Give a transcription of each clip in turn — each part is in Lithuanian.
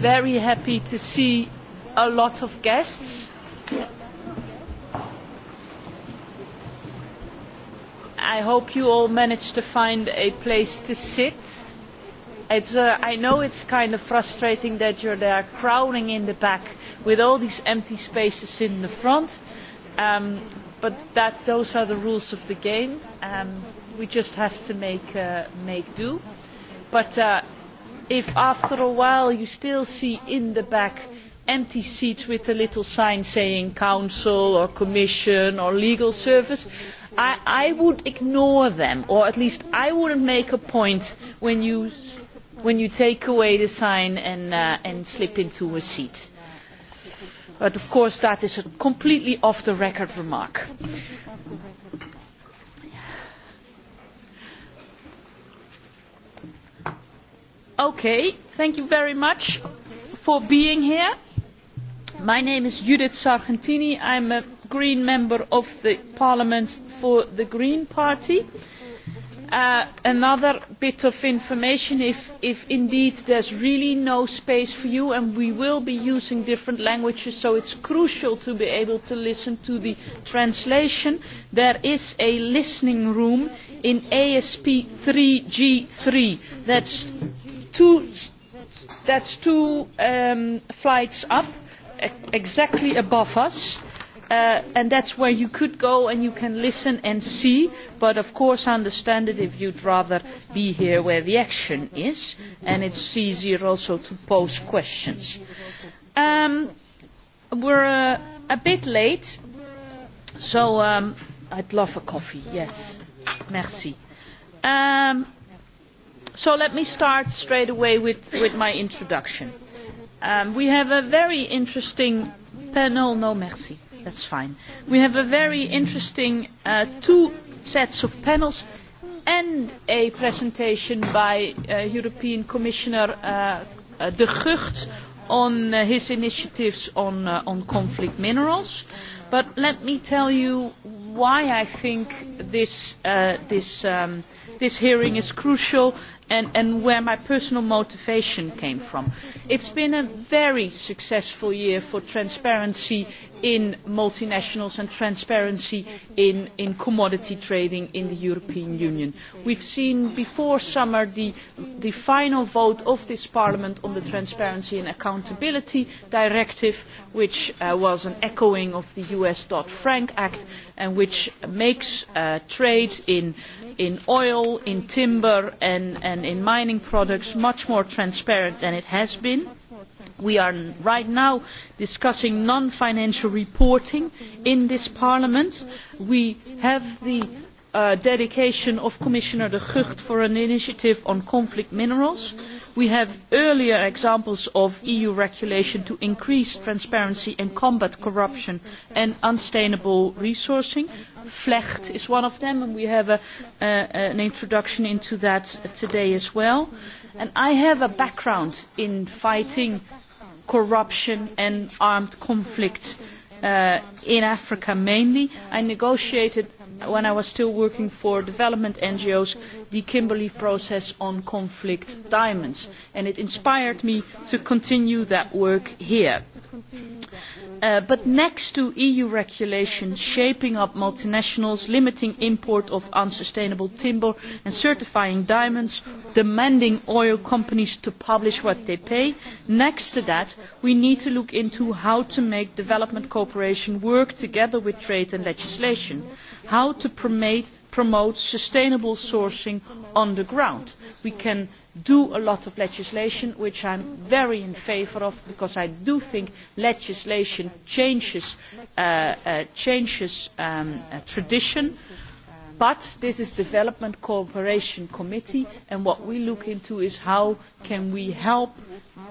very happy to see a lot of guests. I hope you all managed to find a place to sit. It's, uh, I know it's kind of frustrating that you're there crowding in the back with all these empty spaces in the front, um, but that, those are the rules of the game. Um, we just have to make, uh, make do but uh, if after a while you still see in the back empty seats with a little sign saying council or commission or legal service i, I would ignore them or at least i would not make a point when you, when you take away the sign and, uh, and slip into a seat but of course that is a completely off the record remark. Okay, thank you very much for being here. My name is Judith Sargentini. I'm a Green member of the Parliament for the Green Party. Uh, another bit of information, if, if indeed there's really no space for you, and we will be using different languages, so it's crucial to be able to listen to the translation, there is a listening room in ASP 3G3. That's two, that's two um, flights up, e-, exactly above us. Uh, and that's where you could go and you can listen and see but of course i understand it if you'd rather be here where the action is and it's easier also to pose questions um, we're uh, a bit late so um, i'd love a coffee yes merci um, so let me start straight away with, with my introduction. Um, we have a very interesting panel, no merci, that's fine. We have a very interesting uh, two sets of panels and a presentation by uh, European Commissioner uh, uh, De Gucht on uh, his initiatives on, uh, on conflict minerals. But let me tell you why I think this, uh, this, um, this hearing is crucial and, and where my personal motivation came from. It's been a very successful year for transparency in multinationals and transparency in, in commodity trading in the European Union. We've seen before summer the, the final vote of this Parliament on the Transparency and Accountability Directive, which uh, was an echoing of the US Dodd-Frank Act and which makes uh, trade in, in oil, in timber and, and production in mining products much more transparent than it has been. we are right now discussing non financial reporting in this parliament. we have the uh, dedication of commissioner de gucht for an initiative on conflict minerals we have earlier examples of eu regulation to increase transparency and combat corruption and unsustainable resourcing flecht is one of them and we have a, uh, an introduction into that today as well and i have a background in fighting corruption and armed conflict uh, in africa mainly i negotiated when i was still working for development ngos the kimberley process on conflict diamonds and it inspired me to continue that work here. Uh, but next to eu regulation shaping up multinationals limiting the import of unsustainable timber and certifying diamonds demanding oil companies to publish what they pay next to that we need to look into how to make development cooperation work together with trade and legislation how to promote, promote sustainable sourcing on the ground. we can do a lot of legislation which i am very in favour of because i do think legislation changes, uh, uh, changes um, uh, tradition but but this is the development cooperation committee and what we look into is how can we help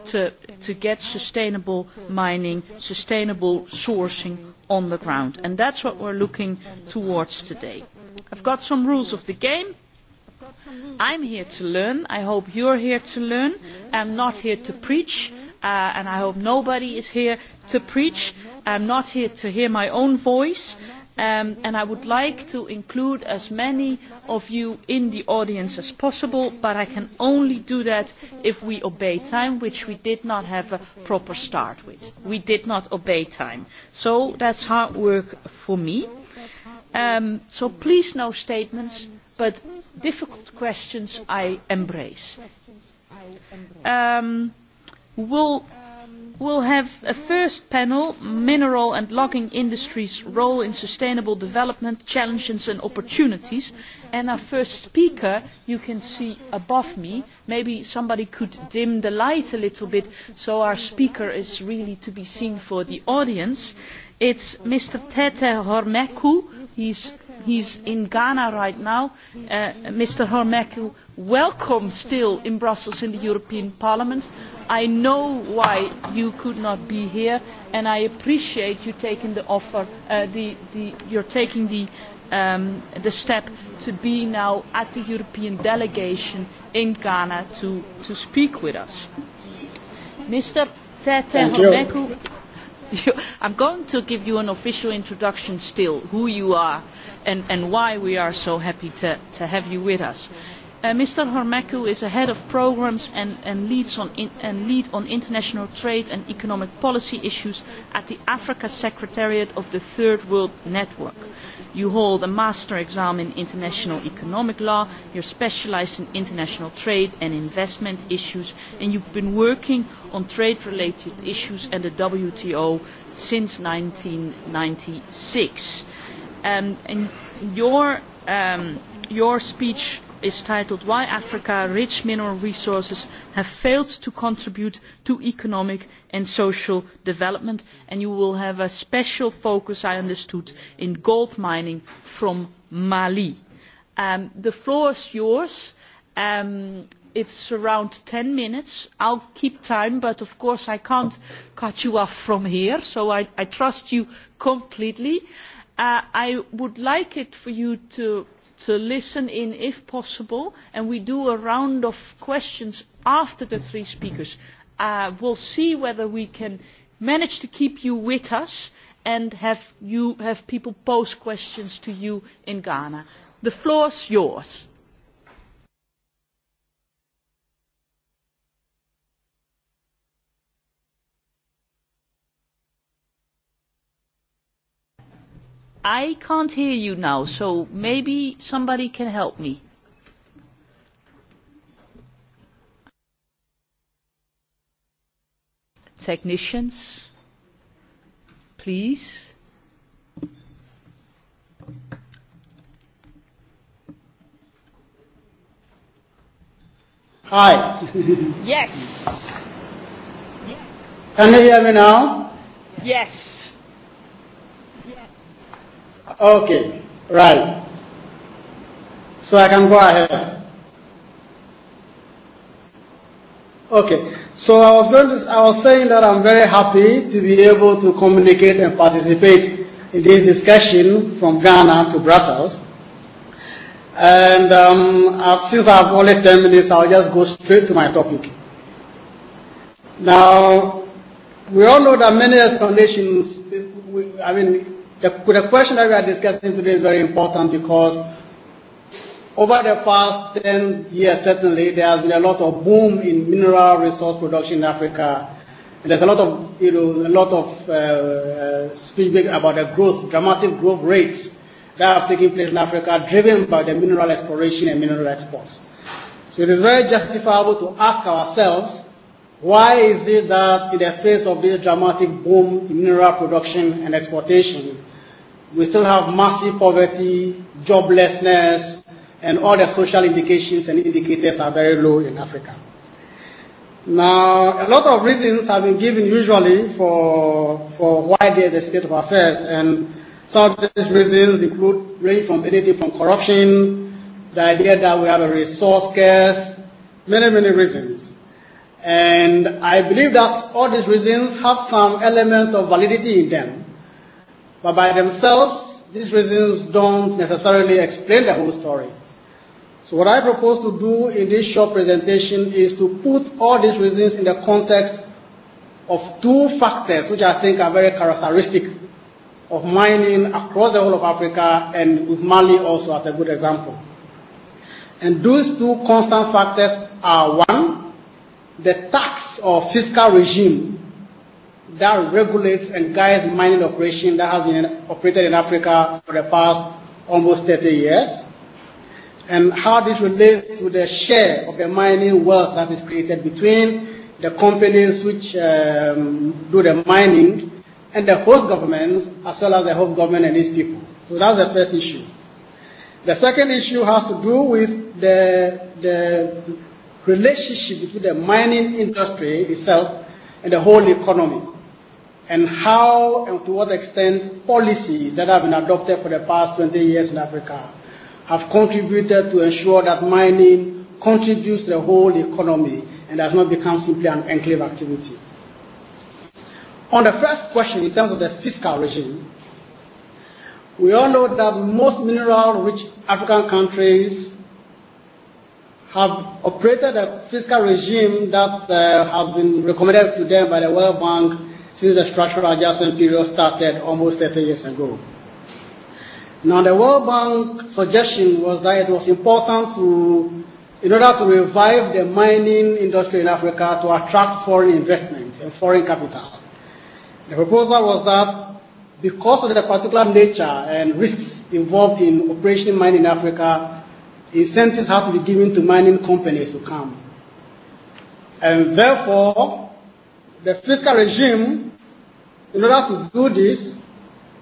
to, to get sustainable mining sustainable sourcing on the ground and that's what we're looking towards today i've got some rules of the game I'm here to learn. I hope you're here to learn. I'm not here to preach, uh, and I hope nobody is here to preach. I'm not here to hear my own voice Um, and i would like to include as many of you in the audience as possible but i can only do that if we obey time which we did not have a proper start with. we did not obey time so that is hard work for me. Um, so please no statements but difficult questions i embrace. Um, we will will have a first panel mineral and logging industries role in sustainable development challenges and opportunities and our first speaker you can see above me maybe somebody could dim the light a little bit so our speaker is really to be seen for the audience it's mr tete hormeku he's he's in ghana right now uh, mr hormeku welcome still in brussels in the european parliament i know why you could not be here and i appreciate you taking the offer uh, the, the, you're taking the, um, the step to be now at the european delegation in ghana to, to speak with us. mr tete homeku i am going to give you an official introduction still who you are and, and why we are so happy to, to have you with us. Thank you Uh, mr hormozku is a head of programmes and, and leads on in, and lead on international trade and economic policy issues at the africa secretariat of the third world network. you hold a master's exam in international economic law you are specialised in international trade and investment issues and you have been working on trade related issues and the wto since. one thousand nine hundred um, and ninety six um, your speech is titled why africa's rich mineral resources have failed to contribute to economic and social development and you will have a special focus i understood on gold mining from mali. Um, the floor is yours. Um, it is around ten minutes. i will keep time but of course i cannot cut you off from here so i, I trust you completely. Uh, i would like for you to to listen in if possible and we do a round of questions after the three speakers. Uh, we'll see whether we can manage to keep you with us and have, you, have people pose questions to you in Ghana. The floor is yours. I can't hear you now, so maybe somebody can help me. Technicians, please. Hi. yes. yes. Can you hear me now? Yes. Okay, right. So I can go ahead. Okay, so I was going to, I was saying that I'm very happy to be able to communicate and participate in this discussion from Ghana to Brussels. And um, I've, since I have only 10 minutes, I'll just go straight to my topic. Now, we all know that many explanations, I mean, The, the question that we are discussing today is very important because over the past 10 years, certainly, there has been a lot of boom in mineral resource production in Africa. And there's a lot of, you know, a lot of uh, speaking about the growth, dramatic growth rates that have taken place in Africa, driven by the mineral exploration and mineral exports. So it is very justifiable to ask ourselves, why is it that in the face of this dramatic boom in mineral production and exportation, we still have massive poverty, joblessness, and all the social indications and indicators are very low in Africa. Now, a lot of reasons have been given usually for, for why there is a state of affairs, and some of these reasons include range from anything from corruption, the idea that we have a resource scarce, many, many reasons. And I believe that all these reasons have some element of validity in them. But by themselves, these reasons don't necessarily explain the whole story. So what I propose to do in this short presentation is to put all these reasons in the context of two factors which I think are very characteristic of mining across the whole of Africa and with Mali also as a good example. And those two constant factors are one, the tax or fiscal regime that regulates and guides mining operation that has been operated in Africa for the past almost 30 years, and how this relates to the share of the mining wealth that is created between the companies which um, do the mining and the host governments, as well as the host government and its people. So that's the first issue. The second issue has to do with the, the relationship between the mining industry itself and the whole economy and how and to what extent policies that have been adopted for the past 20 years in Africa have contributed to ensure that mining contributes to the whole economy and does not become simply an enclave activity. On the first question, in terms of the fiscal regime, we all know that most mineral-rich African countries have operated a fiscal regime that uh, has been recommended to them by the World Bank since the structural adjustment period started almost 30 years ago. Now, the World Bank suggestion was that it was important to, in order to revive the mining industry in Africa, to attract foreign investment and foreign capital. The proposal was that because of the particular nature and risks involved in operation mining in Africa, incentives have to be given to mining companies to come. And therefore, the fiscal regime, in order to do this,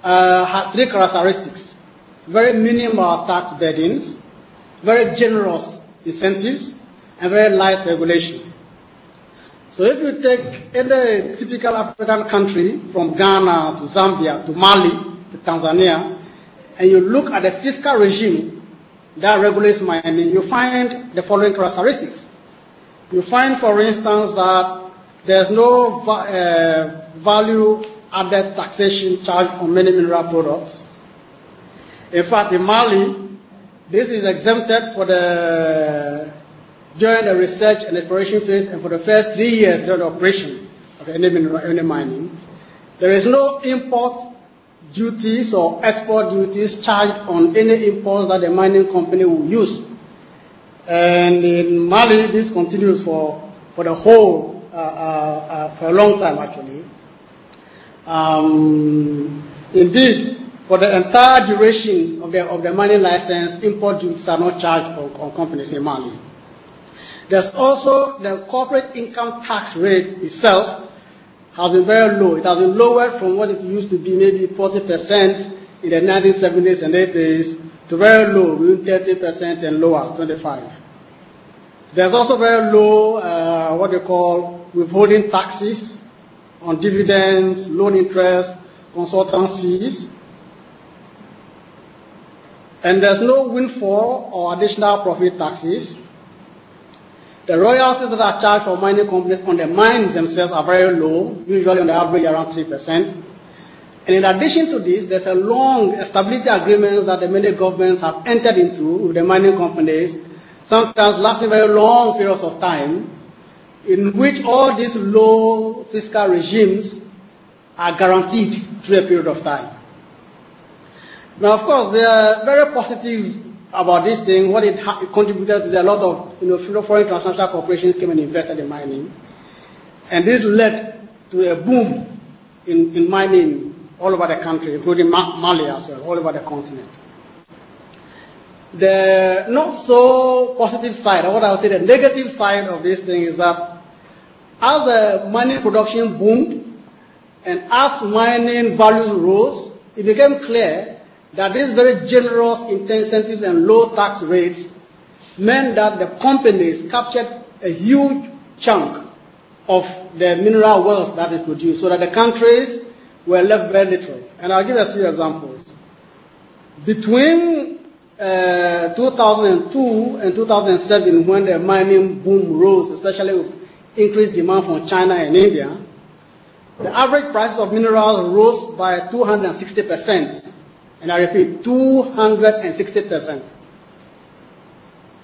uh, had three characteristics. Very minimal tax burdens, very generous incentives, and very light regulation. So if you take any typical African country, from Ghana to Zambia to Mali to Tanzania, and you look at the fiscal regime that regulates mining, you find the following characteristics. You find, for instance, that There's no uh, value added taxation charge on many mineral products. In fact, in Mali, this is exempted for the during the research and exploration phase and for the first three years during the operation of any mineral, any mining. There is no import duties or export duties charged on any imports that the mining company will use. And in Mali, this continues for, for the whole Uh, uh, uh, for a long time, actually. Um, indeed, for the entire duration of the, of the mining license, import duties are not charged on, on companies in Mali. There's also the corporate income tax rate itself has been very low. It has been lowered from what it used to be, maybe 40% in the 1970s and 80s, to very low, between 30% and lower, 25. There's also very low, uh, what they call withholding taxes on dividends, loan interest, consultants fees. And there's no windfall or additional profit taxes. The royalties that are charged for mining companies on the mines themselves are very low, usually on the average around 3%. And in addition to this, there's a long stability agreements that the many governments have entered into with the mining companies, sometimes lasting very long periods of time, in which all these low fiscal regimes are guaranteed through a period of time. Now, of course, there are very positives about this thing. What it, ha- it contributed to, there a lot of you know, foreign transnational corporations came and invested in mining. And this led to a boom in, in mining all over the country, including Ma- Mali as well, all over the continent. The not so positive side, or what I would say the negative side of this thing is that As the mining production boomed and as mining values rose, it became clear that these very generous incentives and low tax rates meant that the companies captured a huge chunk of the mineral wealth that is produced, so that the countries were left very little. And I'll give a few examples. Between uh, 2002 and 2007, when the mining boom rose, especially with increased demand from China and India, the average prices of minerals rose by 260%, and I repeat, 260%.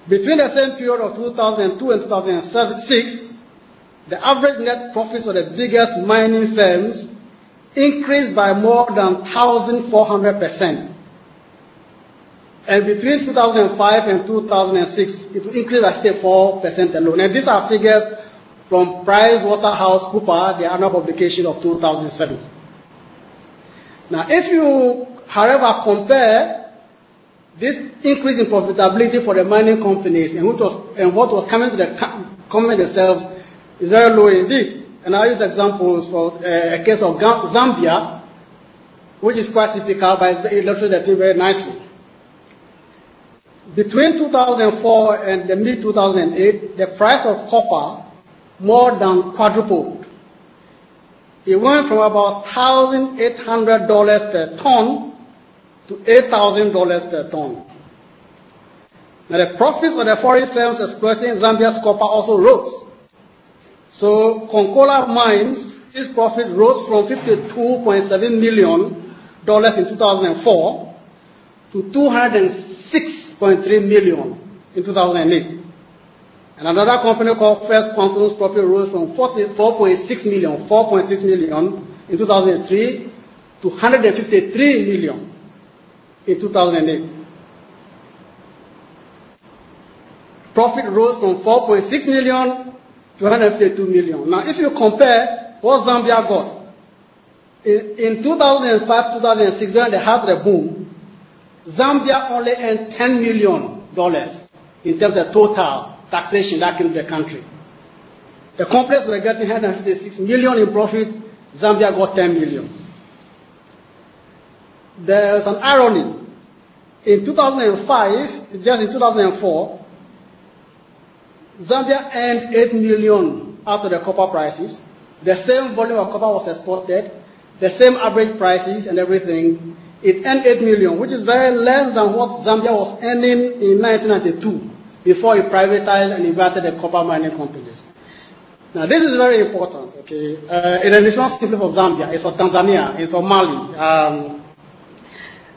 Between the same period of 2002 and 2006, the average net profits of the biggest mining firms increased by more than 1,400%. And between 2005 and 2006, it increased by 4% alone. And these are figures from PricewaterhouseCoopers, the annual publication of 2007. Now, if you, however, compare this increase in profitability for the mining companies and what was, and what was coming to the company themselves is very low indeed. And I use examples for uh, a case of Zambia, which is quite typical, but it illustrates the thing very nicely. Between 2004 and the mid 2008, the price of copper more than quadrupled. It went from about $1,800 per ton to $8,000 per ton. Now the profits of the foreign firms exploiting Zambia's copper also rose. So Concola Mines, its profit rose from $52.7 million dollars in 2004 to $206.3 million in 2008. And another company called First Continental profit rose from 4.6 million, 4.6 million in 2003 to 153 million in 2008. Profit rose from 4.6 million to 152 million. Now, if you compare what Zambia got in, in 2005, 2006, when they had the boom, Zambia only earned 10 million dollars in terms of total taxation that came to the country. The companies were getting 156 million in profit. Zambia got 10 million. There's an irony. In 2005, just in 2004, Zambia earned 8 million after the copper prices. The same volume of copper was exported, the same average prices and everything. It earned 8 million, which is very less than what Zambia was earning in 1992 before he privatized and invested in copper mining companies. Now, this is very important, okay? Uh, and it's not simply for Zambia, it's for Tanzania, it's for Mali. Um,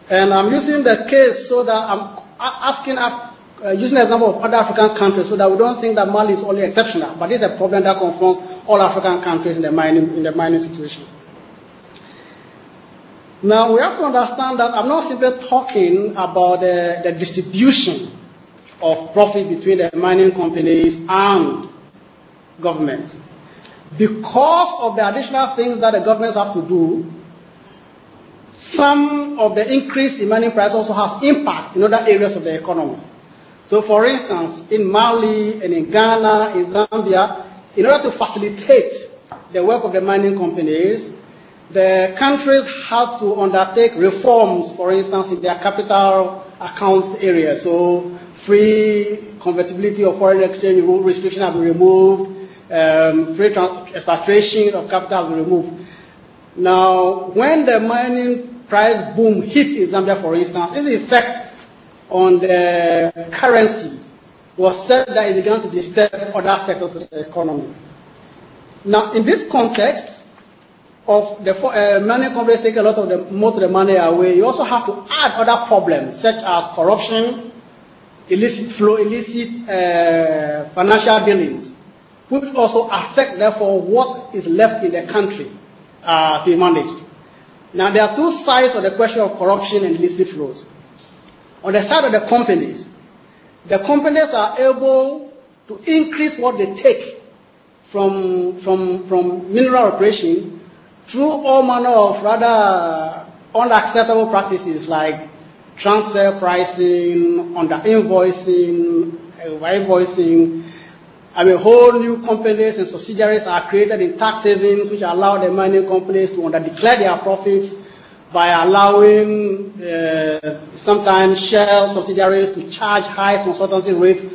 and I'm using the case so that I'm asking, Af- uh, using the example of other African countries so that we don't think that Mali is only exceptional, but it's a problem that confronts all African countries in the mining, in the mining situation. Now, we have to understand that I'm not simply talking about the, the distribution of profit between the mining companies and governments. Because of the additional things that the governments have to do, some of the increase in mining price also has impact in other areas of the economy. So, for instance, in Mali and in Ghana, in Zambia, in order to facilitate the work of the mining companies, the countries had to undertake reforms, for instance, in their capital accounts area. So free convertibility of foreign exchange rule restriction have been removed. Um, free expatriation of capital have been removed. Now, when the mining price boom hit in Zambia, for instance, its effect on the currency was said that it began to disturb other sectors of the economy. Now, in this context, of the uh, eh, many companies take a lot of the most of the money away. You also have to add other problems such as corruption, illicit flow, illicit uh, financial dealings, which also affect therefore what is left in the country uh, to be managed. Now there are two sides of the question of corruption and illicit flows. On the side of the companies, the companies are able to increase what they take from, from, from mineral operation through all manner of rather unacceptable practices like transfer pricing, under invoicing, over uh, invoicing. I mean, whole new companies and subsidiaries are created in tax havens, which allow the mining companies to under declare their profits by allowing uh, sometimes shell subsidiaries to charge high consultancy rates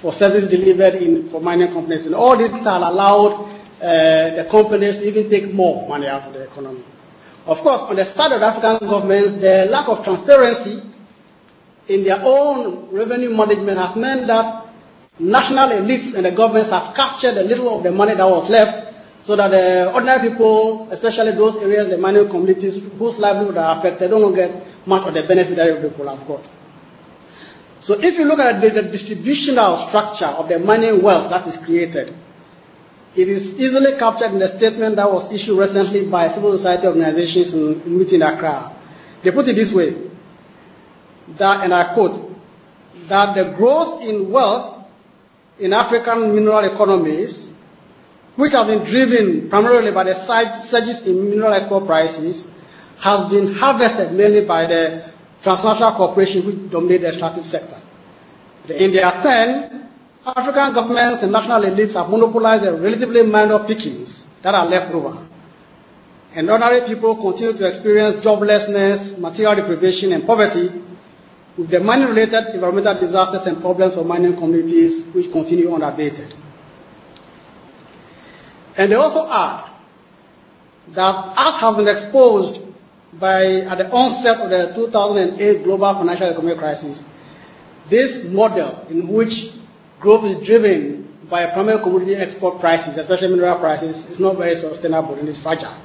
for service delivered in, for mining companies. And all these things are allowed uh, the companies even take more money out of the economy. Of course, on the side of the African governments, the lack of transparency in their own revenue management has meant that national elites and the governments have captured a little of the money that was left so that the ordinary people, especially those areas, the manual communities whose livelihood are affected, don't get much of the benefit that every people have got. So if you look at the, the distributional structure of the money wealth that is created, It is easily captured in a statement that was issued recently by civil society organizations in a meeting in Accra. They put it this way, that, and I quote, that the growth in wealth in African mineral economies, which have been driven primarily by the surges in mineral export prices, has been harvested mainly by the transnational corporations which dominate the extractive sector. In their turn, African governments and national elites have monopolized the relatively minor pickings that are left over. And ordinary people continue to experience joblessness, material deprivation, and poverty, with the mining related environmental disasters and problems of mining communities which continue unabated. And they also add that, as has been exposed by at the onset of the 2008 global financial economic crisis, this model in which growth is driven by primary commodity export prices, especially mineral prices, is not very sustainable and is fragile.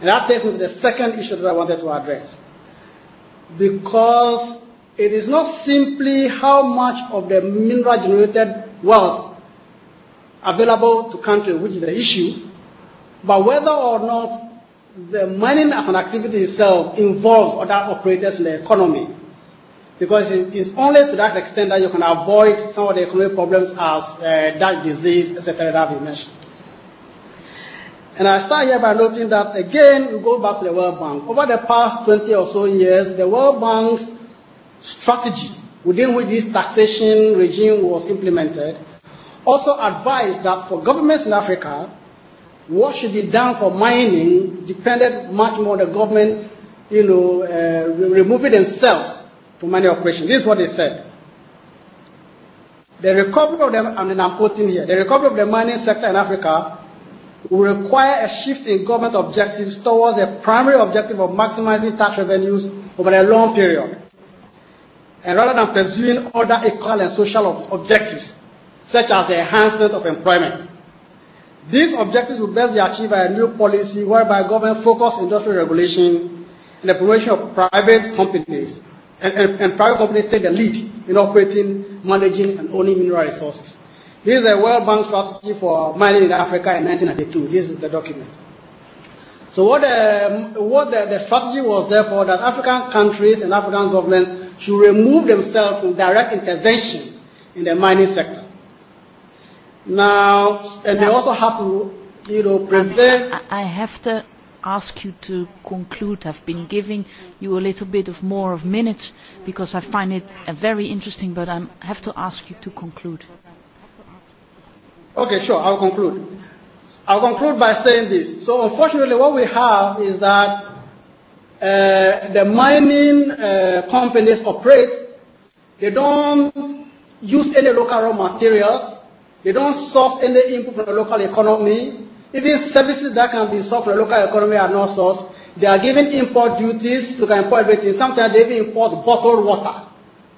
And that takes me to the second issue that I wanted to address. Because it is not simply how much of the mineral generated wealth available to country which is the issue, but whether or not the mining as an activity itself involves other operators in the economy because it is only to that extent that you can avoid some of the economic problems as uh, that disease, etc., that we mentioned. And I start here by noting that, again, we go back to the World Bank. Over the past 20 or so years, the World Bank's strategy within which this taxation regime was implemented also advised that for governments in Africa, what should be done for mining depended much more on the government, you know, uh, removing themselves to many operations. This is what they said. The recovery of the, I mean, I'm quoting here, the recovery of the mining sector in Africa will require a shift in government objectives towards a primary objective of maximizing tax revenues over a long period. And rather than pursuing other equal and social ob objectives, such as the enhancement of employment. These objectives will best be achieved by a new policy whereby government focuses industrial regulation and the promotion of private companies and, and, and private companies take the lead in operating, managing, and owning mineral resources. This is the World Bank strategy for mining in Africa in 1992. This is the document. So what, the, what the, the strategy was, therefore, that African countries and African governments should remove themselves from direct intervention in the mining sector. Now, and they also have to, you know, prevent. I, I have to ask you to conclude. I've been giving you a little bit of more of minutes because I find it uh, very interesting, but I have to ask you to conclude. Okay, sure, I'll conclude. I'll conclude by saying this. So unfortunately, what we have is that uh, the mining uh, companies operate, they don't use any local raw materials, they don't source any input from the local economy, Even services that can be sold from the local economy are not sourced. They are given import duties to import everything. Sometimes they even import bottled water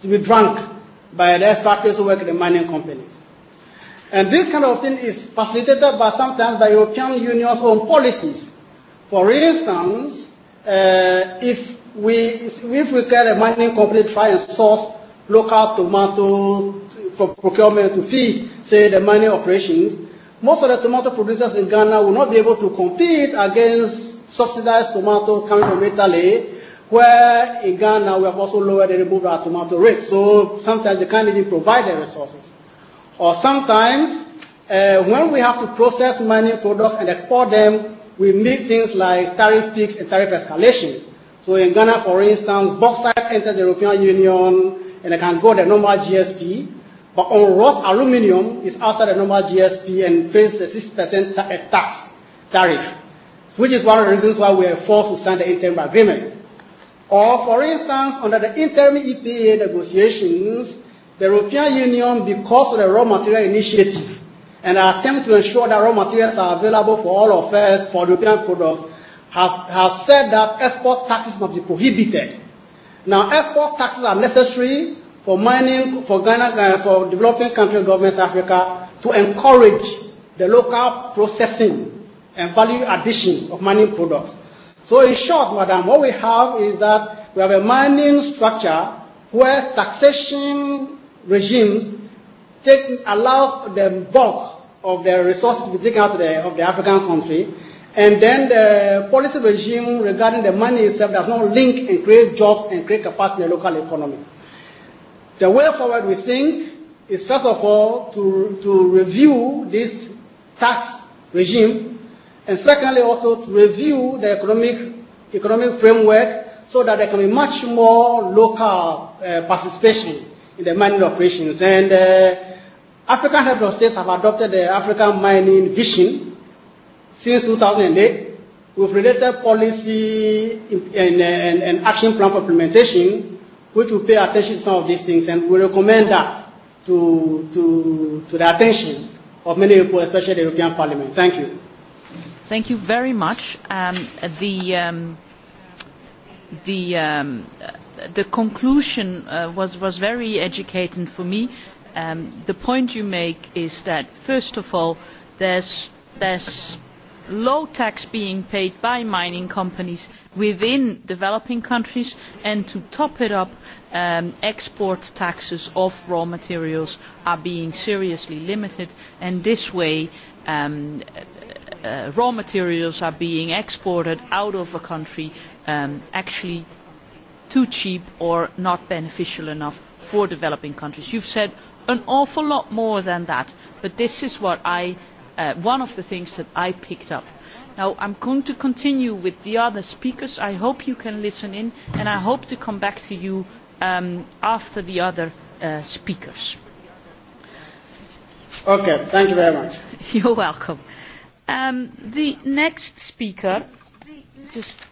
to be drunk by the expatriates who work in the mining companies. And this kind of thing is facilitated by sometimes by European Union's own policies. For instance, uh, if we if we get a mining company try and source local tomato for procurement to feed, say, the mining operations, most of the tomato producers in Ghana will not be able to compete against subsidized tomatoes coming from Italy, where in Ghana we have also lowered and removed our tomato rates. So sometimes they can't even provide the resources. Or sometimes uh, when we have to process mining products and export them, we meet things like tariff peaks and tariff escalation. So in Ghana, for instance, bauxite enters the European Union and it can go the normal GSP But on rough aluminium is outside the normal GSP and faces a 6% ta- a eh, tax tariff, which is one of the reasons why we are forced to sign the interim agreement. Or, for instance, under the interim EPA negotiations, the European Union, because of the raw material initiative and our attempt to ensure that raw materials are available for all of us for European products, has, has said that export taxes must be prohibited. Now, export taxes are necessary for mining, for Ghana, uh, for developing country governments Africa to encourage the local processing and value addition of mining products. So in short, madam, what we have is that we have a mining structure where taxation regimes take, allows the bulk of the resources to be taken out of the, of the African country, and then the policy regime regarding the money itself does not link and create jobs and create capacity in the local economy. The way forward, we think, is first of all to, to review this tax regime, and secondly also to review the economic, economic framework so that there can be much more local uh, participation in the mining operations. And uh, African heads of states have adopted the African mining vision since 2008 with related policy and, and, and action plan for implementation we to pay attention to some of these things, and we recommend that to, to, to the attention of many people, especially the European Parliament. Thank you. Thank you very much. Um, the, um, the, um, the conclusion uh, was, was very educating for me. Um, the point you make is that, first of all, there's, there's low tax being paid by mining companies within developing countries and to top it up um, export taxes of raw materials are being seriously limited and this way um, uh, uh, raw materials are being exported out of a country um, actually too cheap or not beneficial enough for developing countries. You've said an awful lot more than that, but this is what I uh, one of the things that I picked up. Now, I'm going to continue with the other speakers. I hope you can listen in, and I hope to come back to you um, after the other uh, speakers. Okay, thank you very much. You're welcome. Um, the next speaker, just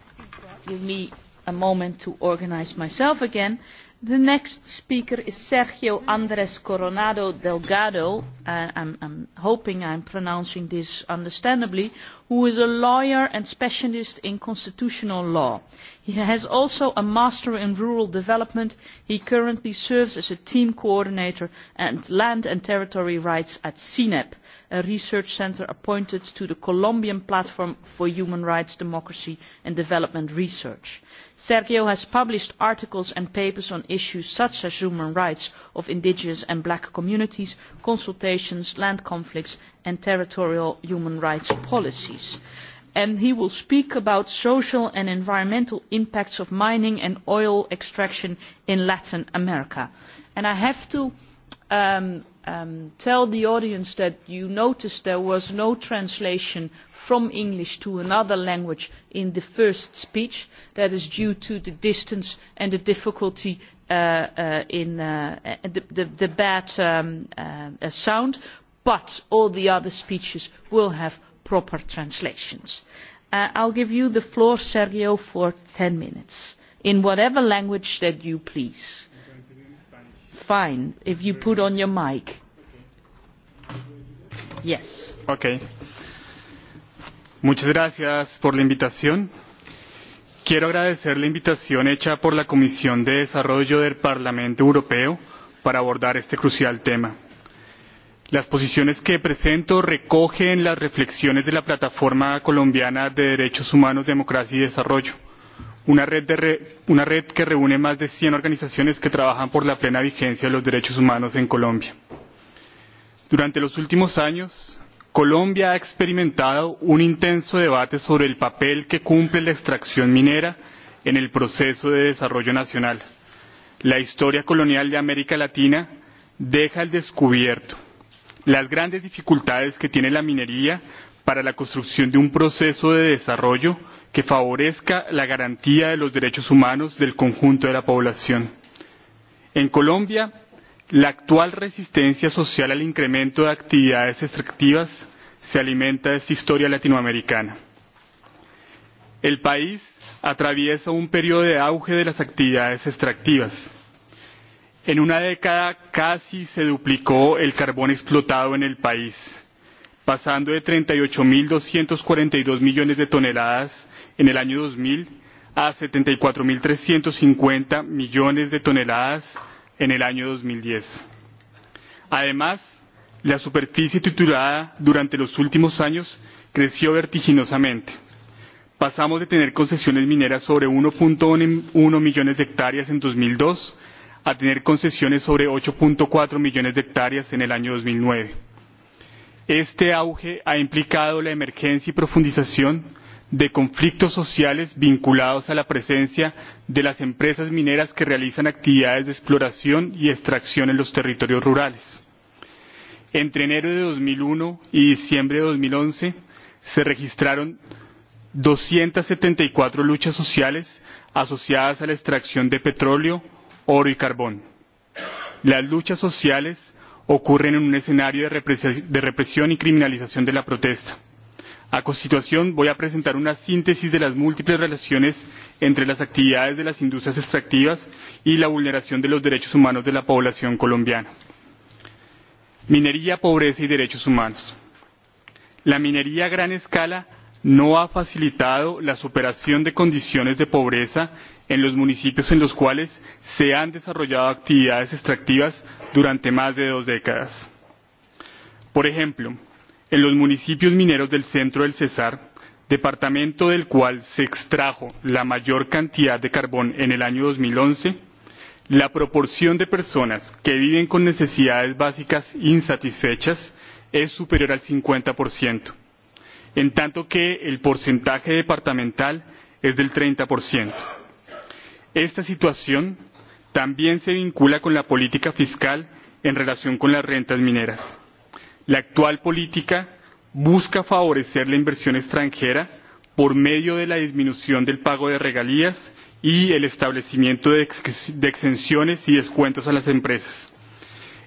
give me a moment to organize myself again. Uh, The next speaker is Sergio Andres Coronado Delgado, uh, I'm, I'm hoping I'm pronouncing this understandably, who is a lawyer and specialist in constitutional law. He has also a Master in Rural Development. He currently serves as a team coordinator and land and territory rights at CNEP, a research center appointed to the Colombian Platform for Human Rights, Democracy and Development Research sergio has published articles and papers on issues such as human rights of indigenous and black communities consultations land conflicts and territorial human rights policies and he will speak about the social and environmental impacts of mining and oil extraction in latin america. And i have to um, um, tell the audience that you noticed there was no translation from english to another language in the first speech that is due to the distance and the difficulty uh, uh, in uh, uh the, the, the bad um, uh, uh, sound but all the other speeches will have proper translations. Uh, I'll give you the floor, Sergio, for 10 minutes in whatever language that you please fine if you put on your mic. Yes. Okay. Muchas gracias por la invitación. Quiero agradecer la invitación hecha por la Comisión de Desarrollo del Parlamento Europeo para abordar este crucial tema. Las posiciones que presento recogen las reflexiones de la Plataforma Colombiana de Derechos Humanos, Democracia y Desarrollo, una red, de re, una red que reúne más de 100 organizaciones que trabajan por la plena vigencia de los derechos humanos en Colombia. Durante los últimos años, Colombia ha experimentado un intenso debate sobre el papel que cumple la extracción minera en el proceso de desarrollo nacional. La historia colonial de América Latina deja al descubierto las grandes dificultades que tiene la minería para la construcción de un proceso de desarrollo que favorezca la garantía de los derechos humanos del conjunto de la población. En Colombia, la actual resistencia social al incremento de actividades extractivas se alimenta de esta historia latinoamericana. El país atraviesa un periodo de auge de las actividades extractivas. En una década casi se duplicó el carbón explotado en el país pasando de treinta y ocho doscientos cuarenta y dos millones de toneladas en el año dos mil a setenta y cuatro trescientos cincuenta millones de toneladas en el año. dos mil diez además la superficie titulada durante los últimos años creció vertiginosamente pasamos de tener concesiones mineras sobre uno uno millones de hectáreas en dos mil dos a tener concesiones sobre ocho cuatro millones de hectáreas en el año dos mil nueve este auge ha implicado la emergencia y profundización de conflictos sociales vinculados a la presencia de las empresas mineras que realizan actividades de exploración y extracción en los territorios rurales. entre enero de dos mil uno y diciembre de dos mil once se registraron doscientos setenta y cuatro luchas sociales asociadas a la extracción de petróleo oro y carbón. las luchas sociales ocurren en un escenario de, repres de represión y criminalización de la protesta. A continuación voy a presentar una síntesis de las múltiples relaciones entre las actividades de las industrias extractivas y la vulneración de los derechos humanos de la población colombiana. Minería, pobreza y derechos humanos. La minería a gran escala no ha facilitado la superación de condiciones de pobreza en los municipios en los cuales se han desarrollado actividades extractivas durante más de dos décadas. Por ejemplo, en los municipios mineros del centro del Cesar, departamento del cual se extrajo la mayor cantidad de carbón en el año 2011, la proporción de personas que viven con necesidades básicas insatisfechas es superior al 50%, en tanto que el porcentaje departamental es del 30%. Esta situación también se vincula con la política fiscal en relación con las rentas mineras. La actual política busca favorecer la inversión extranjera por medio de la disminución del pago de regalías y el establecimiento de, ex de exenciones y descuentos a las empresas.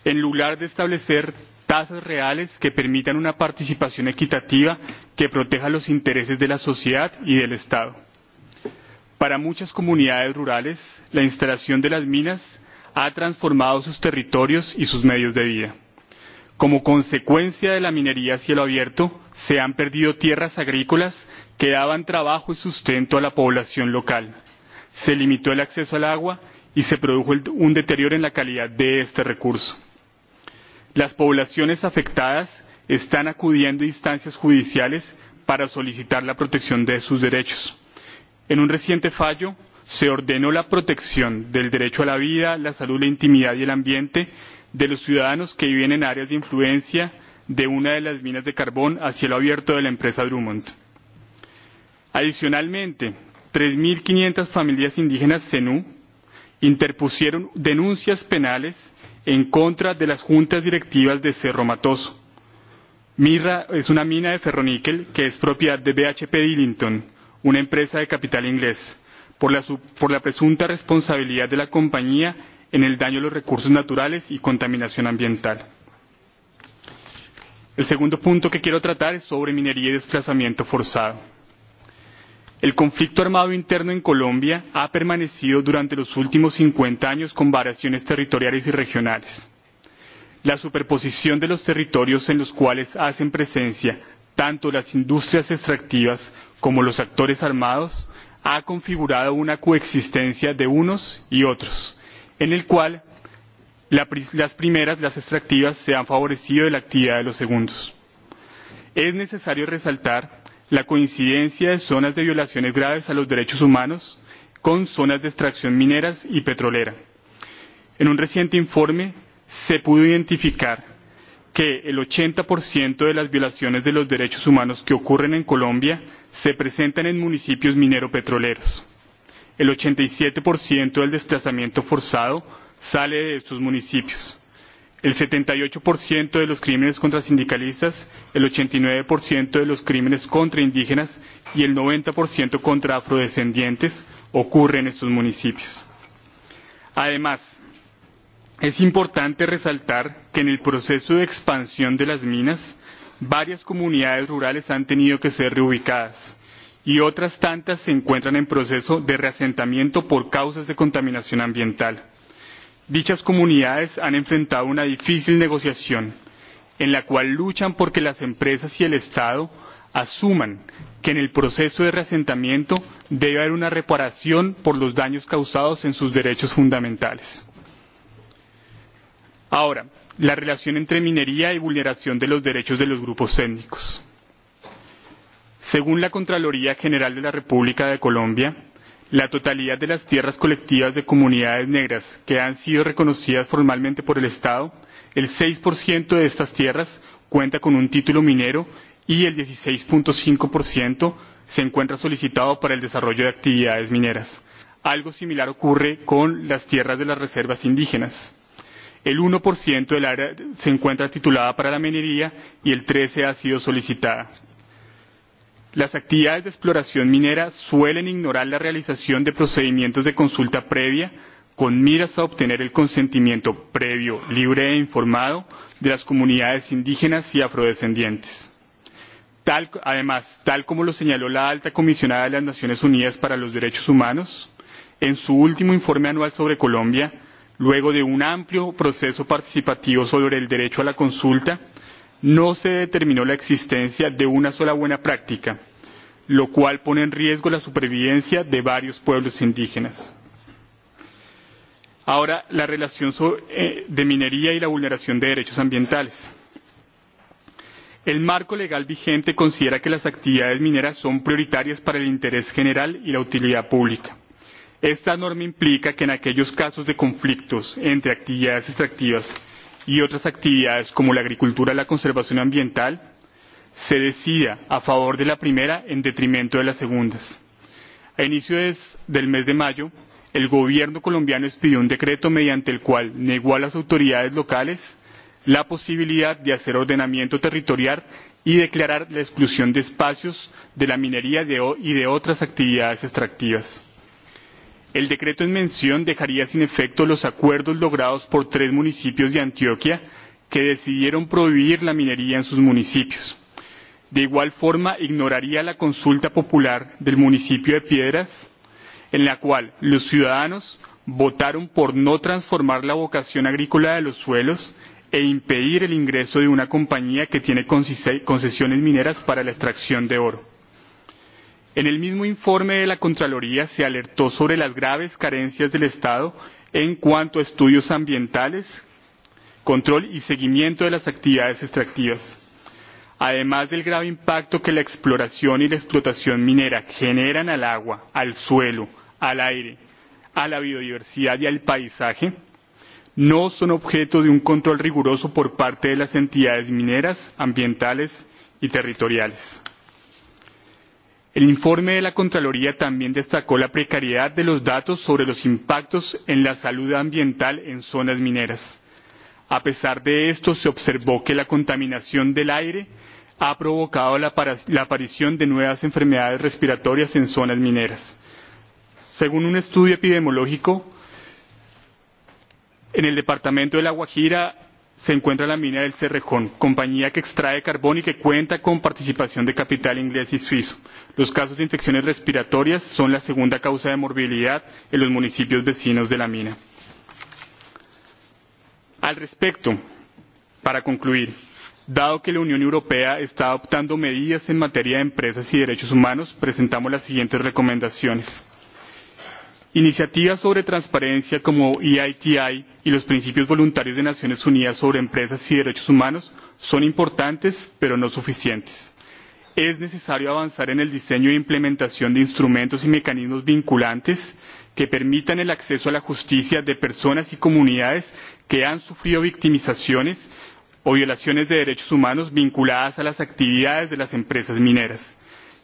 En lugar de establecer tasas reales que permitan una participación equitativa que proteja los intereses de la sociedad y del estado. para muchas comunidades rurales la instalación de las minas ha transformado sus territorios y sus medios de vida. como consecuencia de la minería a cielo abierto se han perdido tierras agrícolas que daban trabajo y sustento a la población local se limitó el acceso al agua y se produjo un deterioro en la calidad de este recurso las poblaciones afectadas están acudiendo a instancias judiciales para solicitar la protección de sus derechos. en un reciente fallo se ordenó la protección del derecho a la vida la salud la intimidad y el ambiente de los ciudadanos que viven en áreas de influencia de una de las minas de carbón a cielo abierto de la empresa drummond. adicionalmente tres quinientos familias indígenas zenú interpusieron denuncias penales en contra de las juntas directivas de Cerro Matoso. Mirra es una mina de ferroníquel que es propiedad de BHP Dillington, una empresa de capital inglés, por la, por la presunta responsabilidad de la compañía en el daño a los recursos naturales y contaminación ambiental. El segundo punto que quiero tratar es sobre minería y desplazamiento forzado el conflicto armado interno en colombia ha permanecido durante los últimos cincuenta años con variaciones territoriales y regionales. la superposición de los territorios en los cuales hacen presencia tanto las industrias extractivas como los actores armados ha configurado una coexistencia de unos y otros en el cual la, las primeras las extractivas se han favorecido de la actividad de los segundos. es necesario resaltar la coincidencia de zonas de violaciones graves a los derechos humanos con zonas de extracción minera y petrolera. en un reciente informe se pudo identificar que el ochenta de las violaciones de los derechos humanos que ocurren en colombia se presentan en municipios minero petroleros el ochenta y siete del desplazamiento forzado sale de estos municipios el setenta y ocho de los crímenes contra sindicalistas el ochenta y nueve de los crímenes contra indígenas y el noventa contra afrodescendientes ocurre en estos municipios. además es importante resaltar que en el proceso de expansión de las minas varias comunidades rurales han tenido que ser reubicadas y otras tantas se encuentran en proceso de reasentamiento por causas de contaminación ambiental dichas comunidades han enfrentado una difícil negociación en la cual luchan por que las empresas y el estado asuman que en el proceso de reasentamiento debe haber una reparación por los daños causados en sus derechos fundamentales. ahora la relación entre minería y vulneración de los derechos de los grupos étnicos. según la contraloría general de la república de colombia la totalidad de las tierras colectivas de comunidades negras que han sido reconocidas formalmente por el Estado, el 6% de estas tierras cuenta con un título minero y el 16.5% se encuentra solicitado para el desarrollo de actividades mineras. Algo similar ocurre con las tierras de las reservas indígenas. El 1% del área se encuentra titulada para la minería y el 13% ha sido solicitada las actividades de exploración minera suelen ignorar la realización de procedimientos de consulta previa con miras a obtener el consentimiento previo libre e informado de las comunidades indígenas y afrodescendientes. Tal, además tal como lo señaló la alta comisionada de las naciones unidas para los derechos humanos en su último informe anual sobre colombia luego de un amplio proceso participativo sobre el derecho a la consulta no se determinó la existencia de una sola buena práctica, lo cual pone en riesgo la supervivencia de varios pueblos indígenas. Ahora, la relación sobre, eh, de minería y la vulneración de derechos ambientales. El marco legal vigente considera que las actividades mineras son prioritarias para el interés general y la utilidad pública. Esta norma implica que en aquellos casos de conflictos entre actividades extractivas y otras actividades como la agricultura y la conservación ambiental se decida a favor de la primera en detrimento de las segundas. a inicios del mes de mayo el gobierno colombiano expidió un decreto mediante el cual negó a las autoridades locales la posibilidad de hacer ordenamiento territorial y declarar la exclusión de espacios de la minería de, y de otras actividades extractivas el decreto en mención dejaría sin efecto los acuerdos logrados por tres municipios de antioquia que decidieron prohibir la minería en sus municipios. de igual forma ignoraría la consulta popular del municipio de piedras en la cual los ciudadanos votaron por no transformar la vocación agrícola de los suelos e impedir el ingreso de una compañía que tiene concesiones mineras para la extracción de oro en el mismo informe de la contraloría se alertó sobre las graves carencias del estado en cuanto a estudios ambientales control y seguimiento de las actividades extractivas además del grave impacto que la exploración y la explotación minera generan al agua al suelo al aire a la biodiversidad y al paisaje no son objeto de un control riguroso por parte de las entidades mineras ambientales y territoriales el informe de la contraloría también destacó la precariedad de los datos sobre los impactos en la salud ambiental en zonas mineras. a pesar de esto se observó que la contaminación del aire ha provocado la, la aparición de nuevas enfermedades respiratorias en zonas mineras. según un estudio epidemiológico en el departamento de la guajira se encuentra la mina del Cerrejón, compañía que extrae carbón y que cuenta con participación de capital inglés y suizo. Los casos de infecciones respiratorias son la segunda causa de morbilidad en los municipios vecinos de la mina. Al respecto, para concluir, dado que la Unión Europea está adoptando medidas en materia de empresas y derechos humanos, presentamos las siguientes recomendaciones iniciativas sobre transparencia como eiti y los principios voluntarios de las naciones unidas sobre empresas y derechos humanos son importantes pero no suficientes. es necesario avanzar en el diseño e implementación de instrumentos y mecanismos vinculantes que permitan el acceso a la justicia de personas y comunidades que han sufrido victimizaciones o violaciones de derechos humanos vinculadas a las actividades de las empresas mineras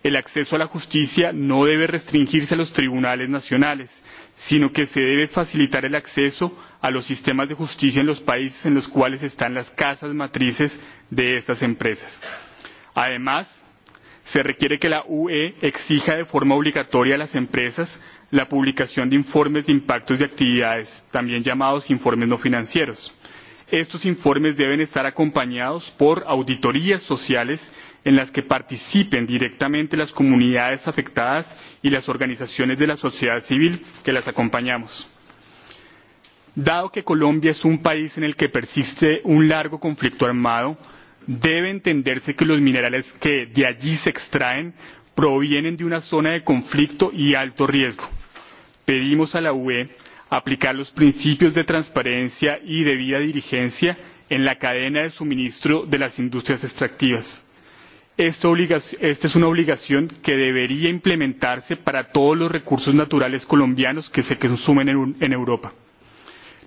el acceso a la justicia no debe restringirse a los tribunales nacionales sino que se debe facilitar el acceso a los sistemas de justicia en los países en los cuales están las casas matrices de estas empresas. además se requiere que la ue exija de forma obligatoria a las empresas la publicación de informes de impactos de actividades también llamados informes no financieros. estos informes deben estar acompañados por auditorías sociales y en las que participen directamente las comunidades afectadas y las organizaciones de la sociedad civil que las acompañamos. Dado que Colombia es un país en el que persiste un largo conflicto armado, debe entenderse que los minerales que de allí se extraen provienen de una zona de conflicto y alto riesgo. Pedimos a la UE aplicar los principios de transparencia y debida diligencia en la cadena de suministro de las industrias extractivas esta es una obligación que debería implementarse para todos los recursos naturales colombianos que se consumen en, en europa.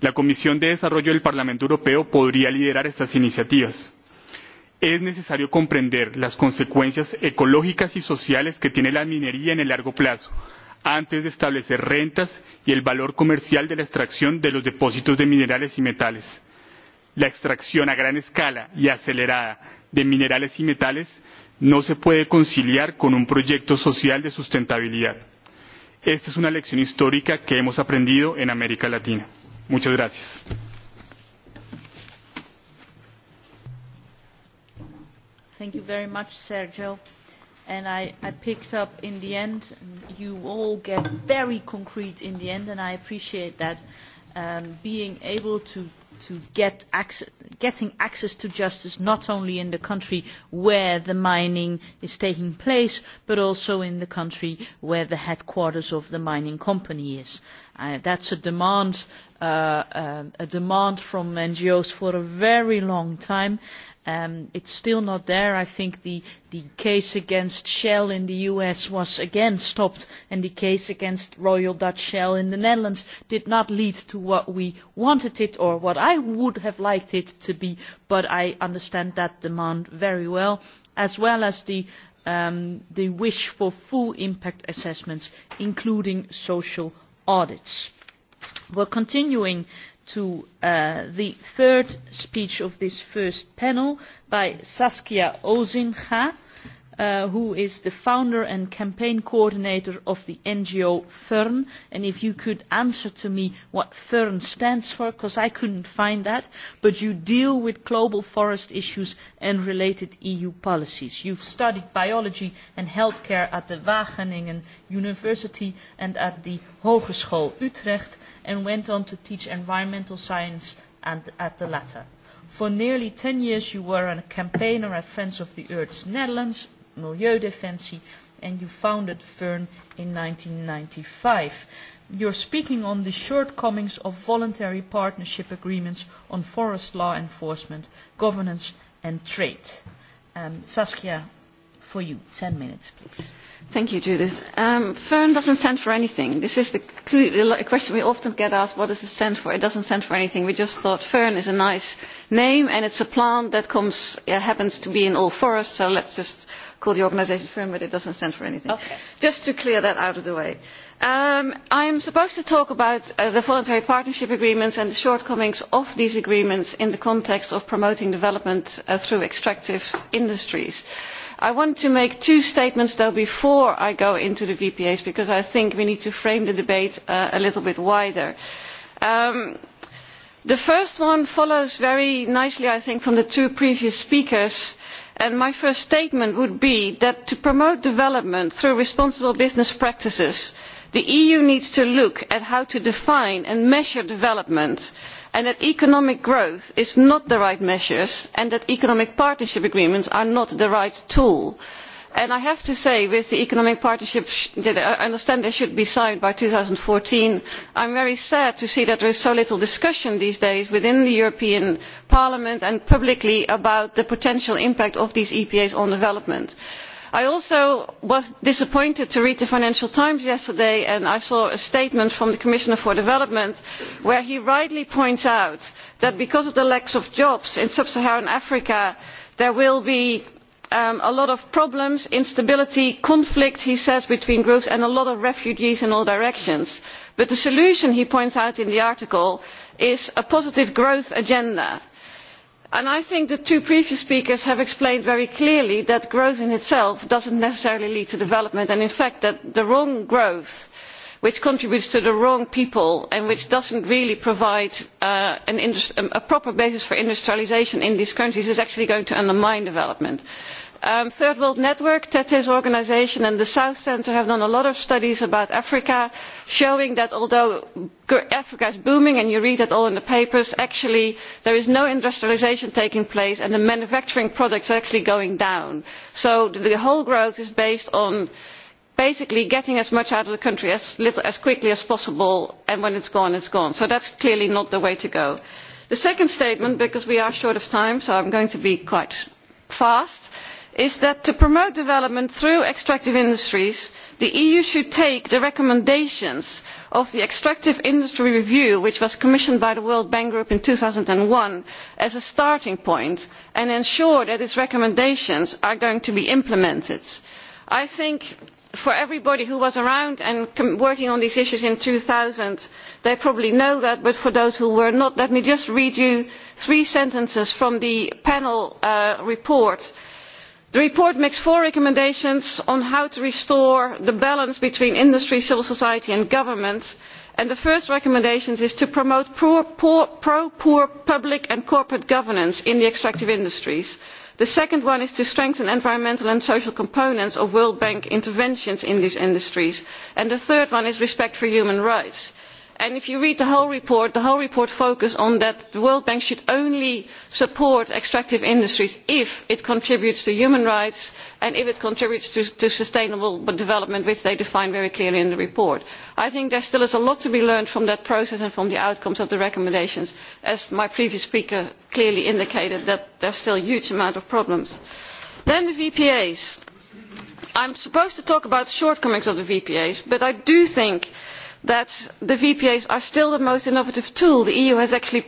la comisión de desarrollo del parlamento europeo podría liderar estas iniciativas. es necesario comprender las consecuencias ecológicas y sociales que tiene la minería en el largo plazo antes de establecer rentas y el valor comercial de la extracción de los depósitos de minerales y metales. la extracción a gran escala y acelerada de minerales y metales no se puede conciliar con un proyecto social de sustentabilidad. Esta es una lección histórica que hemos aprendido en América Latina. Muchas gracias. Thank you very much, Sergio. And I, I picked up in the end, you all get very concrete in the end, and I appreciate that um, being able to to get access, getting access to justice not only in the country where the mining is taking place but also in the country where the headquarters of the mining company is. Uh, that's a demand, uh, uh, a demand from NGOs for a very long time Um, it's still not there. I think the, the case against Shell in the US was again stopped, and the case against Royal Dutch Shell in the Netherlands did not lead to what we wanted it or what I would have liked it to be, but I understand that demand very well, as well as the, um, the wish for full impact assessments, including social audits. We're continuing uh, to uh, the third speech of this first panel by Saskia Ozinga uh, who is the founder and campaign coordinator of the NGO FERN. And if you could answer to me what FERN stands for, because I couldn't find that, but you deal with global forest issues and related EU policies. You've studied biology and healthcare at the Wageningen University and at the Hogeschool Utrecht and went on to teach environmental science and, at the latter. For nearly 10 years you were a campaigner at Friends of the Earth Netherlands, milieudefensie and you founded fern in. one thousand nine hundred and ninety five you are speaking on the shortcomings of voluntary partnership agreements on forest law enforcement governance and trade. Um, saskia for you ten minutes please. thank you judith. Um, fern doesn't stand for anything. this is the, the question we often get asked what does it stand for? it doesn't stand for anything. we just thought fern is a nice name and it's a plant that comes, uh, happens to be in all forests so let's just called the organisation firm but it does not stand for anything. Okay. just to clear that out of the way. Um, i am supposed to talk about uh, the voluntary partnership agreements and the shortcomings of these agreements in the context of promoting development uh, through extractive industries. i want to make two statements though before i go into the vpas because i think we need to frame the debate uh, a little bit wider. Um, the first one follows very nicely i think from the two previous speakers And my first statement would be that to promote development through responsible business practices the eu needs to look at how to define and measure development and that economic growth is not the right measure and that economic partnership agreements are not the right tool and i have to say with the economic partnership that i understand they should be signed by two thousand and fourteen i am very sad to see that there is so little discussion these days within the european parliament and publicly about the potential impact of these epas on development. i also was disappointed to read the financial times yesterday and i saw a statement from the commissioner for development where he rightly points out that because of the lack of jobs in sub saharan africa there will be um, a lot of problems instability conflict he says between groups and a lot of refugees in all directions but the solution he points out in the article is a positive growth agenda and i think the two previous speakers have explained very clearly that growth in itself does not necessarily lead to development and in fact that the wrong growth which contributes to the wrong people and which does not really provide uh, um, a proper basis for industrialisation in these countries is actually going to undermine development. Um, third world network tete's organisation and the south centre have done a lot of studies about africa showing that although africa is booming and you read it all in the papers actually there is no industrialisation taking place and the manufacturing products are actually going down. so the whole growth is based on basically getting as much out of the country as, little, as quickly as possible and when it is gone it is gone. so that is clearly not the way to go. the second statement because we are short of time so i am going to be quite fast is is that to promote development through extractive industries the eu should take the recommendations of the extractive industry review which was commissioned by the world bank group in two thousand and one as a starting point and ensure that its recommendations are going to be implemented. i think for everybody who was around and working on these issues in two thousand they probably know that but for those who were not let me just read you three sentences from the panel uh, report on the report makes four recommendations on how to restore the balance between industry civil society and government and the first recommendation is to promote pro poor public and corporate governance in the extractive industries. the second one is to strengthen environmental and social components of world bank interventions in these industries and the third one is respect for human rights and if you read the whole report the whole report focuses on that the world bank should only support extractive industries if it contributes to human rights and if it contributes to, to sustainable development which they define very clearly in the report. i think there still is a lot to be learned from that process and from the outcomes of the recommendations as my previous speaker clearly indicated that there are still a huge amount of problems. then the vpas i am supposed to talk about the shortcomings of the vpas but i do think that that the vpas are still the most innovative tool the eu has actually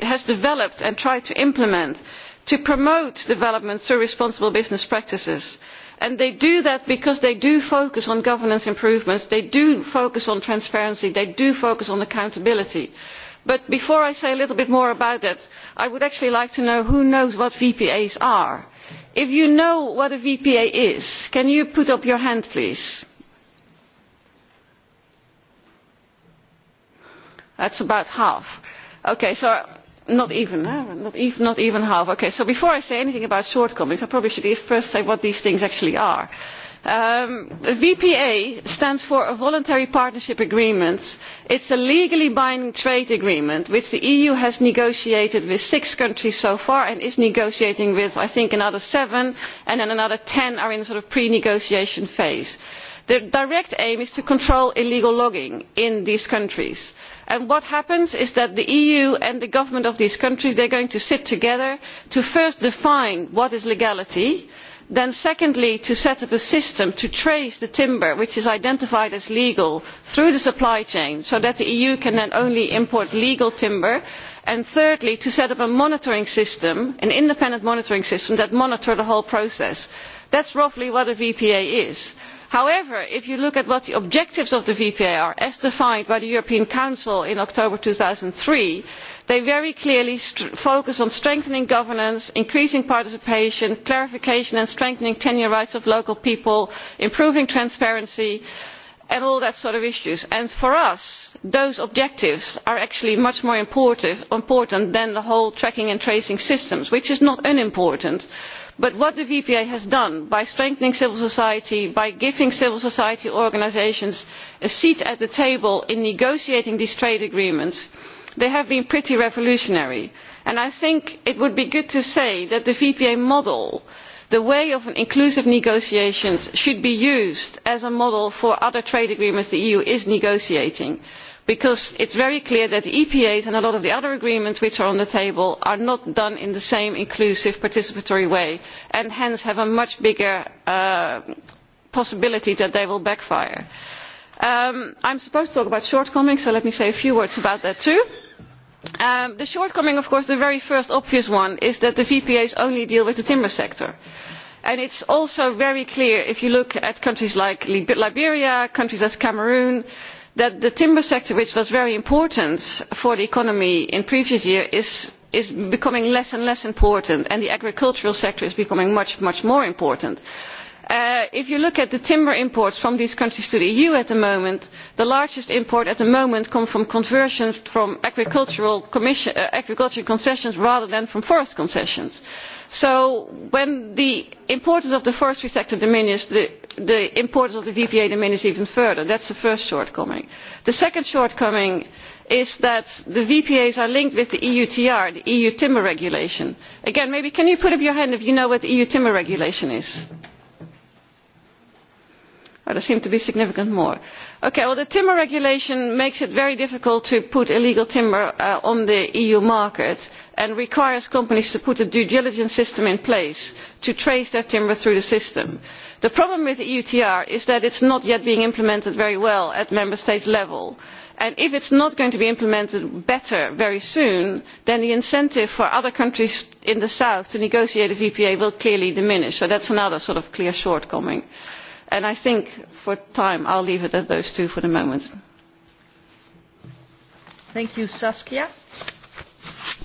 has developed and tried to implement to promote development through responsible business practices and they do that because they do focus on governance improvements they do focus on transparency they do focus on accountability but before i say a little bit more about that i would actually like to know who knows what vpas are. if you know what a vpa is can you put up your hand please? that's about half. okay so not even, eh? not, even, not even half. okay so before i say anything about shortcomings i probably should e-, first say what these things actually are. Um, vpa stands for a voluntary partnership agreement. it is a legally binding trade agreement which the eu has negotiated with six countries so far and is negotiating with i think another seven and then another ten are in a sort of pre negotiation phase. the direct aim is to control illegal logging in these countries. And what happens is that the eu and the government of these countries are going to sit together to first define what is legality then secondly to set up a system to trace the timber which is identified as legal through the supply chain so that the eu can then only import legal timber and thirdly to set up a monitoring system an independent monitoring system that monitors the whole process. that is roughly what a vpa is however if you look at what the objectives of the vpa are as defined by the european council in october two thousand and three they very clearly focus on strengthening governance increasing participation clarification and strengthening tenure rights of local people improving transparency and all that sort of issues. And for us those objectives are actually much more important than the whole tracking and tracing systems which is not unimportant but but what the vpa has done by strengthening civil society by giving civil society organisations a seat at the table in negotiating these trade agreements they have been pretty revolutionary and i think it would be good to say that the vpa model the way of inclusive negotiations should be used as a model for other trade agreements the eu is negotiating because it is very clear that the epas and a lot of the other agreements which are on the table are not done in the same inclusive participatory way and hence have a much bigger uh, possibility that they will backfire. Um, i am supposed to talk about shortcomings so let me say a few words about that too. Um, the shortcoming of course the very first obvious one is that the vpas only deal with the timber sector and it is also very clear if you look at countries like liberia countries like cameroon that that the timber sector which was very important for the economy in previous years is, is becoming less and less important and the agricultural sector is becoming much much more important. Uh, if you look at the timber imports from these countries to the eu at the moment the largest import at the moment comes from conversions from agricultural, uh, agricultural concessions rather than from forest concessions. so when the importance of the forestry sector diminishes the, the importance of the vpa diminishes even further. that is the first shortcoming. the second shortcoming is that the vpas are linked with the eutr the eu timber regulation. again maybe can you put up your hand if you know what the eu timber regulation is? Oh, there seem to be significant more. Okay, well, the timber regulation makes it very difficult to put illegal timber uh, on the EU market and requires companies to put a due diligence system in place to trace their timber through the system. The problem with the EUTR is that it's not yet being implemented very well at member state level and if it is not going to be implemented better very soon then the incentive for other countries in the south to negotiate a vpa will clearly diminish so that is another sort of clear shortcoming and i think for time i will leave it at those two for the moment. thank you saskia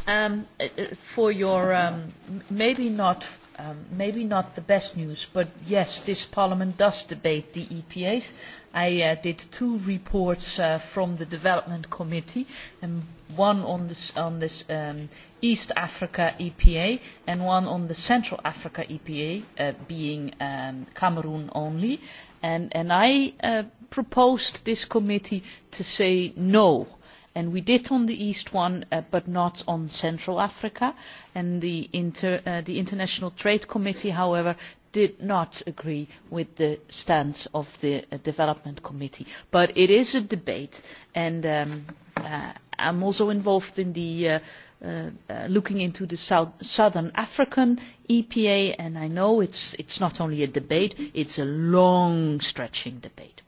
um, uh, uh, for your um, maybe not um, maybe not the best news, but yes, this Parliament does debate the EPAs. I uh, did two reports uh, from the Development Committee, and one on this, on this um, east africa epa and one on the central africa epa uh, being um, cameroon only and, and i uh, proposed this committee to say no and we did on the east one uh, but not on central africa and the, inter, uh, the international trade committee however did not agree with the stance of the uh, development committee but it is a debate and um, uh, i'm also involved in the uh, Uh, uh, looking into the South, southern african epa and i know it's, it's not only a debate it's a long stretching debate.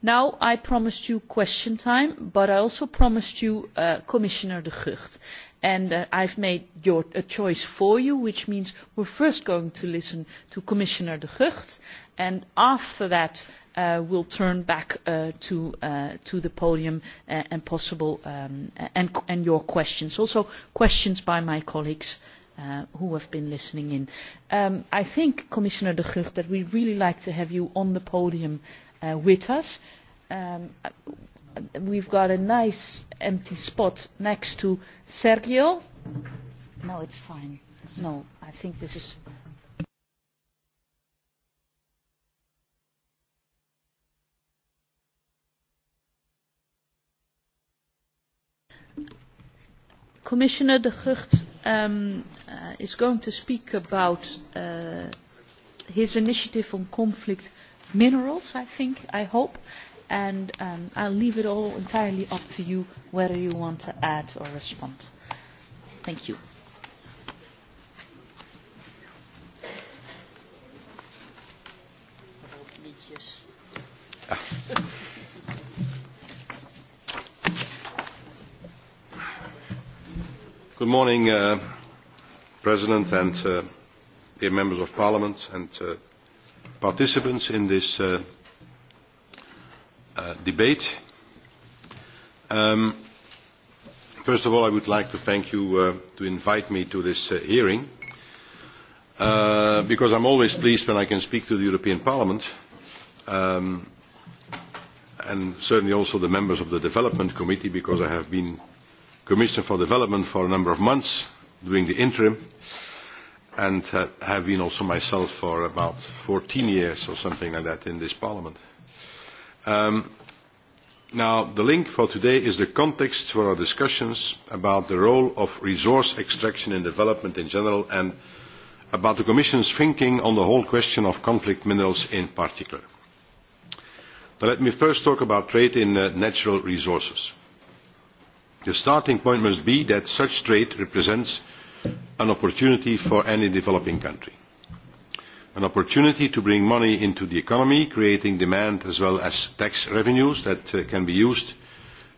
now i promised you question time but i also promised you uh, commissioner de gucht and uh, I've made your, a choice for you, which means we're first going to listen to Commissioner de Gucht, and after that uh, we'll turn back uh, to, uh, to the podium uh, and possible um, and, and your questions, also questions by my colleagues. Uh, who have been listening in. Um, I think, Commissioner de Gucht, that we'd really like to have you on the podium uh, with us. Um, we've got a nice empty spot next to Sergio. No, it's fine. No, I think this is Commissioner de Gucht um, uh, is going to speak about uh, his initiative on conflict minerals, I think, I hope and um, I'll leave it all entirely up to you whether you want to add or respond. Thank you. Ah. Good morning, uh, President and uh, dear members of Parliament and uh, participants in this uh, uh, debate. Um, first of all, I would like to thank you uh, to invite me to this uh, hearing, uh, because I'm always pleased when I can speak to the European Parliament, um, and certainly also the members of the Development Committee, because I have been Commissioner for Development for a number of months during the interim, and uh, have been also myself for about 14 years or something like that in this Parliament. Uh, Um, now, the link for today is the context for our discussions about the role of resource extraction in development in general and about the Commission's thinking on the whole question of conflict minerals in particular. Now, let me first talk about trade in uh, natural resources. The starting point must be that such trade represents an opportunity for any developing country an opportunity to bring money into the economy creating demand as well as tax revenues that uh, can be used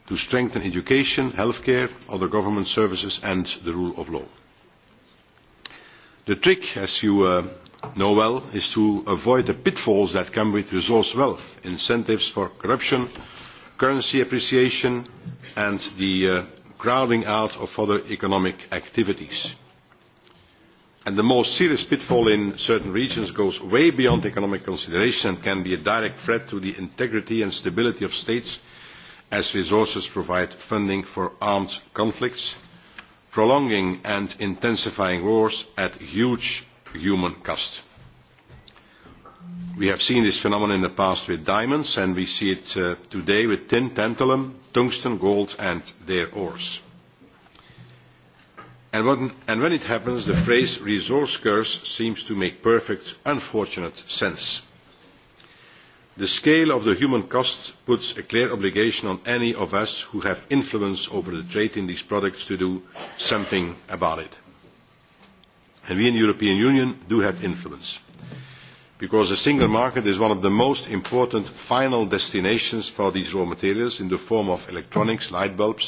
to strengthen education healthcare other government services and the rule of law. the trick as you uh, know well is to avoid the pitfalls that come with resource wealth incentives for corruption currency appreciation and the uh, crowding out of other economic activities and the most serious pitfall in certain regions goes way beyond economic consideration and can be a direct threat to the integrity and stability of states as resources provide funding for armed conflicts prolonging and intensifying wars at huge human cost. we have seen this phenomenon in the past with diamonds and we see it uh, today with tin tantalum tungsten gold and their ores and when, and when it happens the phrase resource curse' seems to make perfect unfortunate sense. the scale of the human cost puts a clear obligation on any of us who have influence over the trade in these products to do something about it. and we in the european union do have influence because the single market is one of the most important final destinations for these raw materials in the form of electronics light bulbs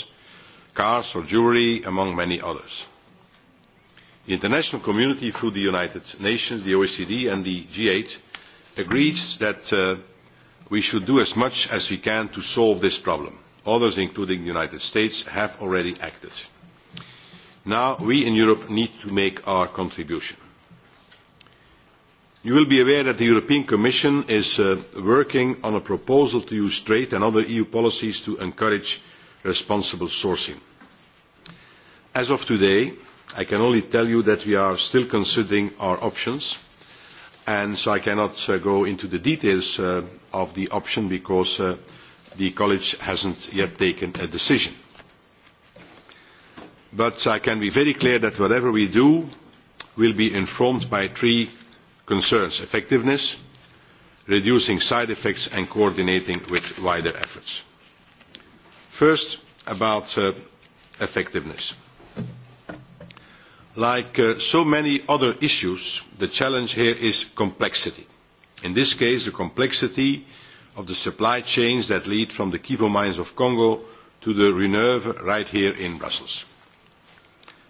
cars or jewellery among many others the international community through the united nations the oecd and the g eight agrees that uh, we should do as much as we can to solve this problem. others including the united states have already acted. now we in europe need to make our contribution. you will be aware that the european commission is uh, working on a proposal to use trade and other eu policies to encourage responsible sourcing. as of today i can only tell you that we are still considering our options and so i cannot uh, go into the details uh, of the option because uh, the college has not yet taken a decision. but i can be very clear that whatever we do will be informed by three concerns effectiveness reducing side effects and coordinating with wider efforts. first about uh, effectiveness like uh, so many other issues the challenge here is complexity in this case the complexity of the supply chains that lead from the kivu mines of congo to the renewve right here in brussels.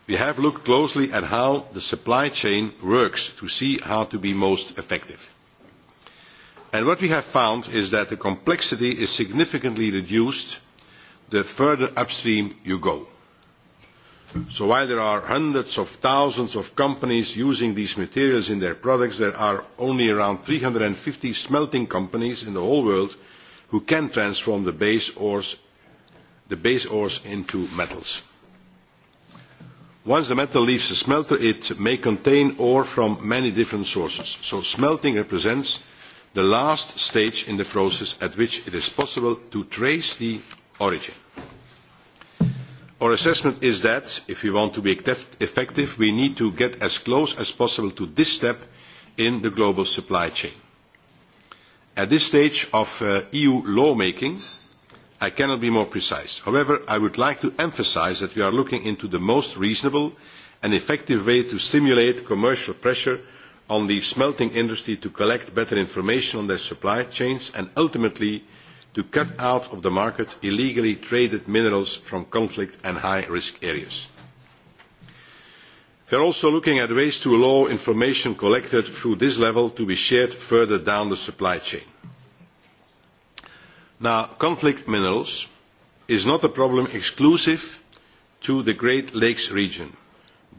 we have looked closely at how the supply chain works to see how to be most effective and what we have found is that the complexity is significantly reduced the further upstream you go so while there are hundreds of thousands of companies using these materials in their products there are only around three hundred and fifty smelting companies in the whole world who can transform the base ores, the base ores into metals. once the metal leaves the smelter it may contain ore from many different sources so smelting represents the last stage in the process at which it is possible to trace the origin our assessment is that if we want to be effective we need to get as close as possible to this step in the global supply chain. at this stage of uh, eu law making i cannot be more precise. however i would like to emphasise that we are looking into the most reasonable and effective way to stimulate commercial pressure on the smelting industry to collect better information on their supply chains and ultimately to cut out of the market illegally traded minerals from conflict and high risk areas. we are also looking at ways to allow information collected through this level to be shared further down the supply chain. Now, conflict minerals is not a problem exclusive to the great lakes region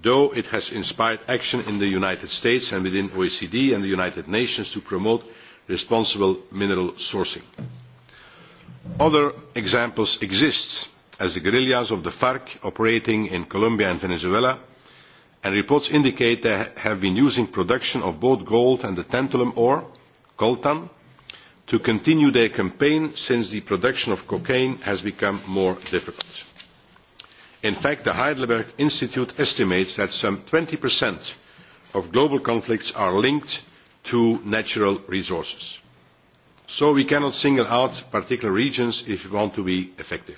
though it has inspired action in the united states and within the oecd and the united nations to promote responsible mineral sourcing. Other examples exist, as the guerrillas of the FARC operating in Colombia and Venezuela, and reports indicate they have been using production of both gold and the tantalum ore, coltan, to continue their campaign since the production of cocaine has become more difficult. In fact, the Heidelberg Institute estimates that some 20% of global conflicts are linked to natural resources so we cannot single out particular regions if we want to be effective.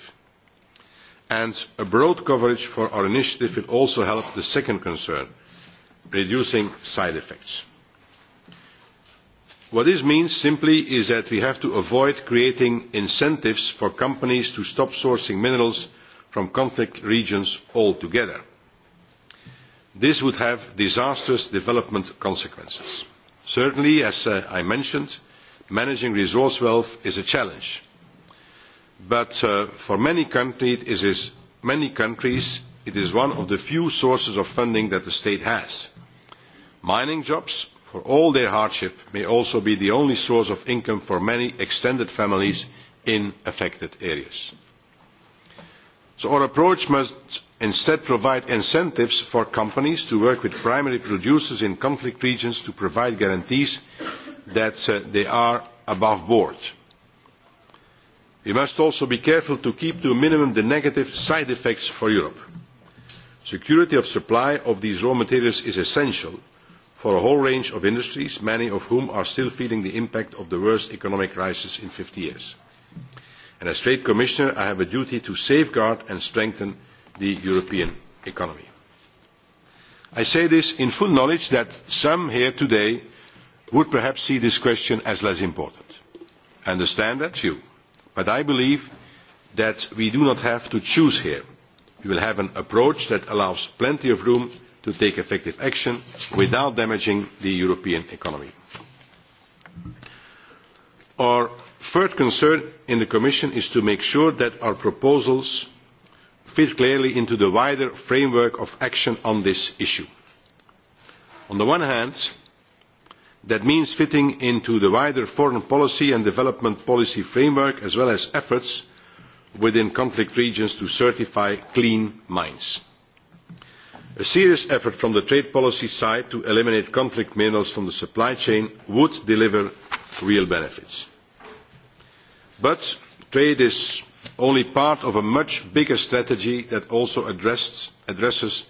And a broad coverage for our initiative will also help the second concern reducing side effects. what this means simply is that we have to avoid creating incentives for companies to stop sourcing minerals from conflict regions altogether. this would have disastrous development consequences. certainly as uh, i mentioned managing resource wealth is a challenge but uh, for many, country, it is, many countries it is one of the few sources of funding that the state has. mining jobs for all their hardship may also be the only source of income for many extended families in affected areas. so our approach must instead provide incentives for companies to work with primary producers in conflict regions to provide guarantees that uh, they are above board. we must also be careful to keep to a minimum the negative side effects for europe. security of supply of these raw materials is essential for a whole range of industries many of whom are still feeling the impact of the worst economic crisis in fifty years. And as trade commissioner i have a duty to safeguard and strengthen the european economy. i say this in full knowledge that some here today would perhaps see this question as less important. i understand that view but i believe that we do not have to choose here. we will have an approach that allows plenty of room to take effective action without damaging the european economy. our third concern in the commission is to make sure that our proposals fit clearly into the wider framework of action on this issue. on the one hand that means fitting into the wider foreign policy and development policy framework as well as efforts within conflict regions to certify clean mines. a serious effort from the trade policy side to eliminate conflict minerals from the supply chain would deliver real benefits. but trade is only part of a much bigger strategy that also addressed, addresses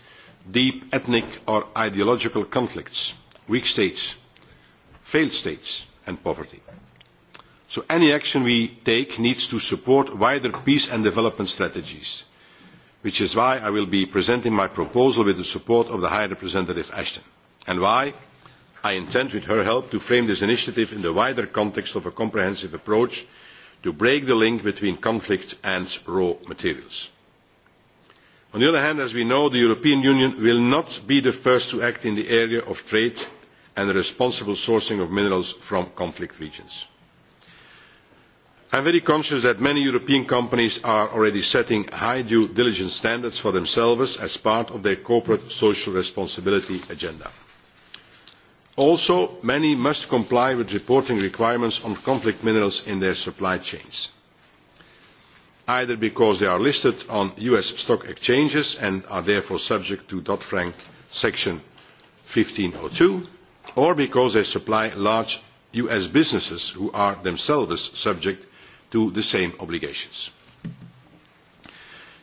deep ethnic or ideological conflicts weak states failed states and poverty. so any action we take needs to support wider peace and development strategies which is why i will be presenting my proposal with the support of high representative ashton and why i intend with her help to frame this initiative in the wider context of a comprehensive approach to break the link between conflict and raw materials. on the other hand as we know the european union will not be the first to act in the area of trade and the responsible sourcing of minerals from conflict regions. i am very conscious that many european companies are already setting high due diligence standards for themselves as part of their corporate social responsibility agenda. also many must comply with reporting requirements on conflict minerals in their supply chains either because they are listed on us stock exchanges and are therefore subject to dodd frank section one thousand five hundred oh and two or because they supply large us businesses who are themselves subject to the same obligations.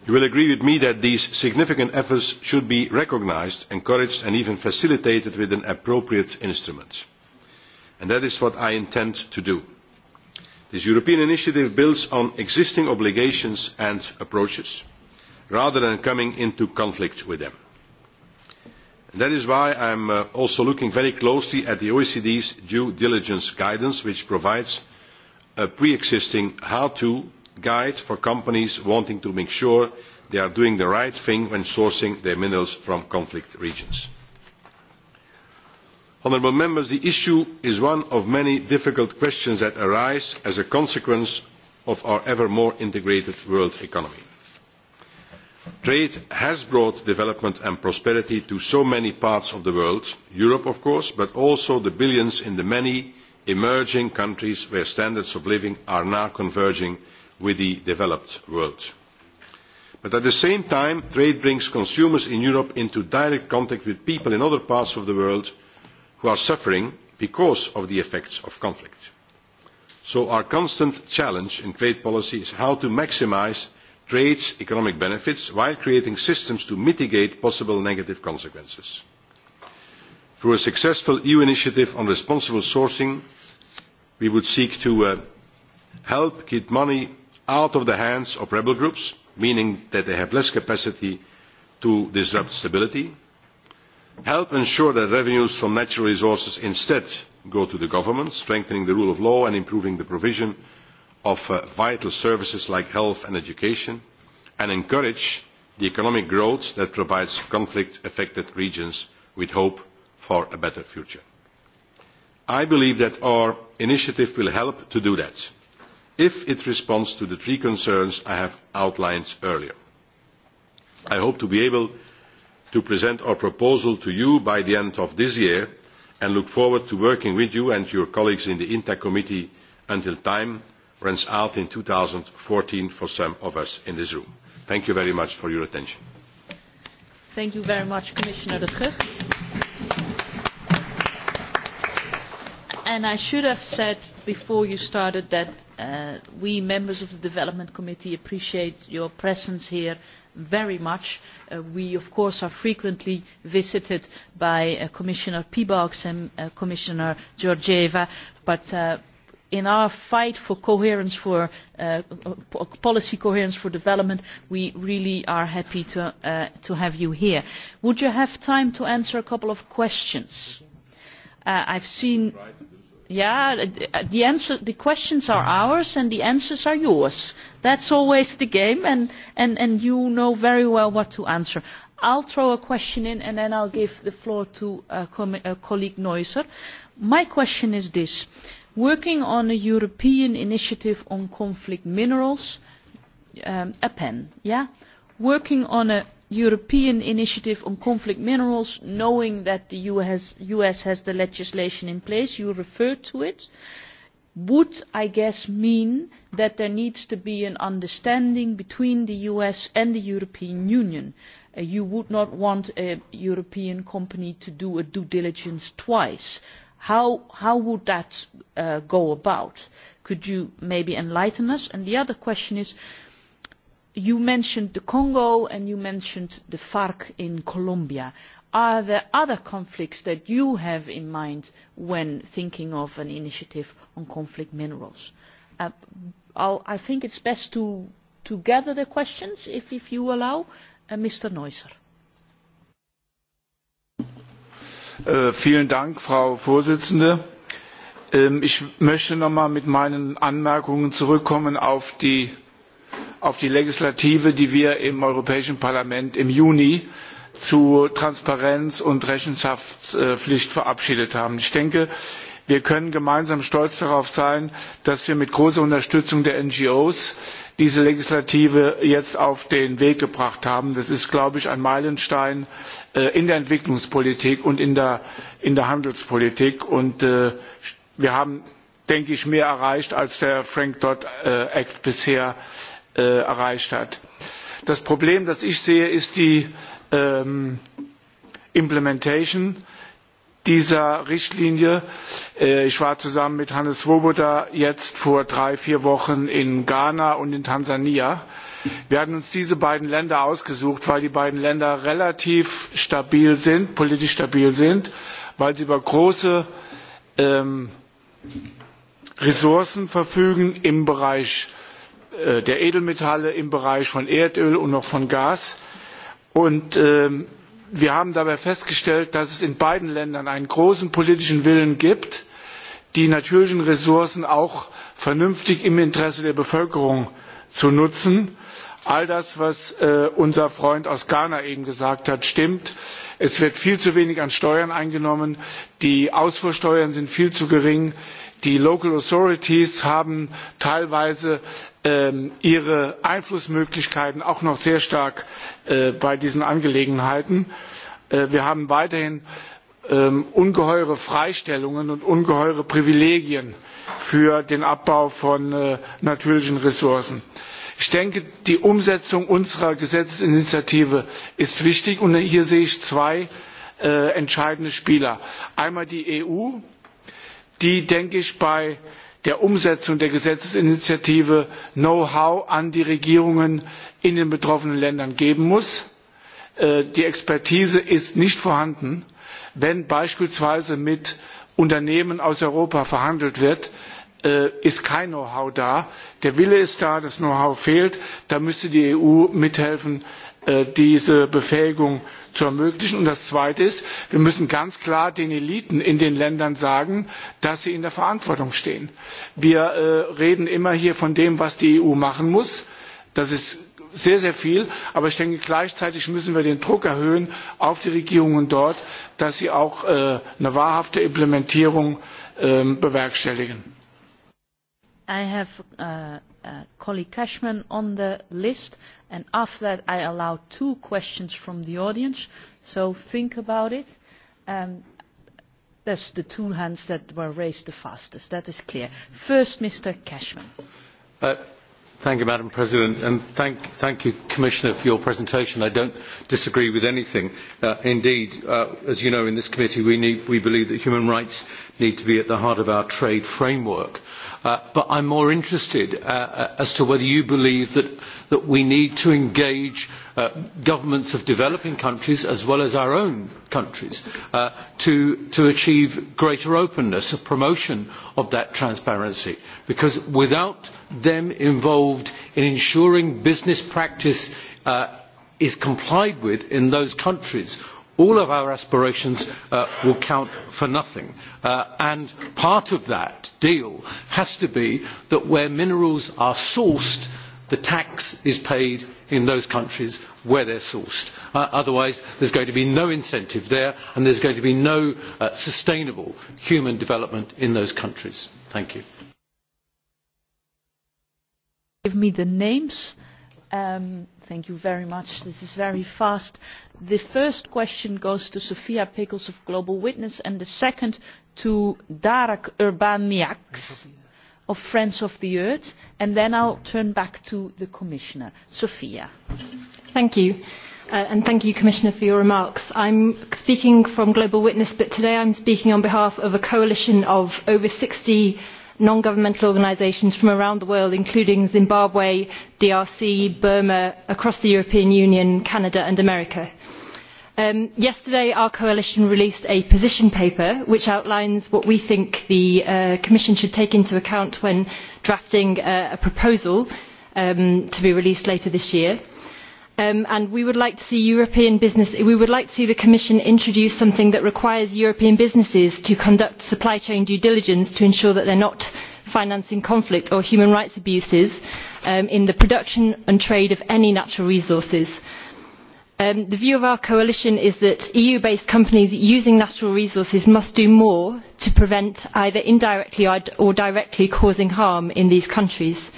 you will agree with me that these significant efforts should be recognised encouraged and even facilitated with an appropriate instrument and that is what i intend to do. this european initiative builds on existing obligations and approaches rather than coming into conflict with them that is why i am uh, also looking very closely at the oecd's due diligence guidance which provides a pre existing how to guide for companies wanting to make sure they are doing the right thing when sourcing their minerals from conflict regions. the issue is one of many difficult questions that arise as a consequence of our ever more integrated world economy trade has brought development and prosperity to so many parts of the world europe of course but also the billions in the many emerging countries where standards of living are now converging with the developed world. but at the same time trade brings consumers in europe into direct contact with people in other parts of the world who are suffering because of the effects of conflict. so our constant challenge in trade policy is how to maximise creates economic benefits while creating systems to mitigate possible negative consequences. through a successful eu initiative on responsible sourcing we would seek to uh, help keep money out of the hands of rebel groups meaning that they have less capacity to disrupt stability help ensure that revenues from natural resources instead go to the governments strengthening the rule of law and improving the provision of uh, vital services like health and education and encourage the economic growth that provides conflict affected regions with hope for a better future. i believe that our initiative will help to do that if it responds to the three concerns i have outlined earlier. i hope to be able to present our proposal to you by the end of this year and look forward to working with you and your colleagues in the inta committee until the runs out in 2014 for some of us in this room. Thank you very much for your attention. Thank you very much, Commissioner De Gucht. and I should have said before you started that uh, we members of the Development Committee appreciate your presence here very much. Uh, we, of course, are frequently visited by uh, Commissioner Piebalgs and uh, Commissioner Georgieva, but uh, in our fight for coherence for uh, policy coherence for development we really are happy to uh, to have you here would you have time to answer a couple of questions uh, i've seen yeah the answer the questions are ours and the answers are yours that's always the game and and and you know very well what to answer I'll throw a question in and then I'll give the floor to uh, com uh, colleague Neusser. My question is this. Uh, working on a European initiative on conflict minerals, um, a pen, yeah? Working on a European initiative on conflict minerals, knowing that the US, US has the legislation in place, you referred to it, would, I guess, mean that there needs to be an understanding between the US and the European Union. Uh, you would not want a European company to do a due diligence twice How, how would that uh, go about? Could you maybe enlighten us? And the other question is, you mentioned the Congo and you mentioned the FARC in Colombia. Are there other conflicts that you have in mind when thinking of an initiative on conflict minerals? Uh, I'll, I think it's best to, to gather the questions, if, if you allow. Uh, Mr. Neusser. Äh, vielen Dank, Frau Vorsitzende. Ähm, ich möchte nochmal mit meinen Anmerkungen zurückkommen auf die, auf die Legislative, die wir im Europäischen Parlament im Juni zu Transparenz und Rechenschaftspflicht verabschiedet haben. Ich denke, äh, wir können gemeinsam stolz darauf sein dass wir mit großer unterstützung der ngos diese legislative jetzt auf den weg gebracht haben. das ist glaube ich ein meilenstein äh, in der entwicklungspolitik und in der, in der handelspolitik und äh, wir haben denke ich mehr erreicht als der frank dodd äh, act bisher erreicht hat. das problem das ich sehe ist die ähm, implementation dieser Richtlinie. Äh, ich war zusammen mit Hannes Swoboda jetzt vor drei, vier Wochen in Ghana und in Tansania. Wir hatten uns diese beiden Länder ausgesucht, weil die beiden Länder relativ stabil sind, politisch stabil sind, weil sie über große ähm, Ressourcen verfügen im Bereich äh, der Edelmetalle, im Bereich von Erdöl und noch von Gas. Und ähm, wir haben dabei festgestellt dass es in beiden ländern einen großen politischen willen gibt die natürlichen ressourcen auch vernünftig im interesse der bevölkerung zu nutzen all das was äh, unser freund aus ghana eben gesagt hat stimmt es wird viel zu wenig an steuern eingenommen die ausfuhrsteuern sind viel zu gering die local authorities haben teilweise ähm, ihre einflussmöglichkeiten auch noch sehr stark äh, bei diesen angelegenheiten. Äh, wir haben weiterhin ähm, ungeheure freistellungen und ungeheure privilegien für den abbau von äh, natürlichen ressourcen ich denke die umsetzung unserer gesetzesinitiative ist wichtig und hier sehe ich zwei äh, entscheidende spieler einmal die eu die denke ich bei der umsetzung der gesetzesinitiative know how an die regierungen in den betroffenen ländern geben muss. Äh, die expertise ist nicht vorhanden wenn beispielsweise mit unternehmen aus europa verhandelt wird Äh, ist kein know how da der wille ist da das know how fehlt da müsste die eu mithelfen äh, diese befähigung zu ermöglichen. und das zweite ist wir müssen ganz klar den eliten in den ländern sagen dass sie in der verantwortung stehen. wir äh, reden immer hier von dem was die eu machen muss das ist sehr sehr viel aber ich denke gleichzeitig müssen wir den druck erhöhen auf die regierungen dort dass sie auch eine wahrhafte implementierung ähm, bewerkstelligen. I have uh, uh, colleague Cashman on the list, and after that I allow two questions from the audience, so think about it. Um, that's the two hands that were raised the fastest, that is clear. First, Mr. Cashman. Uh, You, madam president and thank, thank you commissioner for your presentation. i do not disagree with anything. Uh, indeed uh, as you know in this committee we, need, we believe that human rights need to be at the heart of our trade framework. Uh, but I'm more interested uh, uh, as to whether you believe that, that we need to engage uh, governments of developing countries as well as our own countries uh, to, to achieve greater openness, a promotion of that transparency. Because without them involved in ensuring business practice uh, is complied with in those countries, all of our aspirations uh, will count for nothing. Uh, and part of that deal has to be that where minerals are sourced, the tax is paid in those countries where they are sourced. Uh, otherwise there is going to be no incentive there and there is going to be no uh, sustainable human development in those countries. Thank you. Give me the names. Um, Thank you very much. This is very fast. The first question goes to Sofia Pickles of Global Witness and the second to Darek Urbaniaks of Friends of the Earth. And then I'll turn back to the Commissioner. Sofia. Thank you. Uh, and thank you, Commissioner, for your remarks. I'm speaking from Global Witness, but today I'm speaking on behalf of a coalition of over 60 non governmental organisations from around the world including zimbabwe drc burma across the european union canada and america. Um, yesterday our coalition released a position paper which outlines what we think the uh, commission should take into account when drafting uh, a proposal um, to be released later this year um, and we would like to see European business, we would like to see the Commission introduce something that requires European businesses to conduct supply chain due diligence to ensure that they're not financing conflict or human rights abuses um, in the production and trade of any natural resources. Um, the view of our coalition is that eu based companies using natural resources must do more to prevent either indirectly or directly causing harm in these countries.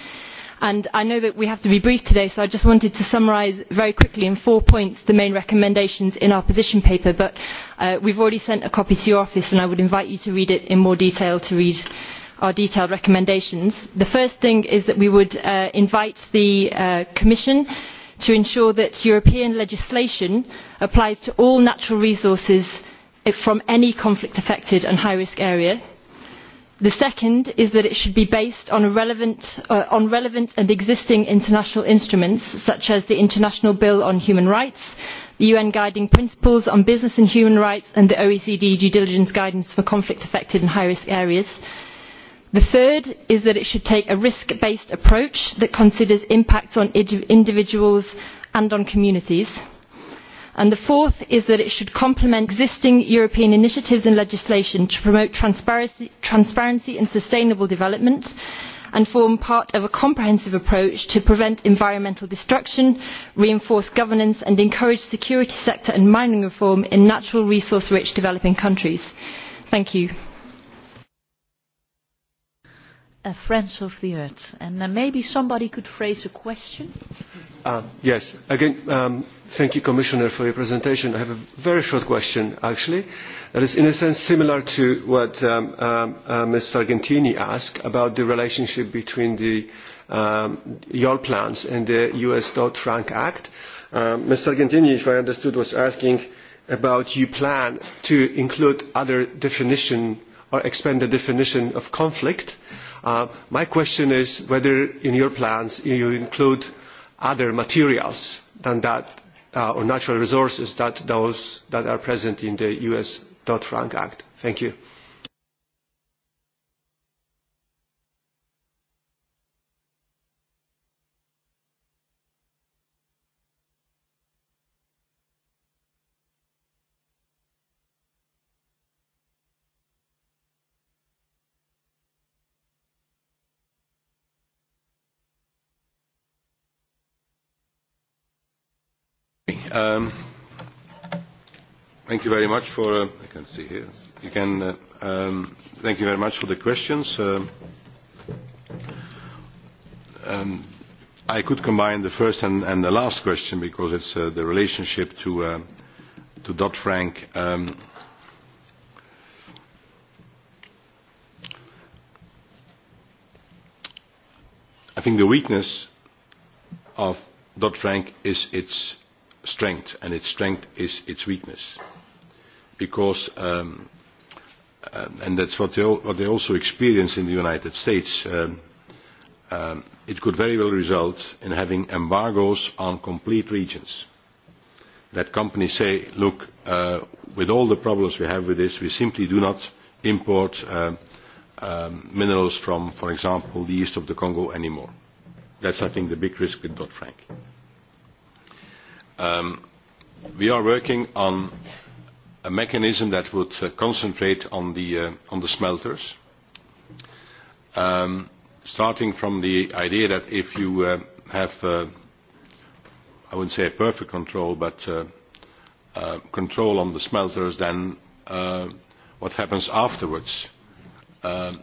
And i know that we have to be brief today so i just wanted to summarise very quickly in four points the main recommendations in our position paper but uh, we have already sent a copy to your office and i would invite you to read it in more detail to read our detailed recommendations. the first thing is that we would uh, invite the uh, commission to ensure that european legislation applies to all natural resources from any conflict affected and high risk area the second is that it should be based on relevant, uh, on relevant and existing international instruments such as the international bill on human rights the un guiding principles on business and human rights and the oecd due diligence guidance for conflict affected and high risk areas. the third is that it should take a risk based approach that considers impacts on individuals and on communities and the fourth is that it should complement existing european initiatives and legislation to promote transparency, transparency and sustainable development and form part of a comprehensive approach to prevent environmental destruction reinforce governance and encourage security sector and mining reform in natural resource rich developing countries. thank you uh, friends of the earth. And uh, maybe somebody could phrase a question. Uh, yes. Again, um, thank you, Commissioner, for your presentation. I have a very short question, actually. That is, in a sense, similar to what um, um, uh, Ms. Sargentini asked about the relationship between the, um, your plans and the U.S. Dodd-Frank Act. Um, Ms. Sargentini, if I understood, was asking about you plan to include other definition or expand the definition of conflict uh, Uh, my question is whether in your plans you include other materials than that uh, or natural resources than those that are present in the US Dodd-Frank Act. Thank you. Um, thank you very much for. Uh, I can see here. You can. Uh, um, thank you very much for the questions. Uh, um, I could combine the first and, and the last question because it's uh, the relationship to uh, to Dodd Frank. Um, I think the weakness of Dodd Frank is its strength, and its strength is its weakness. Because, um, uh, and that's what they, what they also experience in the United States, um, um, it could very well result in having embargoes on complete regions. That companies say, look, uh, with all the problems we have with this, we simply do not import uh, um, minerals from, for example, the east of the Congo anymore. That's, I think, the big risk with Dodd-Frank. Uh, Um, we are working on a mechanism that would uh, concentrate on the, uh, on the smelters, um, starting from the idea that if you uh, have, uh, I wouldn't say perfect control, but uh, uh, control on the smelters, then uh, what happens afterwards? Um,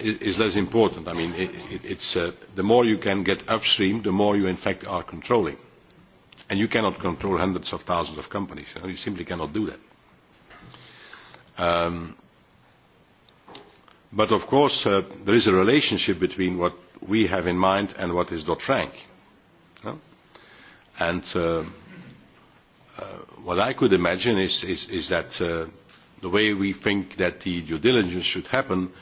is less important. I mean, it, it, it's, uh, the more you can get upstream, the more you in fact are controlling. And you cannot control hundreds of thousands of companies. You, know? you simply cannot do that. Um, but of course, uh, there is a relationship between what we have in mind and what is Dodd-Frank. You know? And uh, uh, what I could imagine is, is, is that uh, the way we think that the due diligence should happen uh,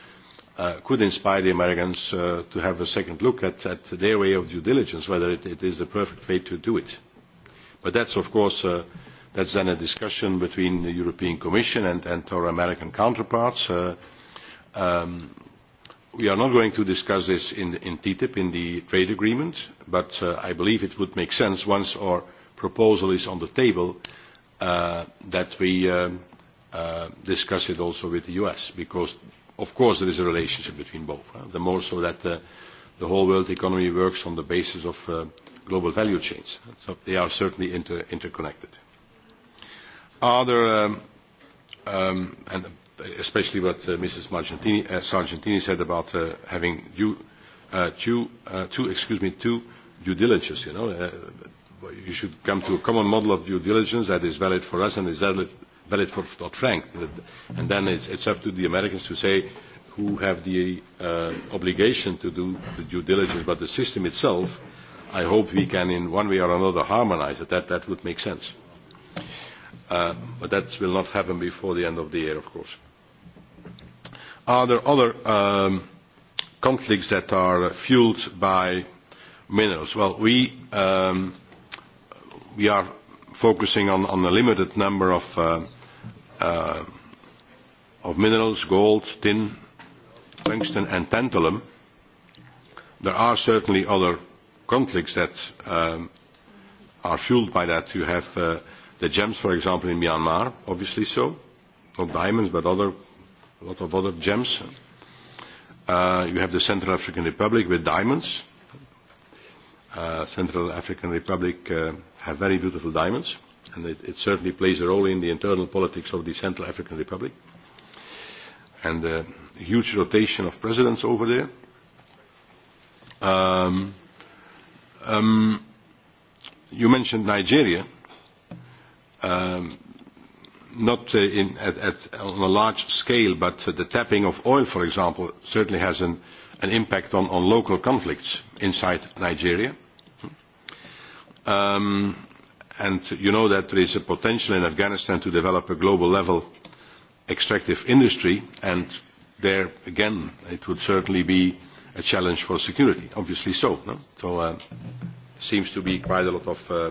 uh, could inspire the Americans uh, to have a second look at, at their way of due diligence, whether it, it is the perfect way to do it. But that's, of course, uh, that's then a discussion between the European Commission and, and our American counterparts. Uh, um, we are not going to discuss this in, in TTIP, in the trade agreement, but uh, I believe it would make sense once our proposal is on the table uh, that we um, uh, discuss it also with the US, because of course there is a relationship between both, uh, the more so that uh, the whole world economy works on the basis of uh, global value chains. So they are certainly inter interconnected. Are there, um, um, and especially what uh, Mrs. Sargentini, uh, Sargentini said about uh, having due, uh, two, uh, two, excuse me, two due diligence, you know, uh, you should come to a common model of due diligence that is valid for us and is valid valid for Dodd Frank. And then it's, it's up to the Americans to say who have the uh, obligation to do the due diligence, but the system itself, I hope we can in one way or another harmonize it. That, that would make sense. Uh, but that will not happen before the end of the year, of course. Are there other um, conflicts that are fueled by minerals? Well, we, um, we are focusing on, on a limited number of uh, uh, of minerals, gold, tin, tungsten and tantalum, there are certainly other conflicts that um, are fueled by that. You have uh, the gems, for example, in Myanmar, obviously so, not diamonds, but other, a lot of other gems. Uh, you have the Central African Republic with diamonds. Uh, Central African Republic uh, have very beautiful diamonds. Uh, and it, it certainly plays a role in the internal politics of the Central African Republic. And a uh, huge rotation of presidents over there. Um, um, you mentioned Nigeria. Um, not uh, in, at, at, on a large scale, but uh, the tapping of oil, for example, certainly has an, an impact on, on local conflicts inside Nigeria. Hmm. Um, and you know that there is a potential in afghanistan to develop a global level extractive industry and there again it would certainly be a challenge for security obviously so no? so uh, seems to be quite a lot of uh,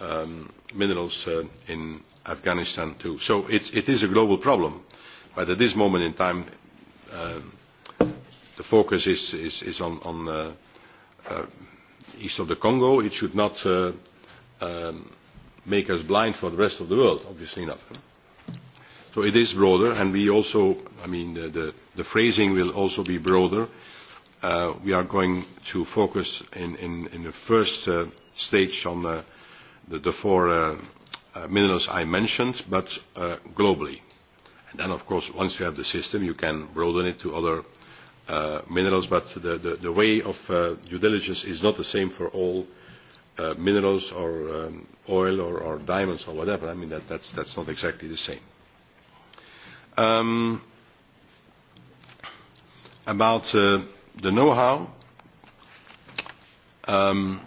um, minerals uh, in afghanistan too so it, it is a global problem but at this moment in time uh, the focus is, is, is on, on uh, uh, east of the congo it should not uh, um, make us blind for the rest of the world, obviously not. So it is broader, and we also, I mean, the, the, the phrasing will also be broader. Uh, we are going to focus in, in, in the first uh, stage on uh, the, the four uh, uh, minerals I mentioned, but uh, globally. And then, of course, once you have the system, you can broaden it to other uh, minerals, but the, the, the way of uh, due diligence is not the same for all uh, uh, minerals or um, oil or, or diamonds or whatever. I mean, that, that's, that's not exactly the same. Um, about uh, the know-how, um,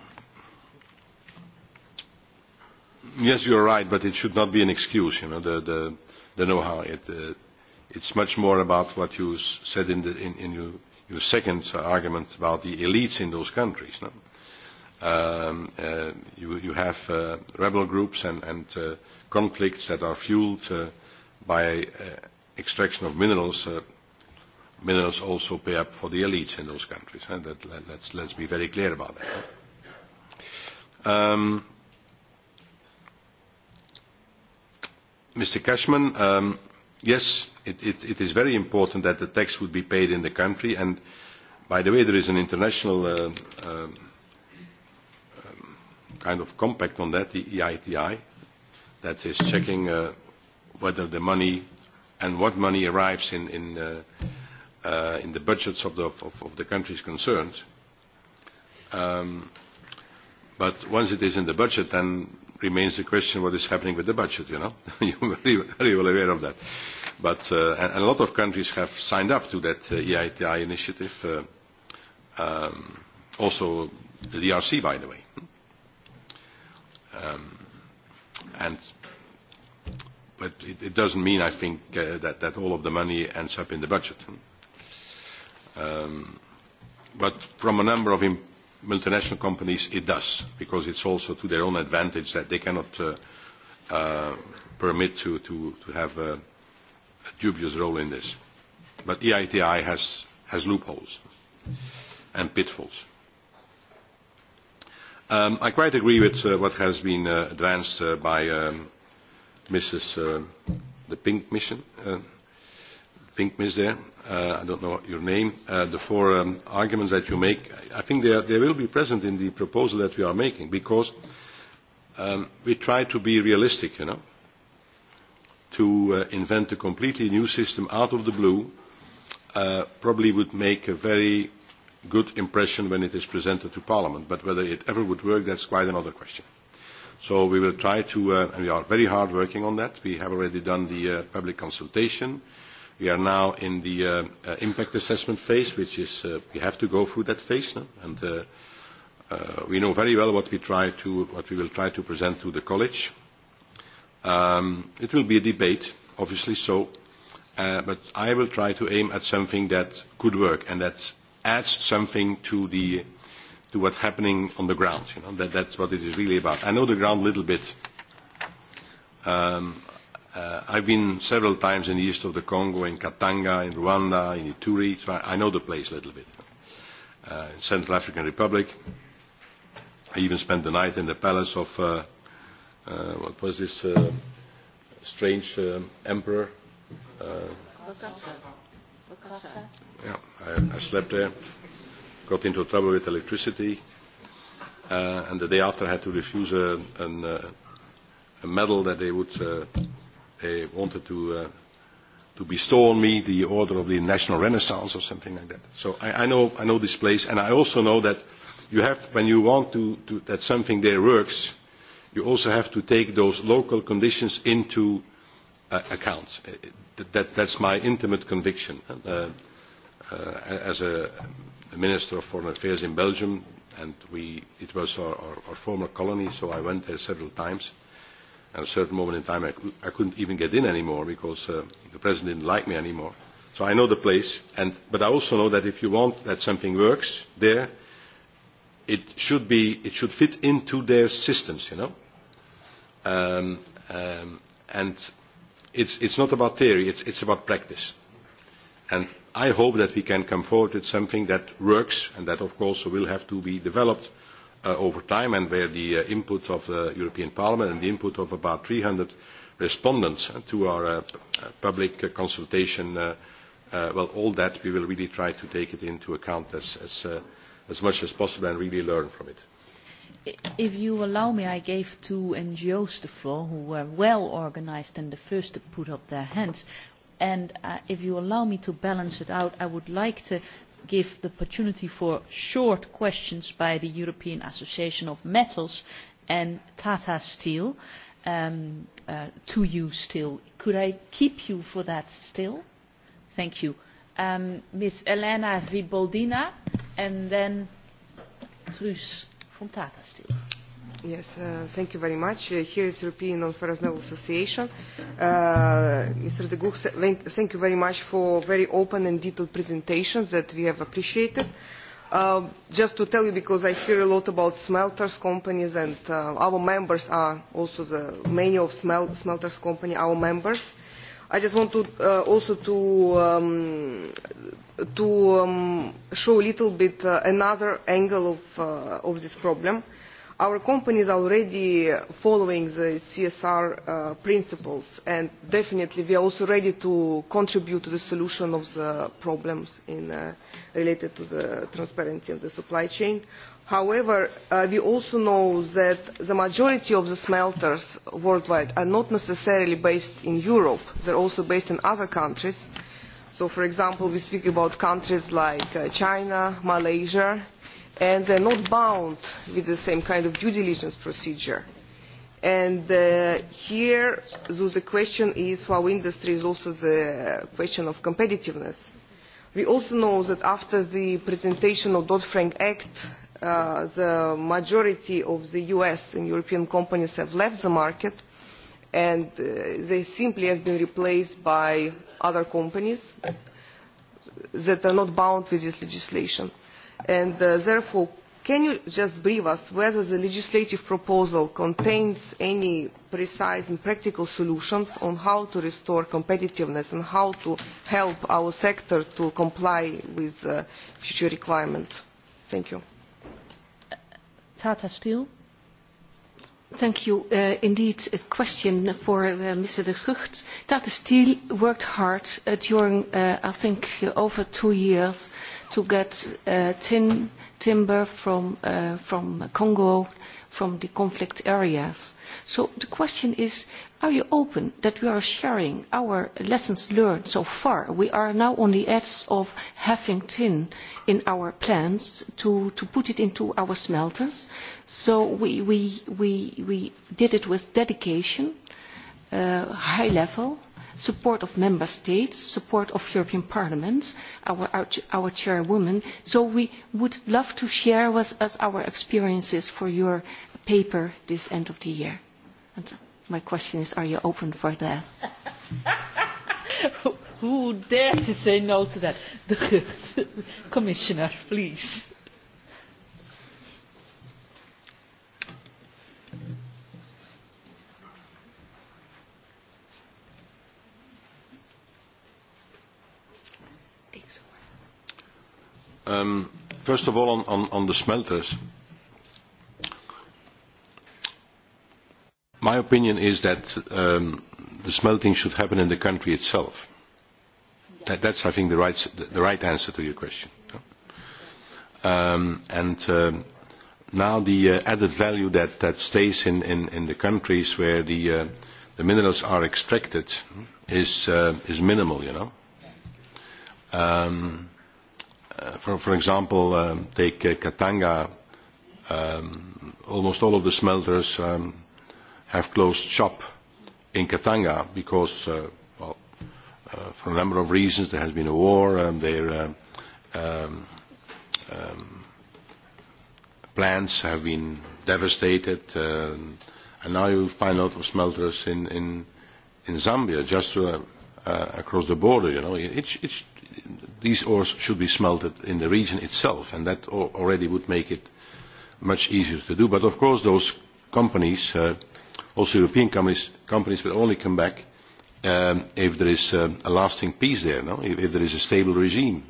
yes, you're right, but it should not be an excuse, you know, the, the, the know-how. It, uh, it's much more about what you said in, the, in, in your, your second argument about the elites in those countries. No? Uh, um, uh, you, you have uh, rebel groups and, and uh, conflicts that are fueled uh, by uh, extraction of minerals. Uh, minerals also pay up for the elites in those countries. Eh? That, let, let's, let's be very clear about that. Eh? Um, Mr. Cashman, um, yes, it, it, it is very important that the tax would be paid in the country. And by the way, there is an international uh, uh, kind of compact on that, the EITI, that is checking uh, whether the money and what money arrives in, in, uh, uh, in the budgets of the, of, of the countries concerned. Um, but once it is in the budget, then remains the question what is happening with the budget, you know. You're very, very well aware of that. But uh, and, and a lot of countries have signed up to that uh, EITI initiative, uh, um, also the DRC, e by the way. Hmm? Um, and, but it, it doesn't mean, I think, uh, that, that all of the money ends up in the budget. Um, but from a number of multinational companies, it does, because it's also to their own advantage that they cannot uh, uh, permit to, to, to have a, a dubious role in this. But EITI has, has loopholes and pitfalls. Um, I quite agree with uh, what has been uh, advanced uh, by um, Mrs. Uh, the Pink Mission. Uh, Pink Miss there, uh, I don't know your name. Uh, the four um, arguments that you make, I think they, are, they will be present in the proposal that we are making because um, we try to be realistic, you know, to uh, invent a completely new system out of the blue uh, probably would make a very good impression when it is presented to Parliament. But whether it ever would work, that's quite another question. So we will try to, uh, and we are very hard working on that. We have already done the uh, public consultation. We are now in the uh, uh, impact assessment phase, which is, uh, we have to go through that phase. No? And uh, uh, we know very well what we, try to, what we will try to present to the college. Um, it will be a debate, obviously so, uh, but I will try to aim at something that could work and that adds something to the to what's happening on the ground. You know, that, that's what it is really about. I know the ground a little bit. Um, uh, I've been several times in the east of the Congo, in Katanga, in Rwanda, in Ituri, so I, I know the place a little bit. Uh, in Central African Republic, I even spent the night in the palace of, uh, uh, what was this uh, strange uh, emperor? Uh, Kasa? Yeah, I, I slept there, got into trouble with electricity, uh, and the day after I had to refuse a, an, uh, a medal that they would uh, they wanted to. Uh, to bestow on me the Order of the National Renaissance or something like that. So I, I, know, I know this place, and I also know that you have, when you want to, to, that something there works, you also have to take those local conditions into uh, uh, account. Uh, that, that, that's my intimate conviction. Uh, uh, as a minister of foreign affairs in Belgium, and we, it was our, our, our former colony, so I went there several times. At a certain moment in time, I, I couldn't even get in anymore because uh, the president didn't like me anymore. So I know the place, and, but I also know that if you want that something works there, it should, be, it should fit into their systems, you know. Um, um, and it's, it's not about theory, it's, it's about practice. And I hope that we can come forward with something that works and that, of course, will have to be developed uh, over time and where the uh, input of the European Parliament and the input of about 300 respondents uh, to our uh, uh public uh, consultation, uh, uh, well, all that we will really try to take it into account as, as, uh, as much as possible and really learn from it if you allow me, I gave two NGOs the floor who were well organized and the first to put up their hands. And uh, if you allow me to balance it out, I would like to give the opportunity for short questions by the European Association of Metals and Tata Steel um, uh, to you still. Could I keep you for that still? Thank you. Um, Ms. Elena Viboldina and then Truus from Tata Steel. Yes, uh, thank you very much. Uh, here is European Non-Ferrous Metal Association. Uh, Mr. de Gucht, thank you very much for very open and detailed presentations that we have appreciated. Uh, just to tell you, because I hear a lot about smelters companies and uh, our members are also the, many of smel smelters company, our members. Uh, I just want to uh, also to um, to um, show a little bit uh, another angle of uh, of this problem. Uh, our company is already following the csr uh, principles and definitely we are also ready to contribute to the solution of the problems in, uh, related to the transparency of the supply chain. however uh, we also know that the majority of the smelters worldwide are not necessarily based in europe they are also based in other countries. so for example we speak about countries like uh, china malaysia and they're not bound with the same kind of due diligence procedure. And uh, here, so the question is for our industry is also the question of competitiveness. We also know that after the presentation of Dodd-Frank Act, uh, the majority of the US and European companies have left the market and uh, they simply have been replaced by other companies that are not bound with this legislation. Uh, and uh, therefore can you just brief us whether the legislative proposal contains any precise and practical solutions on how to restore competitiveness and how to help our sector to comply with uh, future requirements? Thank you. Tata Steel. Thank you. Uh, indeed, a question for uh, Mr. de Gucht. Tata Steel worked hard uh, during, uh, I think, uh, over two years to get uh, tin, timber from, uh, from Congo uh, from the conflict areas. So the question is, are you open that we are sharing our lessons learned so far? We are now on the edge of having tin in our plants to, to put it into our smelters. So we, we, we, we did it with dedication, uh, high level, support of member states, support of European Parliament, our, our, our chairwoman. So we would love to share with us our experiences for your paper this end of the year. And my question is, are you open for that? Who dare to say no to that? Commissioner, please. Um, first of all, on, on, on the smelters, my opinion is that um, the smelting should happen in the country itself. That, that's, I think, the right, the right answer to your question. Um, and um, now the uh, added value that, that stays in, in, in the countries where the, uh, the minerals are extracted is, uh, is minimal, you know. Um, uh, for, for example, um, take uh, Katanga, um, almost all of the smelters um, have closed shop in Katanga because, uh, well, uh, for a number of reasons, there has been a war, and um, their um, um, um, plants have been devastated, uh, and now you find a lot of smelters in, in, in Zambia, just uh, uh, across the border, you know. It's, it's these ores should be smelted in the region itself, and that already would make it much easier to do. But of course, those companies, uh, also European companies, companies will only come back um, if there is um, a lasting peace there, no? if, if there is a stable regime,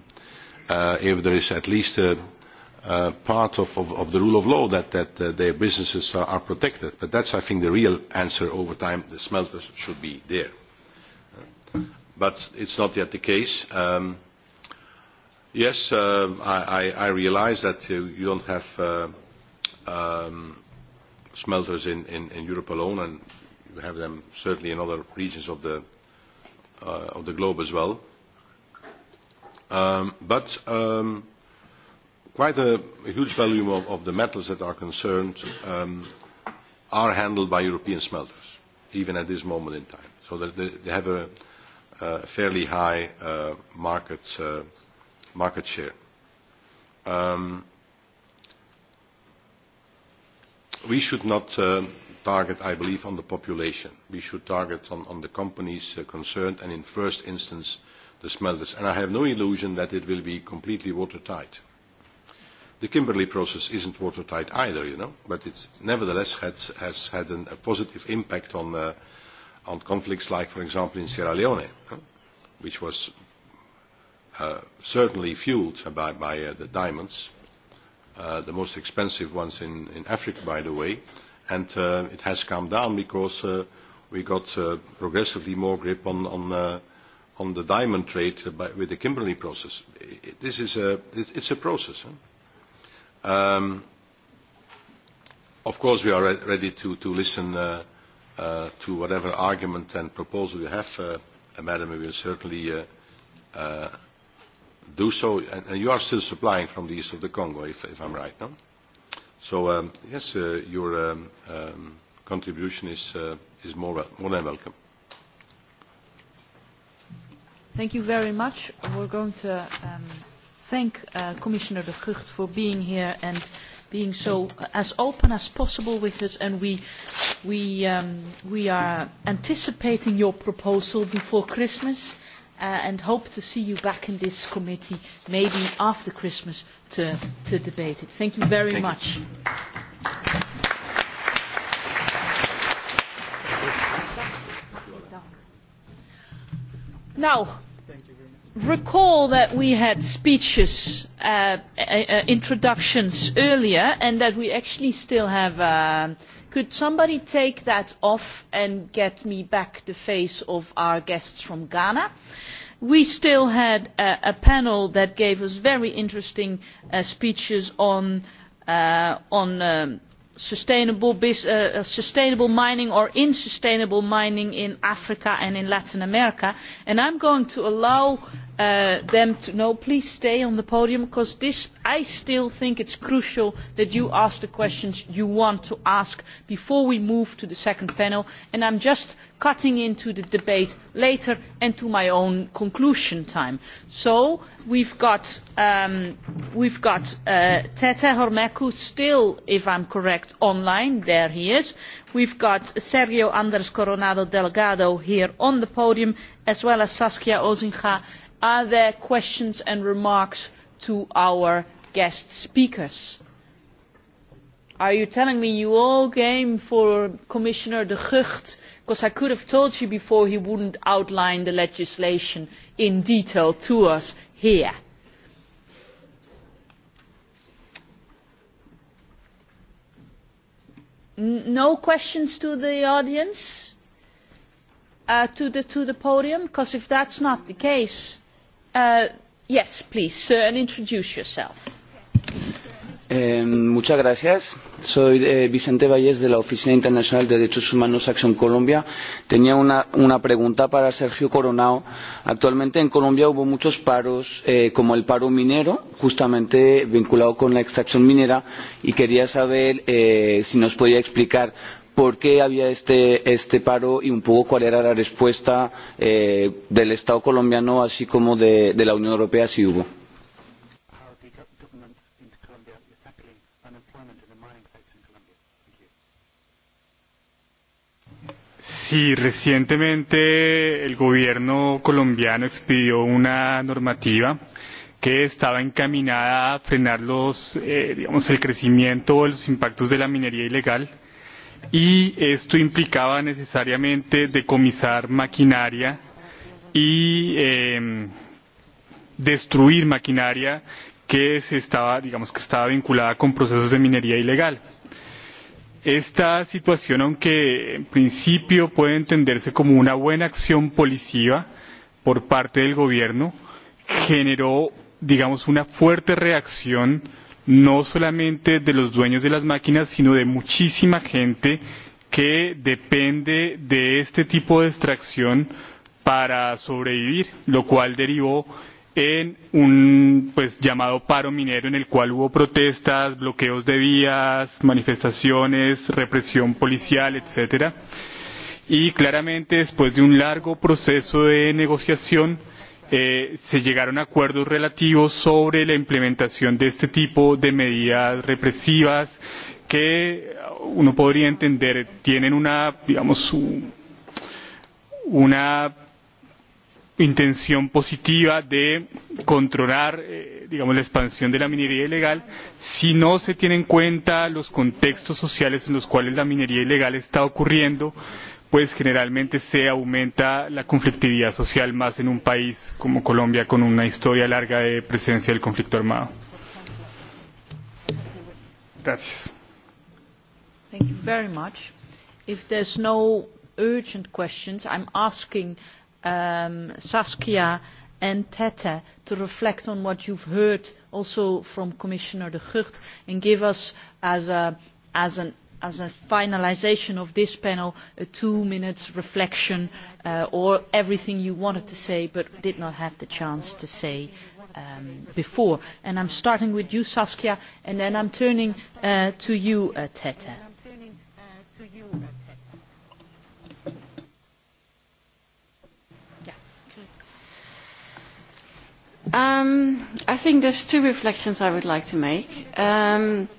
uh, if there is at least a, uh, part of, of, of the rule of law that, that uh, their businesses are, are protected. But that's, I think, the real answer over time. The smelters should be there. Uh, but it's not yet the case. Um, yes, uh, I, I, I realize that you, you don't have uh, um, smelters in, in, in Europe alone, and you have them certainly in other regions of the, uh, of the globe as well. Um, but um, quite a, a huge volume of, of the metals that are concerned um, are handled by European smelters, even at this moment in time. So that they, they have a, uh, fairly high uh, market, uh, market share. Um, we should not uh, target, I believe, on the population. We should target on, on the companies uh, concerned and in first instance the smelters. And I have no illusion that it will be completely watertight. The Kimberley process isn't watertight either, you know, but it nevertheless had, has had an, a positive impact on, uh, on conflicts like, for example, in Sierra Leone, which was uh, certainly fueled by, by uh, the diamonds, uh, the most expensive ones in, in Africa, by the way, and uh, it has come down because uh, we got uh, progressively more grip on, on, uh, on the diamond trade by, with the Kimberley process. It, this is a, it, it's a process. Huh? Um, of course, we are re- ready to, to listen uh, uh, to whatever argument and proposal you have, uh, Madam, we will certainly uh, uh, do so. And, and you are still supplying from the east of the Congo, if, if I'm right, no? So, um, yes, uh, your um, um, contribution is, uh, is more, wel more than welcome. Thank you very much. We're going to um, thank uh, Commissioner De Gucht for being here and being so as open as possible with us and we, we, um, we are anticipating your proposal before Christmas uh, and hope to see you back in this committee maybe after Christmas to, to debate it. Thank you very Thank much. You. Now, recall that we had speeches, uh, uh, uh, introductions earlier, and that we actually still have. Uh, could somebody take that off and get me back the face of our guests from Ghana? We still had a, a panel that gave us very interesting uh, speeches on, uh, on um, sustainable, bis uh, uh sustainable mining or insustainable mining in Africa and in Latin America. And I'm going to allow uh, them to know please stay on the podium because this, i still think it is crucial that you ask the questions you want to ask before we move to the second panel and i am just cutting into the debate later and to my own conclusion time. so we have got, um, we've got uh, tete hormeku still if i am correct online there he is we have got sergio andrs coronado delgado here on the podium as well as saskia ozinga are there questions and remarks to our guest speakers? Are you telling me you all game for Commissioner de Gucht? Because I could have told you before he wouldn't outline the legislation in detail to us here. No questions to the audience? Uh, to, the, to the podium? Because if that's not the case, Uh, yes, please, uh, and introduce yourself. Eh, muchas gracias. Soy eh, Vicente Valles de la Oficina Internacional de Derechos Humanos Acción Colombia. Tenía una, una pregunta para Sergio Coronado. Actualmente en Colombia hubo muchos paros, eh, como el paro minero, justamente vinculado con la extracción minera, y quería saber eh, si nos podía explicar por qué había este, este paro y un poco cuál era la respuesta eh, del Estado colombiano, así como de, de la Unión Europea, si hubo. Sí, recientemente el gobierno colombiano expidió una normativa que estaba encaminada a frenar los, eh, digamos, el crecimiento o los impactos de la minería ilegal eh, y esto implicaba necesariamente decomisar maquinaria y eh, destruir maquinaria que se estaba, digamos, que estaba vinculada con procesos de minería ilegal. Esta situación, aunque en principio puede entenderse como una buena acción policiva por parte del gobierno, generó, digamos, una fuerte reacción eh, no solamente de los dueños de las máquinas, sino de muchísima gente que depende de este tipo de extracción para sobrevivir, lo cual derivó en un pues, llamado paro minero en el cual hubo protestas, bloqueos de vías, manifestaciones, represión policial, etcétera. Y claramente después de un largo proceso de negociación, eh, eh, se llegaron a acuerdos relativos sobre la implementación de este tipo de medidas represivas que uno podría entender tienen una, digamos, un, una intención positiva de controlar eh, digamos, la expansión de la minería ilegal si no se tienen en cuenta los contextos sociales en los cuales la minería ilegal está ocurriendo y pues generalmente se aumenta la conflictividad social más en un país como Colombia con una historia larga de presencia del conflicto armado. Gracias. Thank you very much. If there's no urgent questions, I'm asking um, Saskia and Tete to reflect on what you've heard also from Commissioner de Gucht and give us as, a, as an as a finalisation of this panel a two minute reflection uh, or everything you wanted to say but did not have the chance to say um, before. And I'm starting with you, Saskia, and then I'm turning uh, to you, uh, Tete. Um, I think there's two reflections I would like to make. Um,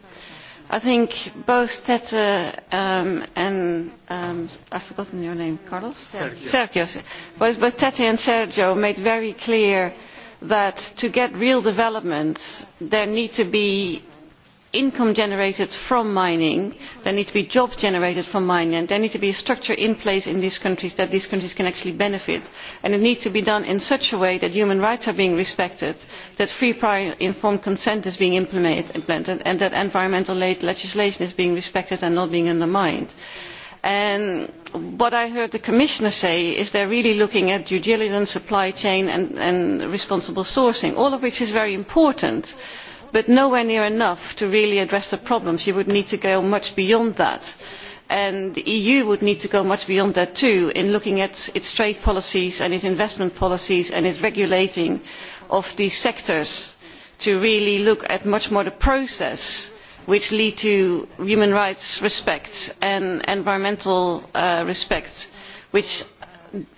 I think both Tete um, and um, I've forgotten your name, Carlos? Sergio. Sergio. Both, both Tete and Sergio made very clear that to get real development, there need to be income generated from mining there need to be jobs generated from mining and there needs to be a structure in place in these countries that these countries can actually benefit and it needs to be done in such a way that human rights are being respected that free prior informed consent is being implemented and that environmental legislation is being respected and not being undermined. And what i heard the commissioner say is that they are really looking at due diligence supply chain and, and responsible sourcing all of which is very important but but nowhere near enough to really address the problems. you would need to go much beyond that and the eu would need to go much beyond that too in looking at its trade policies and its investment policies and its regulating of these sectors to really look at much more the process which leads to human rights respect and environmental uh, respect which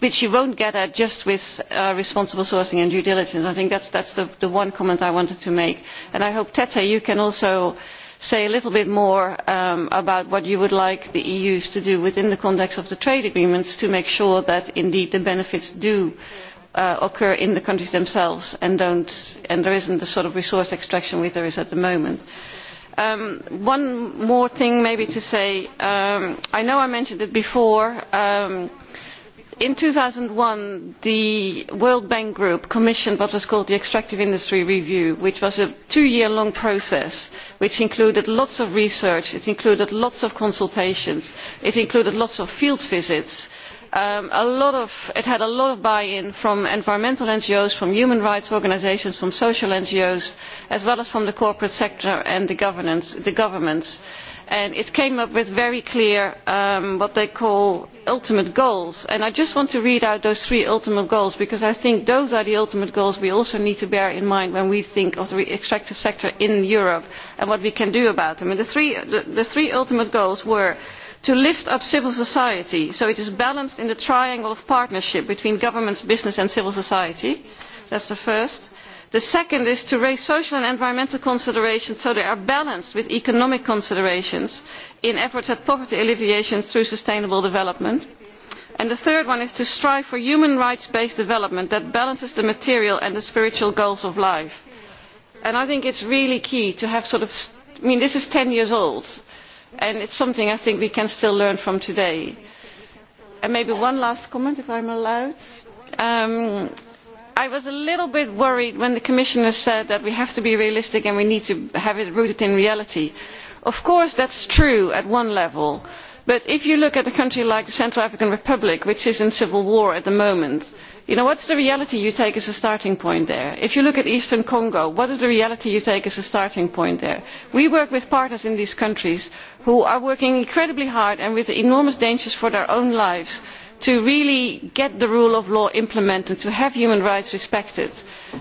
which you won't get at just with uh, responsible sourcing and due diligence. I think that's, that's the, the one comment I wanted to make. And I hope, Tete, you can also say a little bit more um, about what you would like the EU to do within the context of the trade agreements to make sure that indeed the benefits do uh, occur in the countries themselves and, don't, and there isn't the sort of resource extraction which there is at the moment. Um, one more thing maybe to say. Um, I know I mentioned it before. Um, in two thousand and one the world bank group commissioned what was called the extractive industry review which was a two year long process which included lots of research it included lots of consultations it included lots of field visits um, of, it had a lot of buy in from environmental ngos from human rights organisations from social ngos as well as from the corporate sector and the, the governments and it came up with very clear um, what they call ultimate goals and i just want to read out those three ultimate goals because i think those are the ultimate goals we also need to bear in mind when we think of the extractive sector in europe and what we can do about them. The three, the, the three ultimate goals were to lift up civil society so it is balanced in the triangle of partnership between governments business and civil society that is the first; the second is to raise social and environmental considerations so they are balanced with economic considerations in efforts at poverty alleviation through sustainable development and the third one is to strive for human rights based development that balances the material and the spiritual goals of life. And i think it is really key to have sort of i mean this is ten years old and it is something i think we can still learn from today. And maybe one last comment if i am allowed. Um, i was a little bit worried when the commissioner said that we have to be realistic and we need to have it rooted in reality. of course that is true at one level but if you look at a country like the central african republic which is in civil war at the moment you know, what is the reality you take as a starting point there? if you look at eastern congo what is the reality you take as a starting point there? we work with partners in these countries who are working incredibly hard and with enormous dangers for their own lives to really get the rule of law implemented to have human rights respected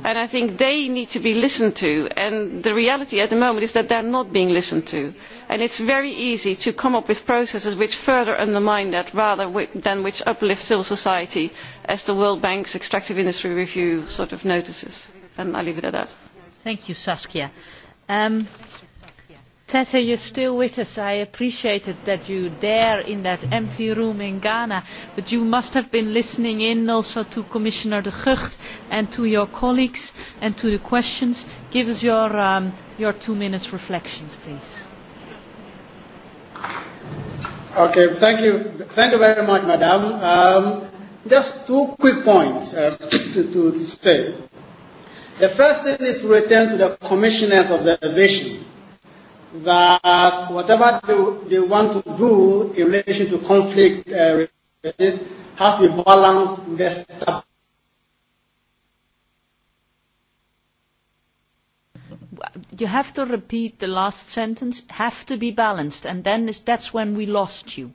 and i think they need to be listened to and the reality at the moment is that they are not being listened to and it is very easy to come up with processes which further undermine that rather than which uplift civil society as the world bank's extractive industry review sort of notices and i leave it at that. thank you saskia. Um, Tete, you're still with us. I appreciated that you there in that empty room in Ghana, but you must have been listening in also to Commissioner de Gucht and to your colleagues and to the questions. Give us your, um, your two minutes reflections, please. Okay, thank you. Thank you very much, Madam. Um, just two quick points uh, to, to, to say. The first thing is to return to the commissioners of the vision that whatever they, they want to do in relation to conflict uh, has to be balanced with the stability you have to repeat the last sentence have to be balanced and then is, that's when we lost you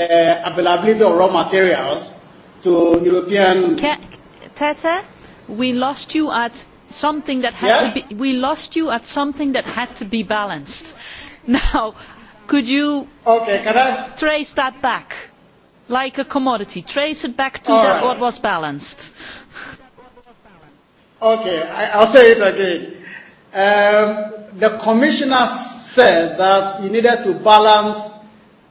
uh, availability of raw materials to European. Can, Tete, we lost you at something that had yes? to be. We lost you at something that had to be balanced. Now, could you okay, can I? trace that back, like a commodity? Trace it back to All that right. what was balanced. Okay, I, I'll say it again. Um, the commissioner said that you needed to balance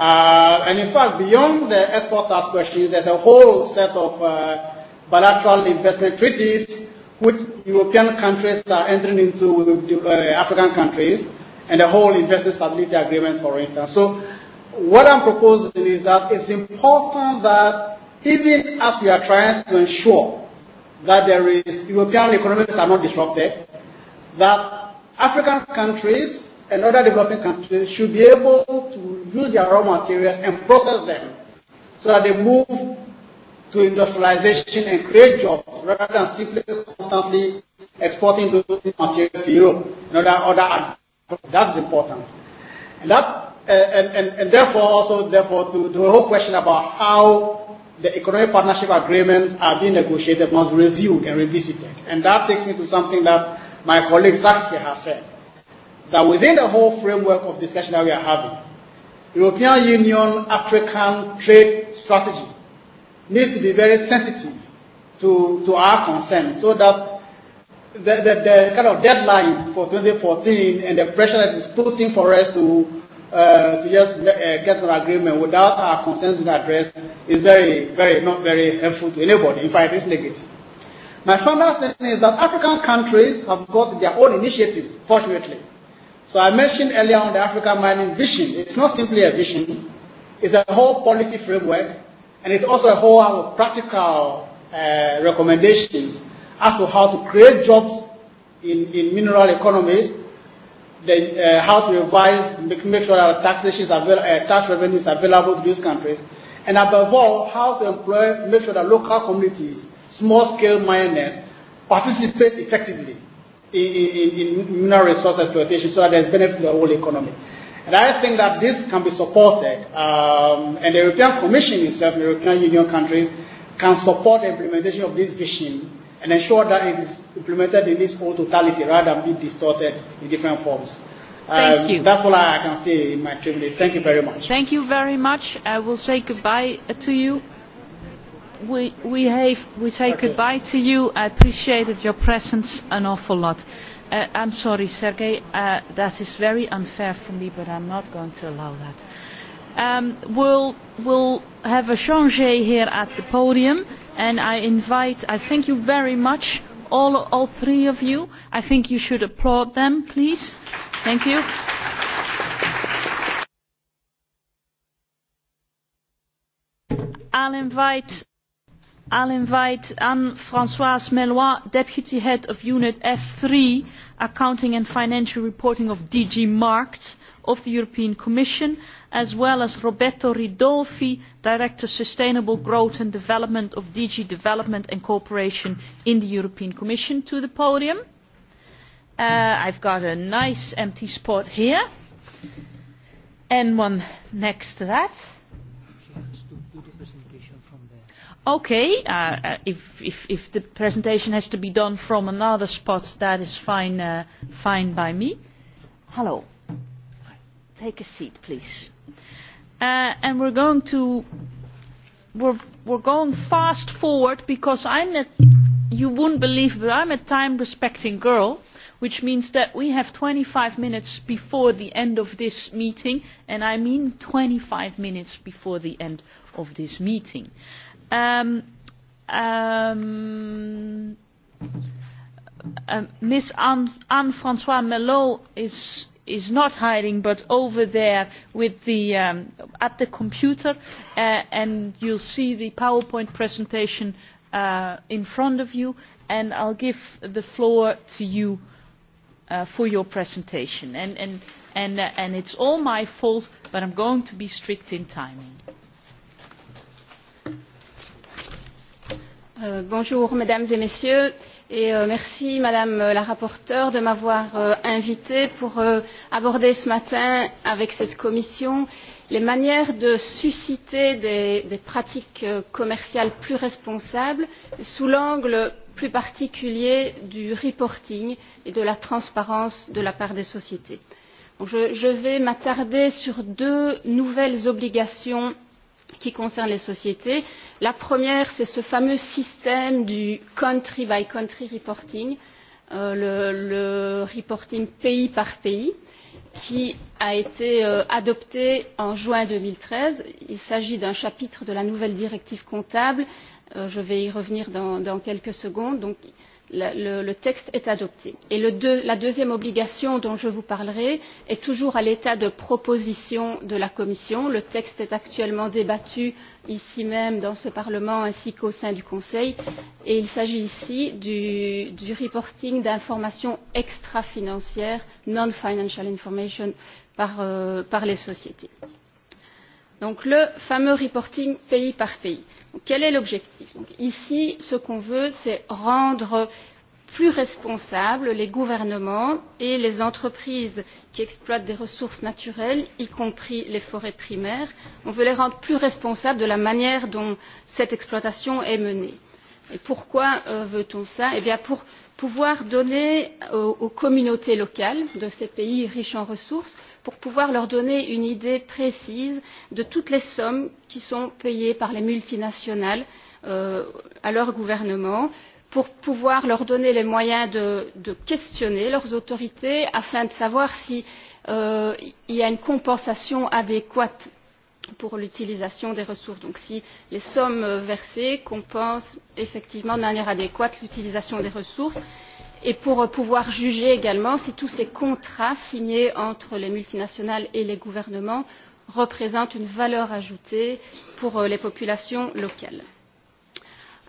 Uh, and in fact, beyond the export tax question, there's a whole set of uh, bilateral investment treaties which European countries are entering into with uh, African countries, and the whole investment stability agreement, for instance. So what I'm proposing is that it's important that even as we are trying to ensure that there is European economies are not disrupted, that African countries and other developing countries should be able to use their raw materials and process them so that they move to industrialization and create jobs rather than simply constantly exporting those materials to Europe and other, other That's important. And, that, uh, and, and, and therefore also therefore to, to the whole question about how the economic partnership agreements are being negotiated must be reviewed and revisited. And that takes me to something that my colleague Saskia has said that within the whole framework of discussion that we are having, European Union African trade strategy needs to be very sensitive to, to our concerns so that the, the, the kind of deadline for 2014 and the pressure that is putting for us to, uh, to just uh, get an agreement without our concerns being addressed is very, very, not very helpful to anybody. In fact, it's negative. My final thing is that African countries have got their own initiatives, fortunately So I mentioned earlier on the Africa mining vision. It's not simply a vision. It's a whole policy framework, and it's also a whole hour of practical uh, recommendations as to how to create jobs in, in mineral economies, the, uh, how to revise, make, make sure that taxations avail- uh, tax revenues are available to these countries, and above all, how to employ, make sure that local communities, small-scale miners, participate effectively in, in, in mineral resource exploitation so that there's benefit to the whole economy. And I think that this can be supported, um, and the European Commission itself, the European Union countries, can support the implementation of this vision and ensure that it is implemented in its whole totality rather than be distorted in different forms. Thank um, you. That's all I can say in my three minutes. Thank you very much. Thank you very much. I will say goodbye to you we, we, have, we say okay. goodbye to you. I appreciated your presence an awful lot. Uh, I'm sorry, Sergei, uh, that is very unfair for me, but I'm not going to allow that. Um, we'll, we'll have a changer here at the podium, and I invite, I thank you very much, all, all three of you. I think you should applaud them, please. Thank you. I'll invite I'll invite Anne-Françoise Melois, Deputy Head of Unit F3, Accounting and Financial Reporting of DG Markt of the European Commission, as well as Roberto Ridolfi, Director Sustainable Growth and Development of DG Development and Cooperation in the European Commission, to the podium. Uh, I've got a nice empty spot here and one next to that okay, uh, uh, if, if, if the presentation has to be done from another spot, that is fine, uh, fine by me. Hello. Take a seat, please. Uh, and we're going to, we're, we're going fast forward because I'm at, you wouldn't believe, but I'm a time respecting girl which means that we have twenty five minutes before the end of this meeting and i mean twenty five minutes before the end of this meeting. Um, um, uh, Miss Anne, Anne Francois Melot is is not hiding but over there with the, um, at the computer uh, and you'll see the PowerPoint presentation uh, in front of you and I'll give the floor to you uh, for your presentation. And, and, and, uh, and it's all my fault but I'm going to be strict in timing. Euh, bonjour mesdames et messieurs et euh, merci madame euh, la rapporteure de m'avoir invitée pour aborder ce matin avec cette commission les manières de susciter des, des pratiques commerciales plus responsables sous l'angle plus particulier du reporting et de la transparence de la part des sociétés. Donc je, je vais m'attarder sur deux nouvelles obligations qui concerne les sociétés. La première, c'est ce fameux système du country by country reporting, euh, le, le reporting pays par pays, qui a été euh, adopté en juin 2013. Il s'agit d'un chapitre de la nouvelle directive comptable. Euh, je vais y revenir dans, dans quelques secondes. Donc, euh, le, le texte est adopté. Et le deux, la deuxième obligation dont je vous parlerai est toujours à l'état de proposition de la Commission. Le texte est actuellement débattu ici même dans ce Parlement ainsi qu'au sein du Conseil et il s'agit ici du, du reporting d'informations extra-financières, non-financial information, par, euh, par les sociétés. Donc le fameux reporting pays par pays. Euh, quel est l'objectif? ici ce qu'on veut c'est rendre plus responsables les gouvernements et les entreprises qui exploitent des ressources naturelles y compris les forêts primaires on veut les rendre plus responsables de la manière dont cette exploitation est menée. et pourquoi euh, veut on cela? eh bien pour pouvoir donner aux, aux communautés locales de ces pays riches en ressources pour pouvoir leur donner une idée précise de toutes les sommes qui sont payées par les multinationales euh, à leur gouvernement pour pouvoir leur donner les moyens de, de questionner leurs autorités afin de savoir s'il si, euh, y a une compensation adéquate pour l'utilisation des ressources. Donc si les sommes versées compensent effectivement de manière adéquate l'utilisation des ressources, euh, et pour euh, pouvoir juger également si tous ces contrats signés entre les multinationales et les gouvernements représentent une valeur ajoutée pour euh, les populations locales.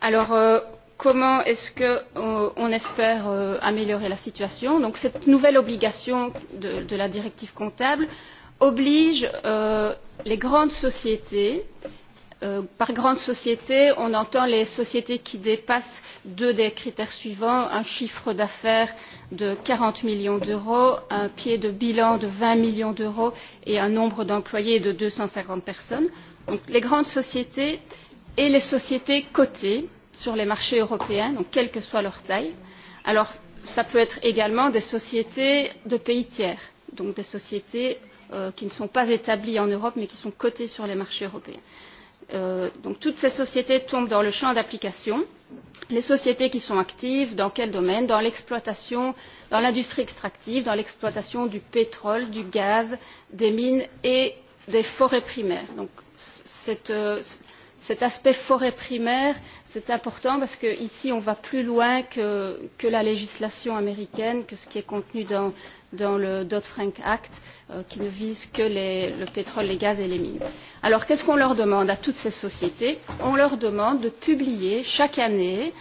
Alors, euh, comment est ce qu'on euh, espère euh, améliorer la situation? Donc, cette nouvelle obligation de, de la directive comptable oblige euh, les grandes sociétés à Euh, par grande société on entend les sociétés qui dépassent deux des critères suivants un chiffre d'affaires de quarante millions d'euros un pied de bilan de vingt millions d'euros et un nombre d'employés de deux cent cinquante personnes. donc les grandes sociétés et les sociétés cotées sur les marchés européens donc quelle que soit leur taille alors ça peut être également des sociétés de pays tiers donc des sociétés euh, qui ne sont pas établies en Europe mais qui sont cotées sur les marchés européens euh, donc toutes ces sociétés tombent dans le champ d'application. Les sociétés qui sont actives, dans quel domaine Dans l'exploitation, dans l'industrie extractive, dans l'exploitation du pétrole, du gaz, des mines et des forêts primaires. Donc cette, euh, cet aspect forêt primaire est important parce qu'ici on va plus loin que, que la législation américaine que ce qui est contenu dans, dans le dodd frank act euh, qui ne vise que les, le pétrole les gaz et les mines. alors qu'est ce qu'on leur demande à toutes ces sociétés? on leur demande de publier chaque année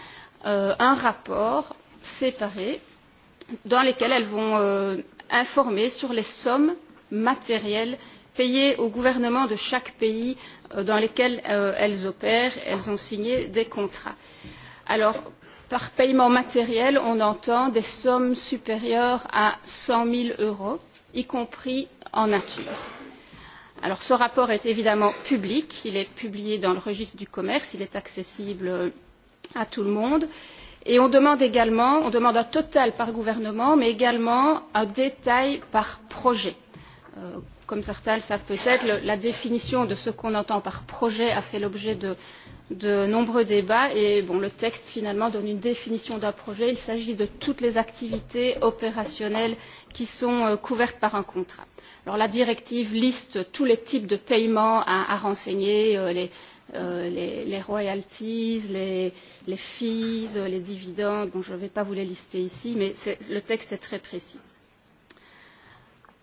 euh, un rapport séparé dans lequel elles vont euh, informer sur les sommes matérielles payées aux gouvernements de chaque pays euh, dans lesquels euh, elles opèrent. elles ont signé des contrats. Alors, par paiement matériel on entend des sommes supérieures à cent zéro euros y compris en nature. Alors, ce rapport est évidemment public il est publié dans le registre du commerce il est accessible à tout le monde et on demande également on demande un total par gouvernement mais également un détail par projet. Euh, comme certains le savent peut-être, la définition de ce qu'on entend par projet a fait l'objet de, de nombreux débats et bon, le texte finalement donne une définition d'un projet. Il s'agit de toutes les activités opérationnelles qui sont euh, couvertes par un contrat. Alors, la directive liste tous les types de paiements à, à renseigner, euh, les, euh, les, les royalties, les, les fees, euh, les dividendes. Bon, je ne vais pas vous les lister ici, mais le texte est très précis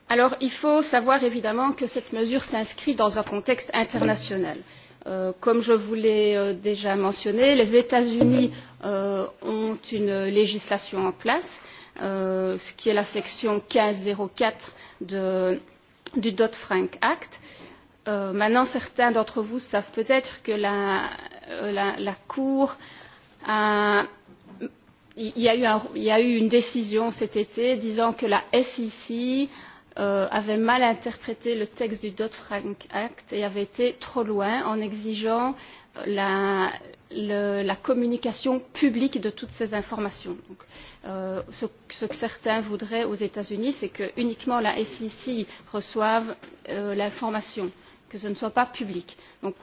Alors, il faut savoir évidemment que cette mesure s'inscrit dans un contexte international. Euh, comme je vous l'ai euh, déjà mentionné, les États-Unis euh, ont une législation en place, euh, ce qui est la section 1504 de, du Dodd-Frank Act. Euh, maintenant, certains d'entre vous savent peut-être que la, euh, la, la Cour a il y, a eu un, il y a eu une décision cet été disant que la SEC euh, avait mal interprété le texte du Dodd Frank Act et avait été trop loin en exigeant la, le, la communication publique de toutes ces informations. Donc, euh, ce, ce que certains voudraient aux États-Unis, c'est que uniquement la SEC reçoive euh, l'information, que ce ne soit pas public. Donc,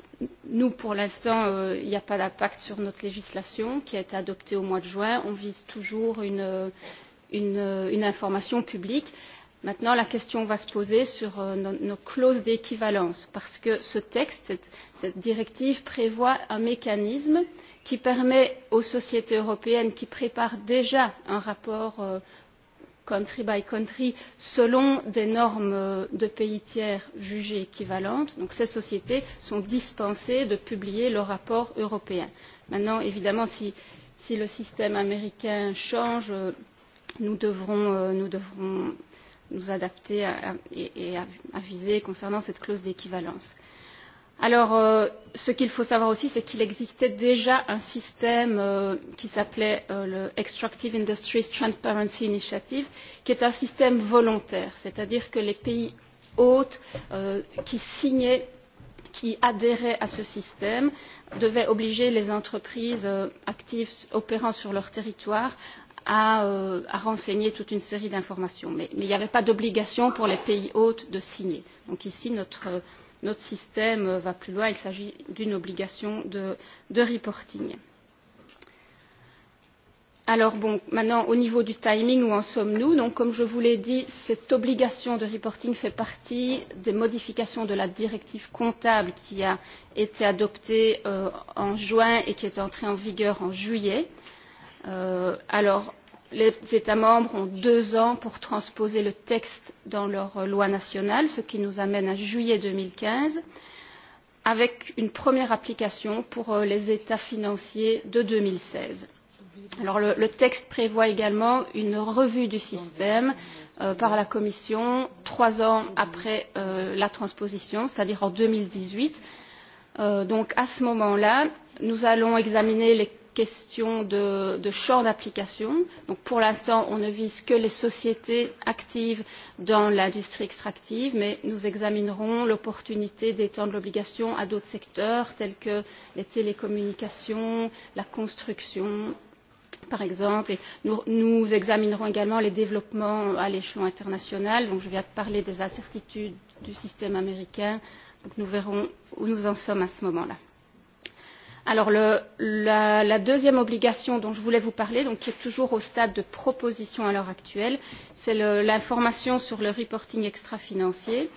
nous, pour l'instant, euh, il euh, n'y a pas d'impact sur notre législation qui a été adoptée au mois de juin. On vise toujours une, une, une information publique Maintenant, la question va se poser sur euh, nos, nos clauses d'équivalence, parce que ce texte, cette, cette directive prévoit un mécanisme qui permet aux sociétés européennes qui préparent déjà un rapport euh, country by country selon des normes euh, de pays tiers jugées équivalentes. Donc ces sociétés sont dispensées de publier leur rapport européen. Maintenant, évidemment, si, si le système américain change, euh, nous devrons, euh, nous devrons nous adapter à, et, et à, à viser concernant cette clause d'équivalence. Alors, euh, ce qu'il faut savoir aussi, c'est qu'il existait déjà un système euh, qui s'appelait euh, le Extractive Industries Transparency Initiative, qui est un système volontaire, c'est-à-dire que les pays hôtes euh, qui signaient, qui adhéraient à ce système, devaient obliger les entreprises euh, actives opérant sur leur territoire à, euh, à renseigner toute une série d'informations. Mais, mais il n'y avait pas d'obligation pour les pays hôtes de signer. Donc ici, notre, notre système va plus loin. Il s'agit d'une obligation de, de reporting. Alors bon, maintenant au niveau du timing, où en sommes-nous Donc comme je vous l'ai dit, cette obligation de reporting fait partie des modifications de la directive comptable qui a été adoptée euh, en juin et qui est entrée en vigueur en juillet. Euh, Euh, alors, les États membres ont deux ans pour transposer le texte dans leur loi nationale, ce qui nous amène à juillet 2015, avec une première application pour euh, les États financiers de 2016. Alors, le, le texte prévoit également une revue du système euh, par la Commission trois ans après euh, la transposition, c'est-à-dire en 2018. Euh, donc à ce moment-là, nous allons examiner les question de, de champ d'application. Donc pour l'instant, on ne vise que les sociétés actives dans l'industrie extractive, mais nous examinerons l'opportunité d'étendre l'obligation à d'autres secteurs tels que les télécommunications, la construction, par exemple. Et nous, nous examinerons également les développements à l'échelon international. Donc je viens de parler des incertitudes du système américain. Donc nous verrons où nous en sommes à ce moment-là. Alors le, la, la deuxième obligation dont je voulais vous parler, donc, qui est toujours au stade de proposition à l'heure actuelle, c'est l'information sur le reporting extra-financier.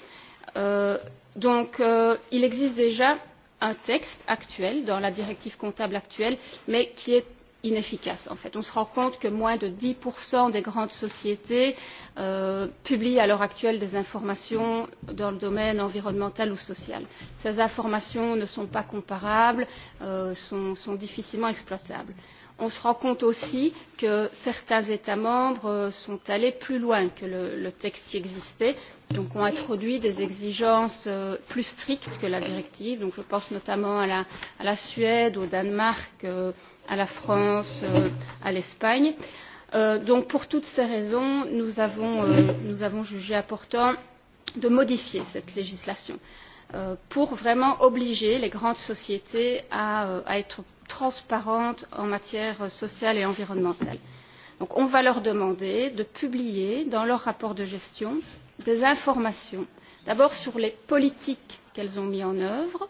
Euh, donc euh, il existe déjà un texte actuel dans la directive comptable actuelle, mais qui est inefficace en fait. On se rend compte que moins de 10% des grandes sociétés euh, publient à l'heure actuelle des informations dans le domaine environnemental ou social. Ces informations ne sont pas comparables, euh, sont, sont difficilement exploitables. On se rend compte aussi que certains États membres euh, sont allés plus loin que le, le texte qui existait, donc ont introduit des exigences euh, plus strictes que la directive. Donc je pense notamment à la, à la Suède, au Danemark, euh, à la France, euh, à l'Espagne. Euh, donc pour toutes ces raisons, nous avons, euh, nous avons jugé important de modifier cette législation euh, pour vraiment obliger les grandes sociétés à, euh, à être transparentes en matière sociale et environnementale. Donc on va leur demander de publier dans leur rapport de gestion des informations, d'abord sur les politiques qu'elles ont mises en œuvre,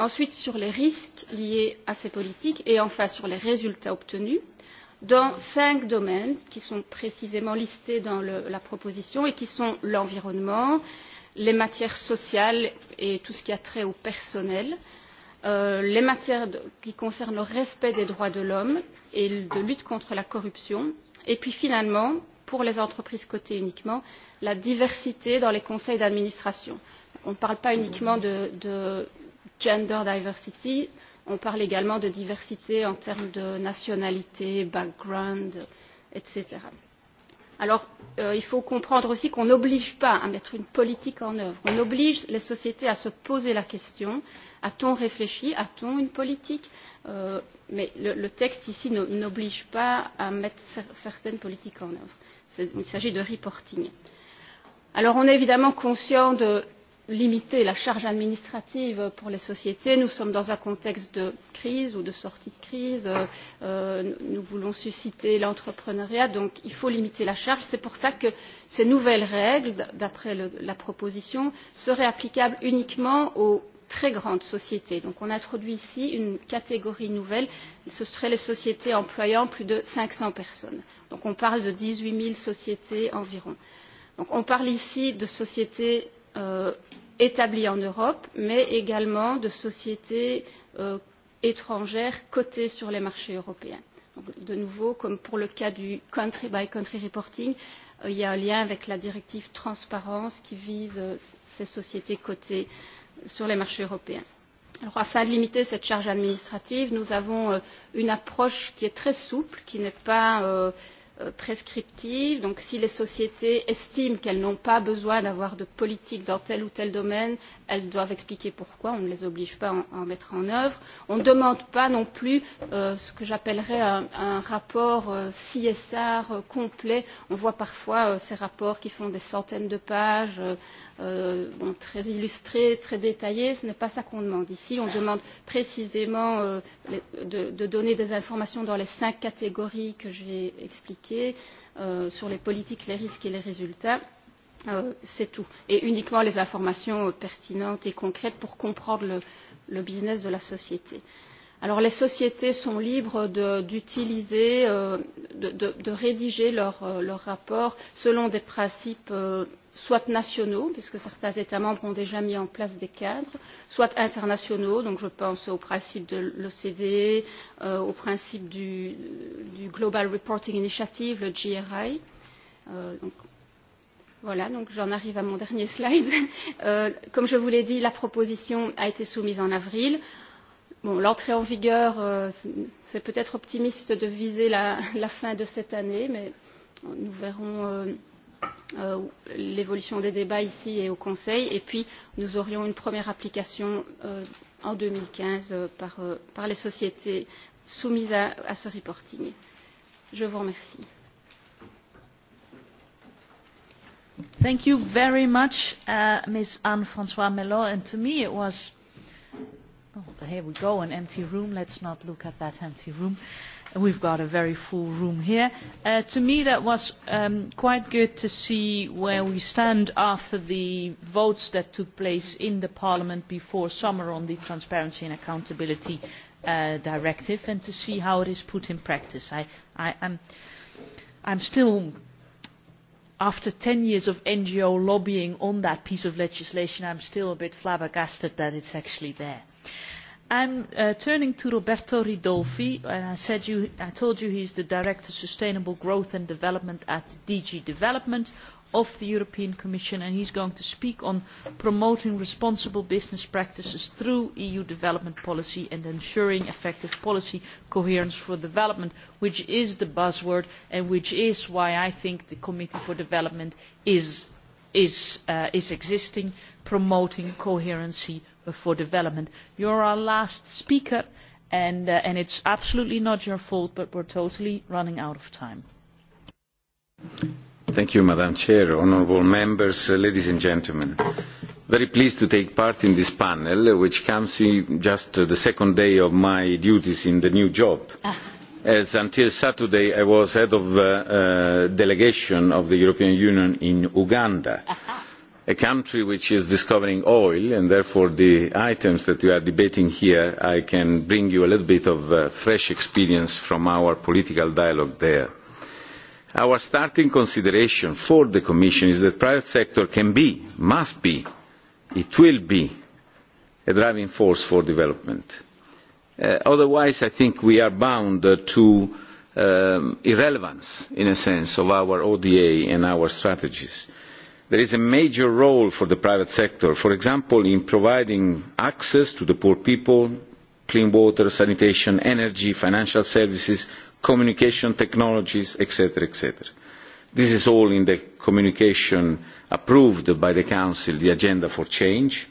ensuite sur les risques liés à ces politiques et enfin sur les résultats obtenus dans cinq domaines qui sont précisément listés dans le, la proposition et qui sont l'environnement les matières sociales et tout ce qui a trait au personnel euh, les matières de, qui concernent le respect des droits de l'homme et de lutte contre la corruption et puis finalement pour les entreprises cotées uniquement la diversité dans les conseils d'administration. on ne parle pas uniquement de, de, gender diversity. On parle également de diversité en termes de nationalité, background, etc. Alors, euh, il faut comprendre aussi qu'on n'oblige pas à mettre une politique en œuvre. On oblige les sociétés à se poser la question a-t-on réfléchi A-t-on une politique euh, Mais le, le texte ici n'oblige pas à mettre cer certaines politiques en œuvre. Il s'agit de reporting. Alors, on est évidemment conscient de limiter la charge administrative pour les sociétés. Nous sommes dans un contexte de crise ou de sortie de crise. Euh, nous voulons susciter l'entrepreneuriat, donc il faut limiter la charge. C'est pour ça que ces nouvelles règles, d'après la proposition, seraient applicables uniquement aux très grandes sociétés. Donc on introduit ici une catégorie nouvelle, ce seraient les sociétés employant plus de 500 personnes. Donc on parle de 18 000 sociétés environ. Donc on parle ici de sociétés euh, établis en Europe, mais également de sociétés euh, étrangères cotées sur les marchés européens. Donc, de nouveau, comme pour le cas du country by country reporting, euh, il y a un lien avec la directive transparence qui vise euh, ces sociétés cotées sur les marchés européens. Alors, afin de limiter cette charge administrative, nous avons euh, une approche qui est très souple, qui n'est pas euh, Euh, prescriptive donc si les sociétés estiment qu'elles n'ont pas besoin d'avoir de politique dans tel ou tel domaine elles doivent expliquer pourquoi on ne les oblige pas à en mettre en œuvre. on ne demande pas non plus euh, ce que j'appellerais un, un rapport euh, csr euh, complet on voit parfois euh, ces rapports qui font des centaines de pages euh, bon, très illustrés très détaillés ce n'est pas ça qu'on demande ici on demande précisément les, de, de donner des informations dans les cinq catégories que j'ai expliquées appliquées euh, sur les politiques les risques et les résultats euh, c'est tout et uniquement les informations pertinentes et concrètes pour comprendre le, le business de la société. Alors les sociétés sont libres d'utiliser, de, euh, de, de, de rédiger leur, euh, leur rapport selon des principes euh, soit nationaux puisque certains états membres ont déjà mis en place des cadres soit internationaux donc je pense au principe de l'ocde euh, au principe du, du global reporting initiative le gri euh, donc, voilà, donc j'en arrive à mon dernier slide. Euh, comme je vous l'ai dit, la proposition a été soumise en avril. Bon, L'entrée en vigueur, euh, c'est peut-être optimiste de viser la, la fin de cette année, mais nous verrons euh, euh, l'évolution des débats ici et au Conseil. Et puis, nous aurions une première application euh, en 2015 euh, par, euh, par les sociétés soumises à, à ce reporting. Je vous remercie. Thank you very much, uh, Ms. Anne-Francois Mellot. And to me, it was, oh, here we go, an empty room. Let's not look at that empty room. Uh, we've got a very full room here. Uh, to me, that was um, quite good to see where we stand after the votes that took place in the Parliament before summer on the Transparency and Accountability uh, Directive and to see how it is put in practice. I, I, I'm, I'm still, after 10 years of NGO lobbying on that piece of legislation, I'm still a bit flabbergasted that it's actually there I'm uh, turning to Roberto Ridolfi, and I, said you, I told you he's the Director of Sustainable Growth and Development at DG Development of the European Commission, and he's going to speak on promoting responsible business practices through EU development policy and ensuring effective policy coherence for development, which is the buzzword and which is why I think the Committee for Development is, is, uh, is existing, promoting coherency for development. you are our last speaker and, uh, and it is absolutely not your fault but we are totally running out of time. You, madam president honourable members uh, ladies and gentlemen i am very pleased to take part in this panel uh, which comes just uh, the second day of my duties in the new job ah. as until saturday i was head of the uh, delegation of the european union in uganda a country which is discovering oil and therefore the items that we are debating here i can bring you a little bit of uh, fresh experience from our political dialogue there. our starting consideration for the commission is that the private sector can be must be it will be a driving force for development. Uh, otherwise i think we are bound uh, to um, irrelevance in a sense of our oda and our strategies. Uh, there is a major role for the private sector for example in providing access to poor people clean water sanitation energy financial services communication technologies etc. this is all in the communication approved by the council the agenda for change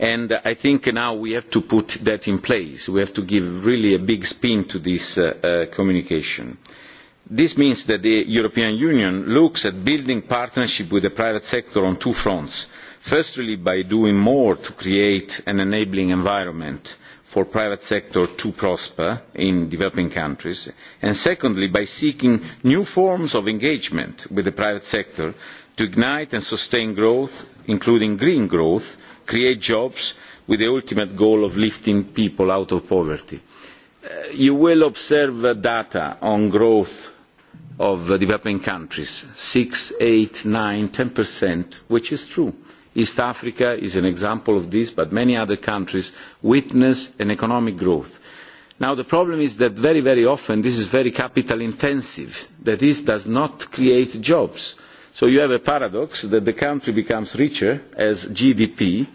and i think now we have to put that in place we have to give really a big spin to this uh, uh, communication. Uh, this means that the european union looks at building partnerships with the private sector on two fronts firstly by doing more to create an enabling environment for the private sector to prosper in developing countries and secondly by seeking new forms of engagement with the private sector to ignite and sustain growth including green growth create jobs with the ultimate goal of lifting people out of poverty. Uh, you will observe data on growth of uh, developing countries, 6, 8, 9, 10%, which is true. East Africa is an example of this, but many other countries witness an economic growth. Now the problem is that very, very often this is very capital intensive, that this does not create jobs. So you have a paradox that the country becomes richer as GDP,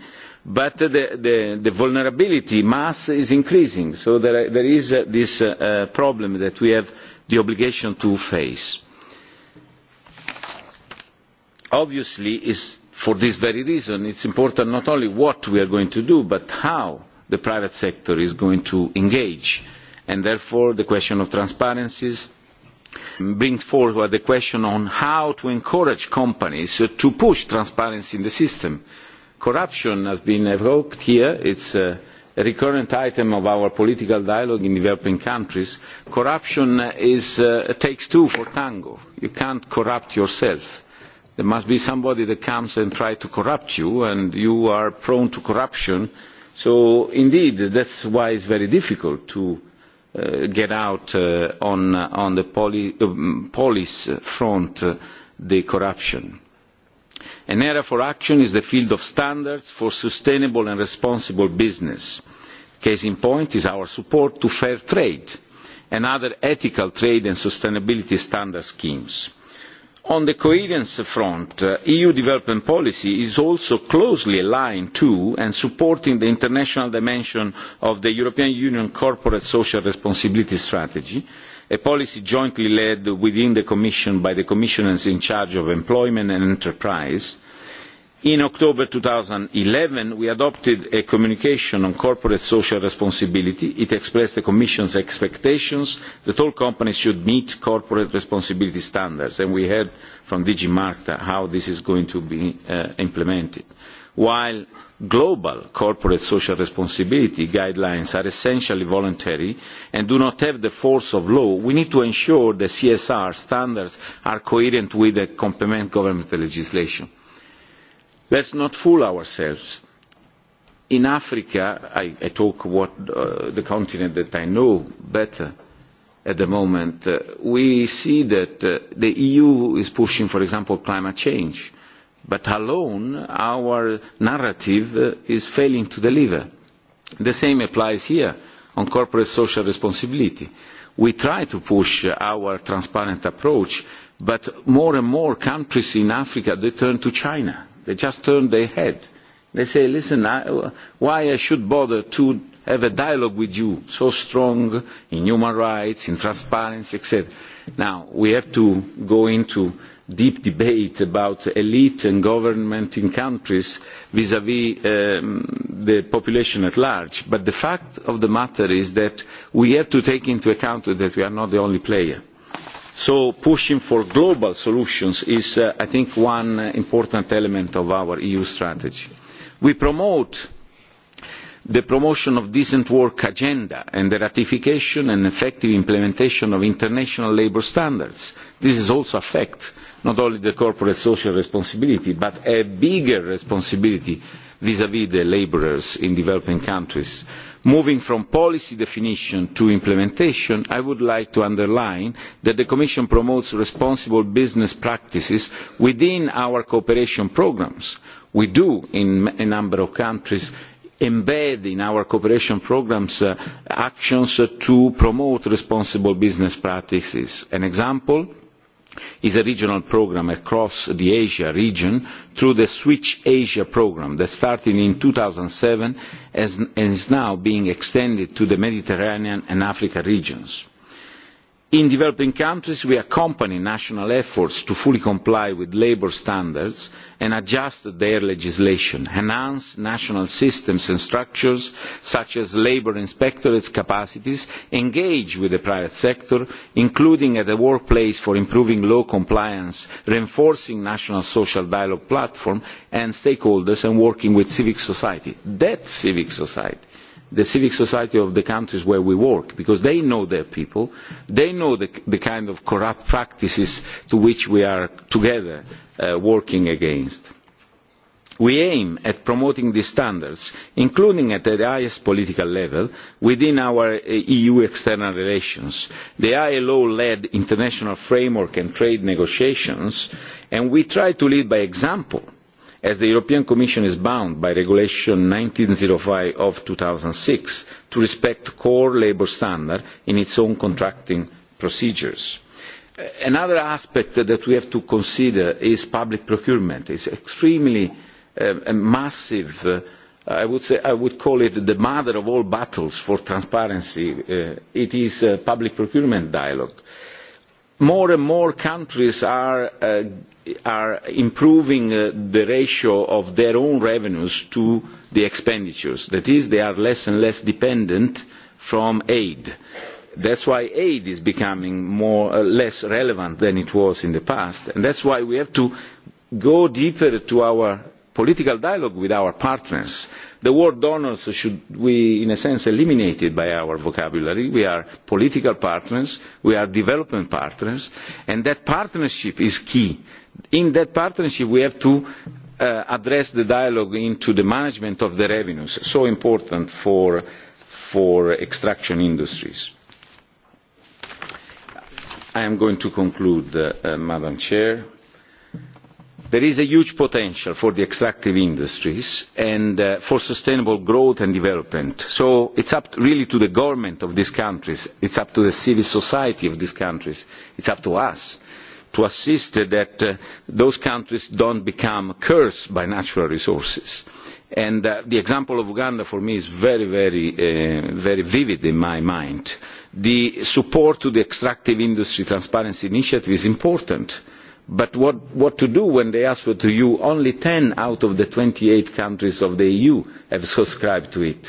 but the, the, the vulnerability mass is increasing. So there, there is uh, this uh, uh problem that we have the obligation to face. obviously for this very reason it is important not only what we are going to do but how the private sector is going to engage and therefore the question of transparency brings forward the question on how to encourage companies to push transparency in the system. corruption has been evoked here it is uh, a recurrent item of our political dialogue in developing countries, corruption is, uh, takes two for tango. You can't corrupt yourself. There must be somebody that comes and tries to corrupt you, and you are prone to corruption. So, indeed, that's why it's very difficult to uh, get out uh, on, on the poli- um, police front uh, the corruption an area for action is the field of standards for sustainable and responsible business. case in point is our support to fair trade and other ethical trade and sustainability standard schemes. on the coherence front uh, eu development policy is also closely aligned to and supporting the international dimension of the european union corporate social responsibility strategy a policy jointly led within the commission by the commissioners in charge of employment and enterprise. in october two thousand and eleven we adopted a communication on corporate social responsibility. it expressed the commission's expectations that all companies should meet corporate responsibility standards and we heard from dg markt how this is going to be uh, implemented while global corporate social responsibility guidelines are essentially voluntary and do not have the force of law we need to ensure that csr standards are coherent with the complement government legislation. let us not fool ourselves in africa i, I talk what uh, the continent that i know better at the moment uh, we see that uh, the eu is pushing for example climate change but alone our narrative uh, is failing to deliver. The same applies here on corporate social responsibility. We try to push our transparent approach, but more and more countries in Africa, they turn to China. They just turn their head. They say, listen, I, uh, why I should bother to have a dialogue with you so strong in human rights, in transparency, etc. Now, we have to go into deep debate about elite and government in countries vis a vis um, the population at large. But the fact of the matter is that we have to take into account that we are not the only player. So pushing for global solutions is, uh, I think, one important element of our EU strategy. We promote the promotion of decent work agenda and the ratification and effective implementation of international labour standards. This is also a fact not only the corporate social responsibility but a bigger responsibility vis vis the labourers in developing countries. moving from policy definition to implementation i would like to underline that the commission promotes responsible business practices within our cooperation programmes. we do in a number of countries embed in our cooperation programmes uh, actions to promote responsible business practices. an example is a regional programme across the asia region through the switch asia programme that started in two thousand and seven and is now being extended to the mediterranean and africa regions in developing countries we accompany national efforts to fully comply with labour standards and adjust their legislation enhance national systems and structures such as labour inspectorates' capacities engage with the private sector including at the workplace for improving law compliance reinforcing national social dialogue platforms and stakeholders and working with civil society that civil society the civic society of the countries where we work because they know their people they know the, the kind of corrupt practices to which we are together uh, working against. We aim at promoting these standards, including at the highest political level, within our uh, EU external relations, the ILO-led international framework and trade negotiations, and we try to lead by example as the european commission is bound by regulation no one thousand nine hundred oh and five of two thousand and six to respect core labour standards in its own contracting procedures. another aspect that we have to consider is public procurement. it is extremely uh, massive uh, I would, say, I would call it the mother of all battles for transparency. Uh, it is uh, public procurement dialogue. Uh, more and more countries are, uh, are improving uh, the ratio of their own revenues to the expenditures. That is, they are less and less dependent from aid. That's why aid is becoming more, uh, less relevant than it was in the past. And that's why we have to go deeper to our political dialogue with our partners. The word donors should be, in a sense, eliminated by our vocabulary. We are political partners, we are development partners, and that partnership is key. In that partnership, we have to uh, address the dialogue into the management of the revenues, so important for, for extraction industries. I am going to conclude, uh, uh, Madam Chair. Uh, there is a huge potential for the extractive industries and uh, for sustainable growth and development so it is up to, really to the government of these countries it is up to the civil society of these countries it is up to us to assist that uh, those countries do not become cursed by natural resources. And uh, the example of Uganda for me is very, very, uh, very vivid in my mind. The support to the extractive industry transparency initiative is important. Uh, But what, what to do when they ask for the EU? Only 10 out of the 28 countries of the EU have subscribed to it.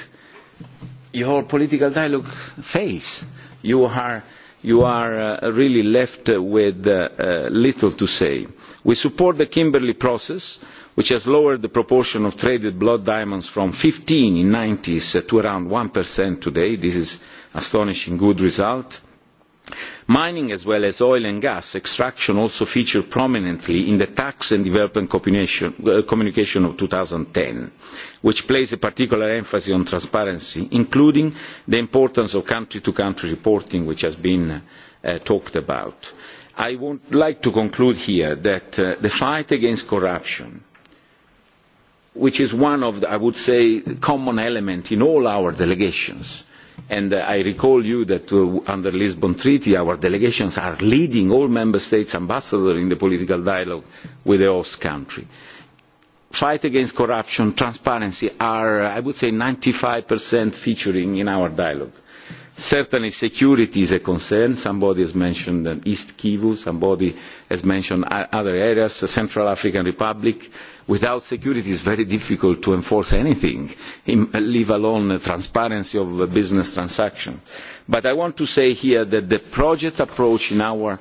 Your political dialogue fails. You are, you are uh, really left with uh, uh, little to say. We support the Kimberley process, which has lowered the proportion of traded blood diamonds from 15 in 90s to around 1% today. This is astonishing good result mining as well as oil and gas extraction also featured prominently in the tax and development uh, communication of two thousand and ten which places a particular emphasis on transparency including the importance of country to country reporting which has been uh, talked about. i would like to conclude here that uh, the fight against corruption which is one of the, i would say common elements in all our delegations and uh, i recall you that uh, under the lisbon treaty our delegations are leading all member states' ambassadors in the political dialogue with the host country. the fight against corruption and transparency are uh, i would say ninety five featuring in our dialogue certainly security is a concern somebody has mentioned east kivu somebody has mentioned other areas the central african republic without security it is very difficult to enforce anything leave alone the transparency of business transactions. but i want to say here that the project approach in our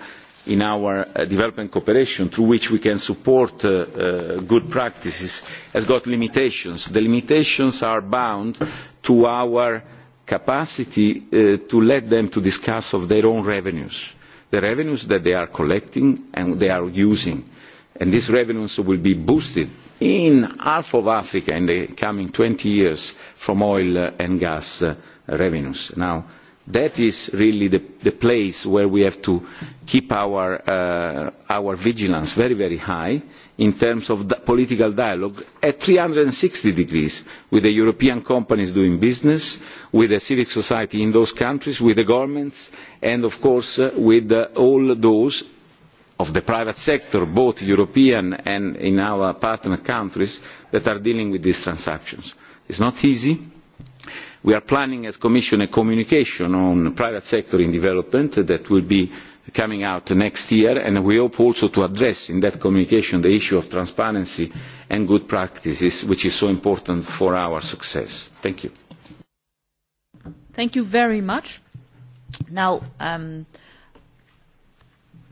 in our uh, development cooperation through which we can support uh, uh, good practices has got limitations. the limitations are bound to our capacity uh, to let them to discuss of their own revenues, the revenues that they are collecting and they are using. And these revenues will be boosted in half of Africa in the coming 20 years from oil uh, and gas uh, revenues. Now, that is really the, the place where we have to keep our, uh, our vigilance very, very high uh, in terms of political dialogue at three hundred and sixty degrees with the european companies doing business with civil society in those countries with the governments and of course uh, with uh, all those of the private sector both european and in our partner countries that are dealing with these transactions. it is not easy. we are planning as the commission a communication on the private sector in development that will coming out next year and we hope also to address in that communication the issue of transparency and good practices which is so important for our success. Thank you. Thank you very much. Now, um,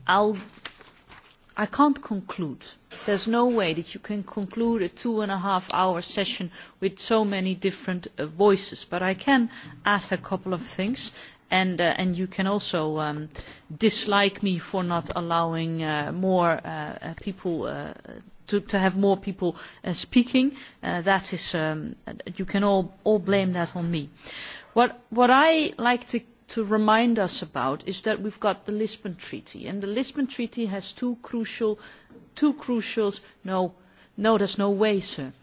I'll, I can't conclude. There's no way that you can conclude a two and a half hour session with so many different uh, voices, but I can add a couple of things and, uh, and you can also um, dislike me for not allowing uh, more uh, uh, people uh, to, to have more people uh, speaking. Uh, that is, um, you can all, all blame that on me. What, what I like to, to remind us about is that we've got the Lisbon Treaty, and the Lisbon Treaty has two crucial, two crucial, no, no, there's no way, sir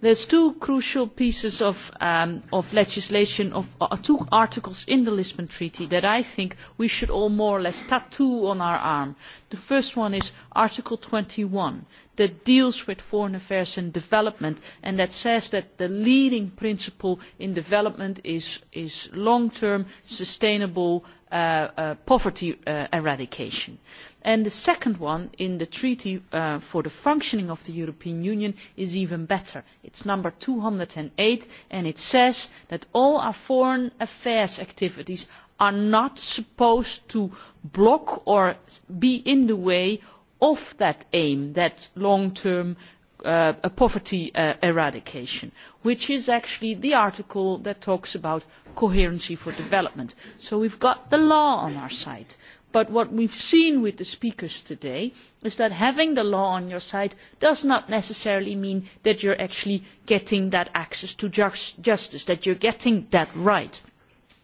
there are two crucial pieces of, um, of legislation of, uh, two articles in the lisbon treaty that i think we should all more or less tattoo on our arm. the first one is article twenty one that deals with foreign affairs and development and that says that the leading principle in development is, is long term sustainable uh, uh, poverty uh, eradication. And the second one in the treaty uh, for the functioning of the european union is even better it is number two hundred and eight and it says that all our foreign affairs activities are not supposed to block or be in the way of that aim that long term uh, uh, poverty uh, eradication which is actually the article that talks about coherency for development. so we have got the law on our side but what we have seen with the speakers today is that having the law on your side does not necessarily mean that you are actually getting that access to just, justice that you are getting that right.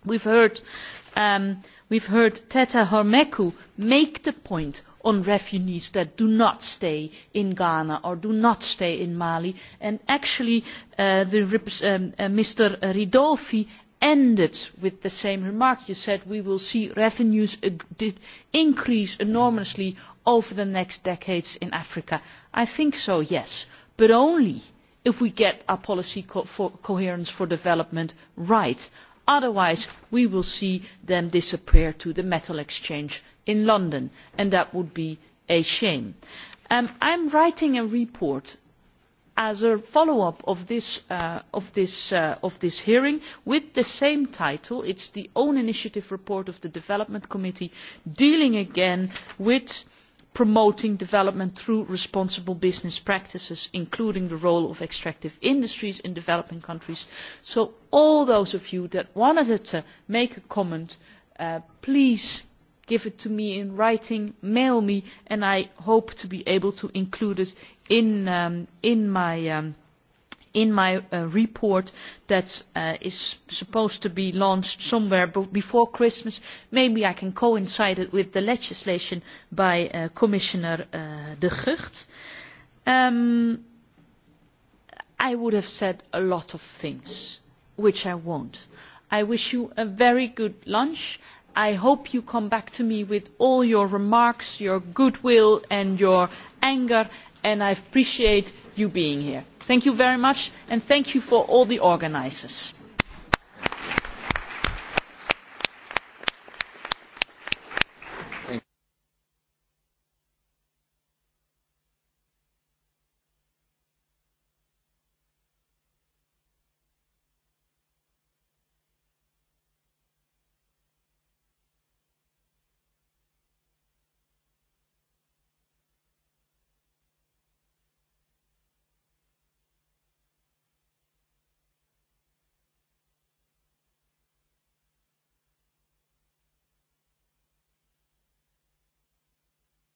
we have heard um, we have heard tete hormeku make the point on refugees that do not stay in Ghana or do not stay in Mali. And actually, uh, the, um, uh, Mr. Ridolfi ended with the same remark. You said we will see revenues increase enormously over the next decades in Africa. I think so, yes, but only if we get our policy co for coherence for development right. Otherwise, we will see them disappear to the metal exchange in london and that would be a shame. Um, i am writing a report as a follow up of this, uh, of, this, uh, of this hearing with the same title it is the own initiative report of the development committee dealing again with promoting development through responsible business practices including the role of extractive industries in developing countries. so all those of you that wanted to make a comment uh, please give it to me in writing, mail me, and I hope to be able to include it in, um, in my, um, in my uh, report that uh, is supposed to be launched somewhere b before Christmas. Maybe I can coincide it with the legislation by uh, Commissioner uh, De Gucht. Um, I would have said a lot of things, which I won't. I wish you a very good lunch i hope you come back to me with all your remarks your goodwill and your anger and i appreciate you being here. thank you very much and thank you to all the organisers.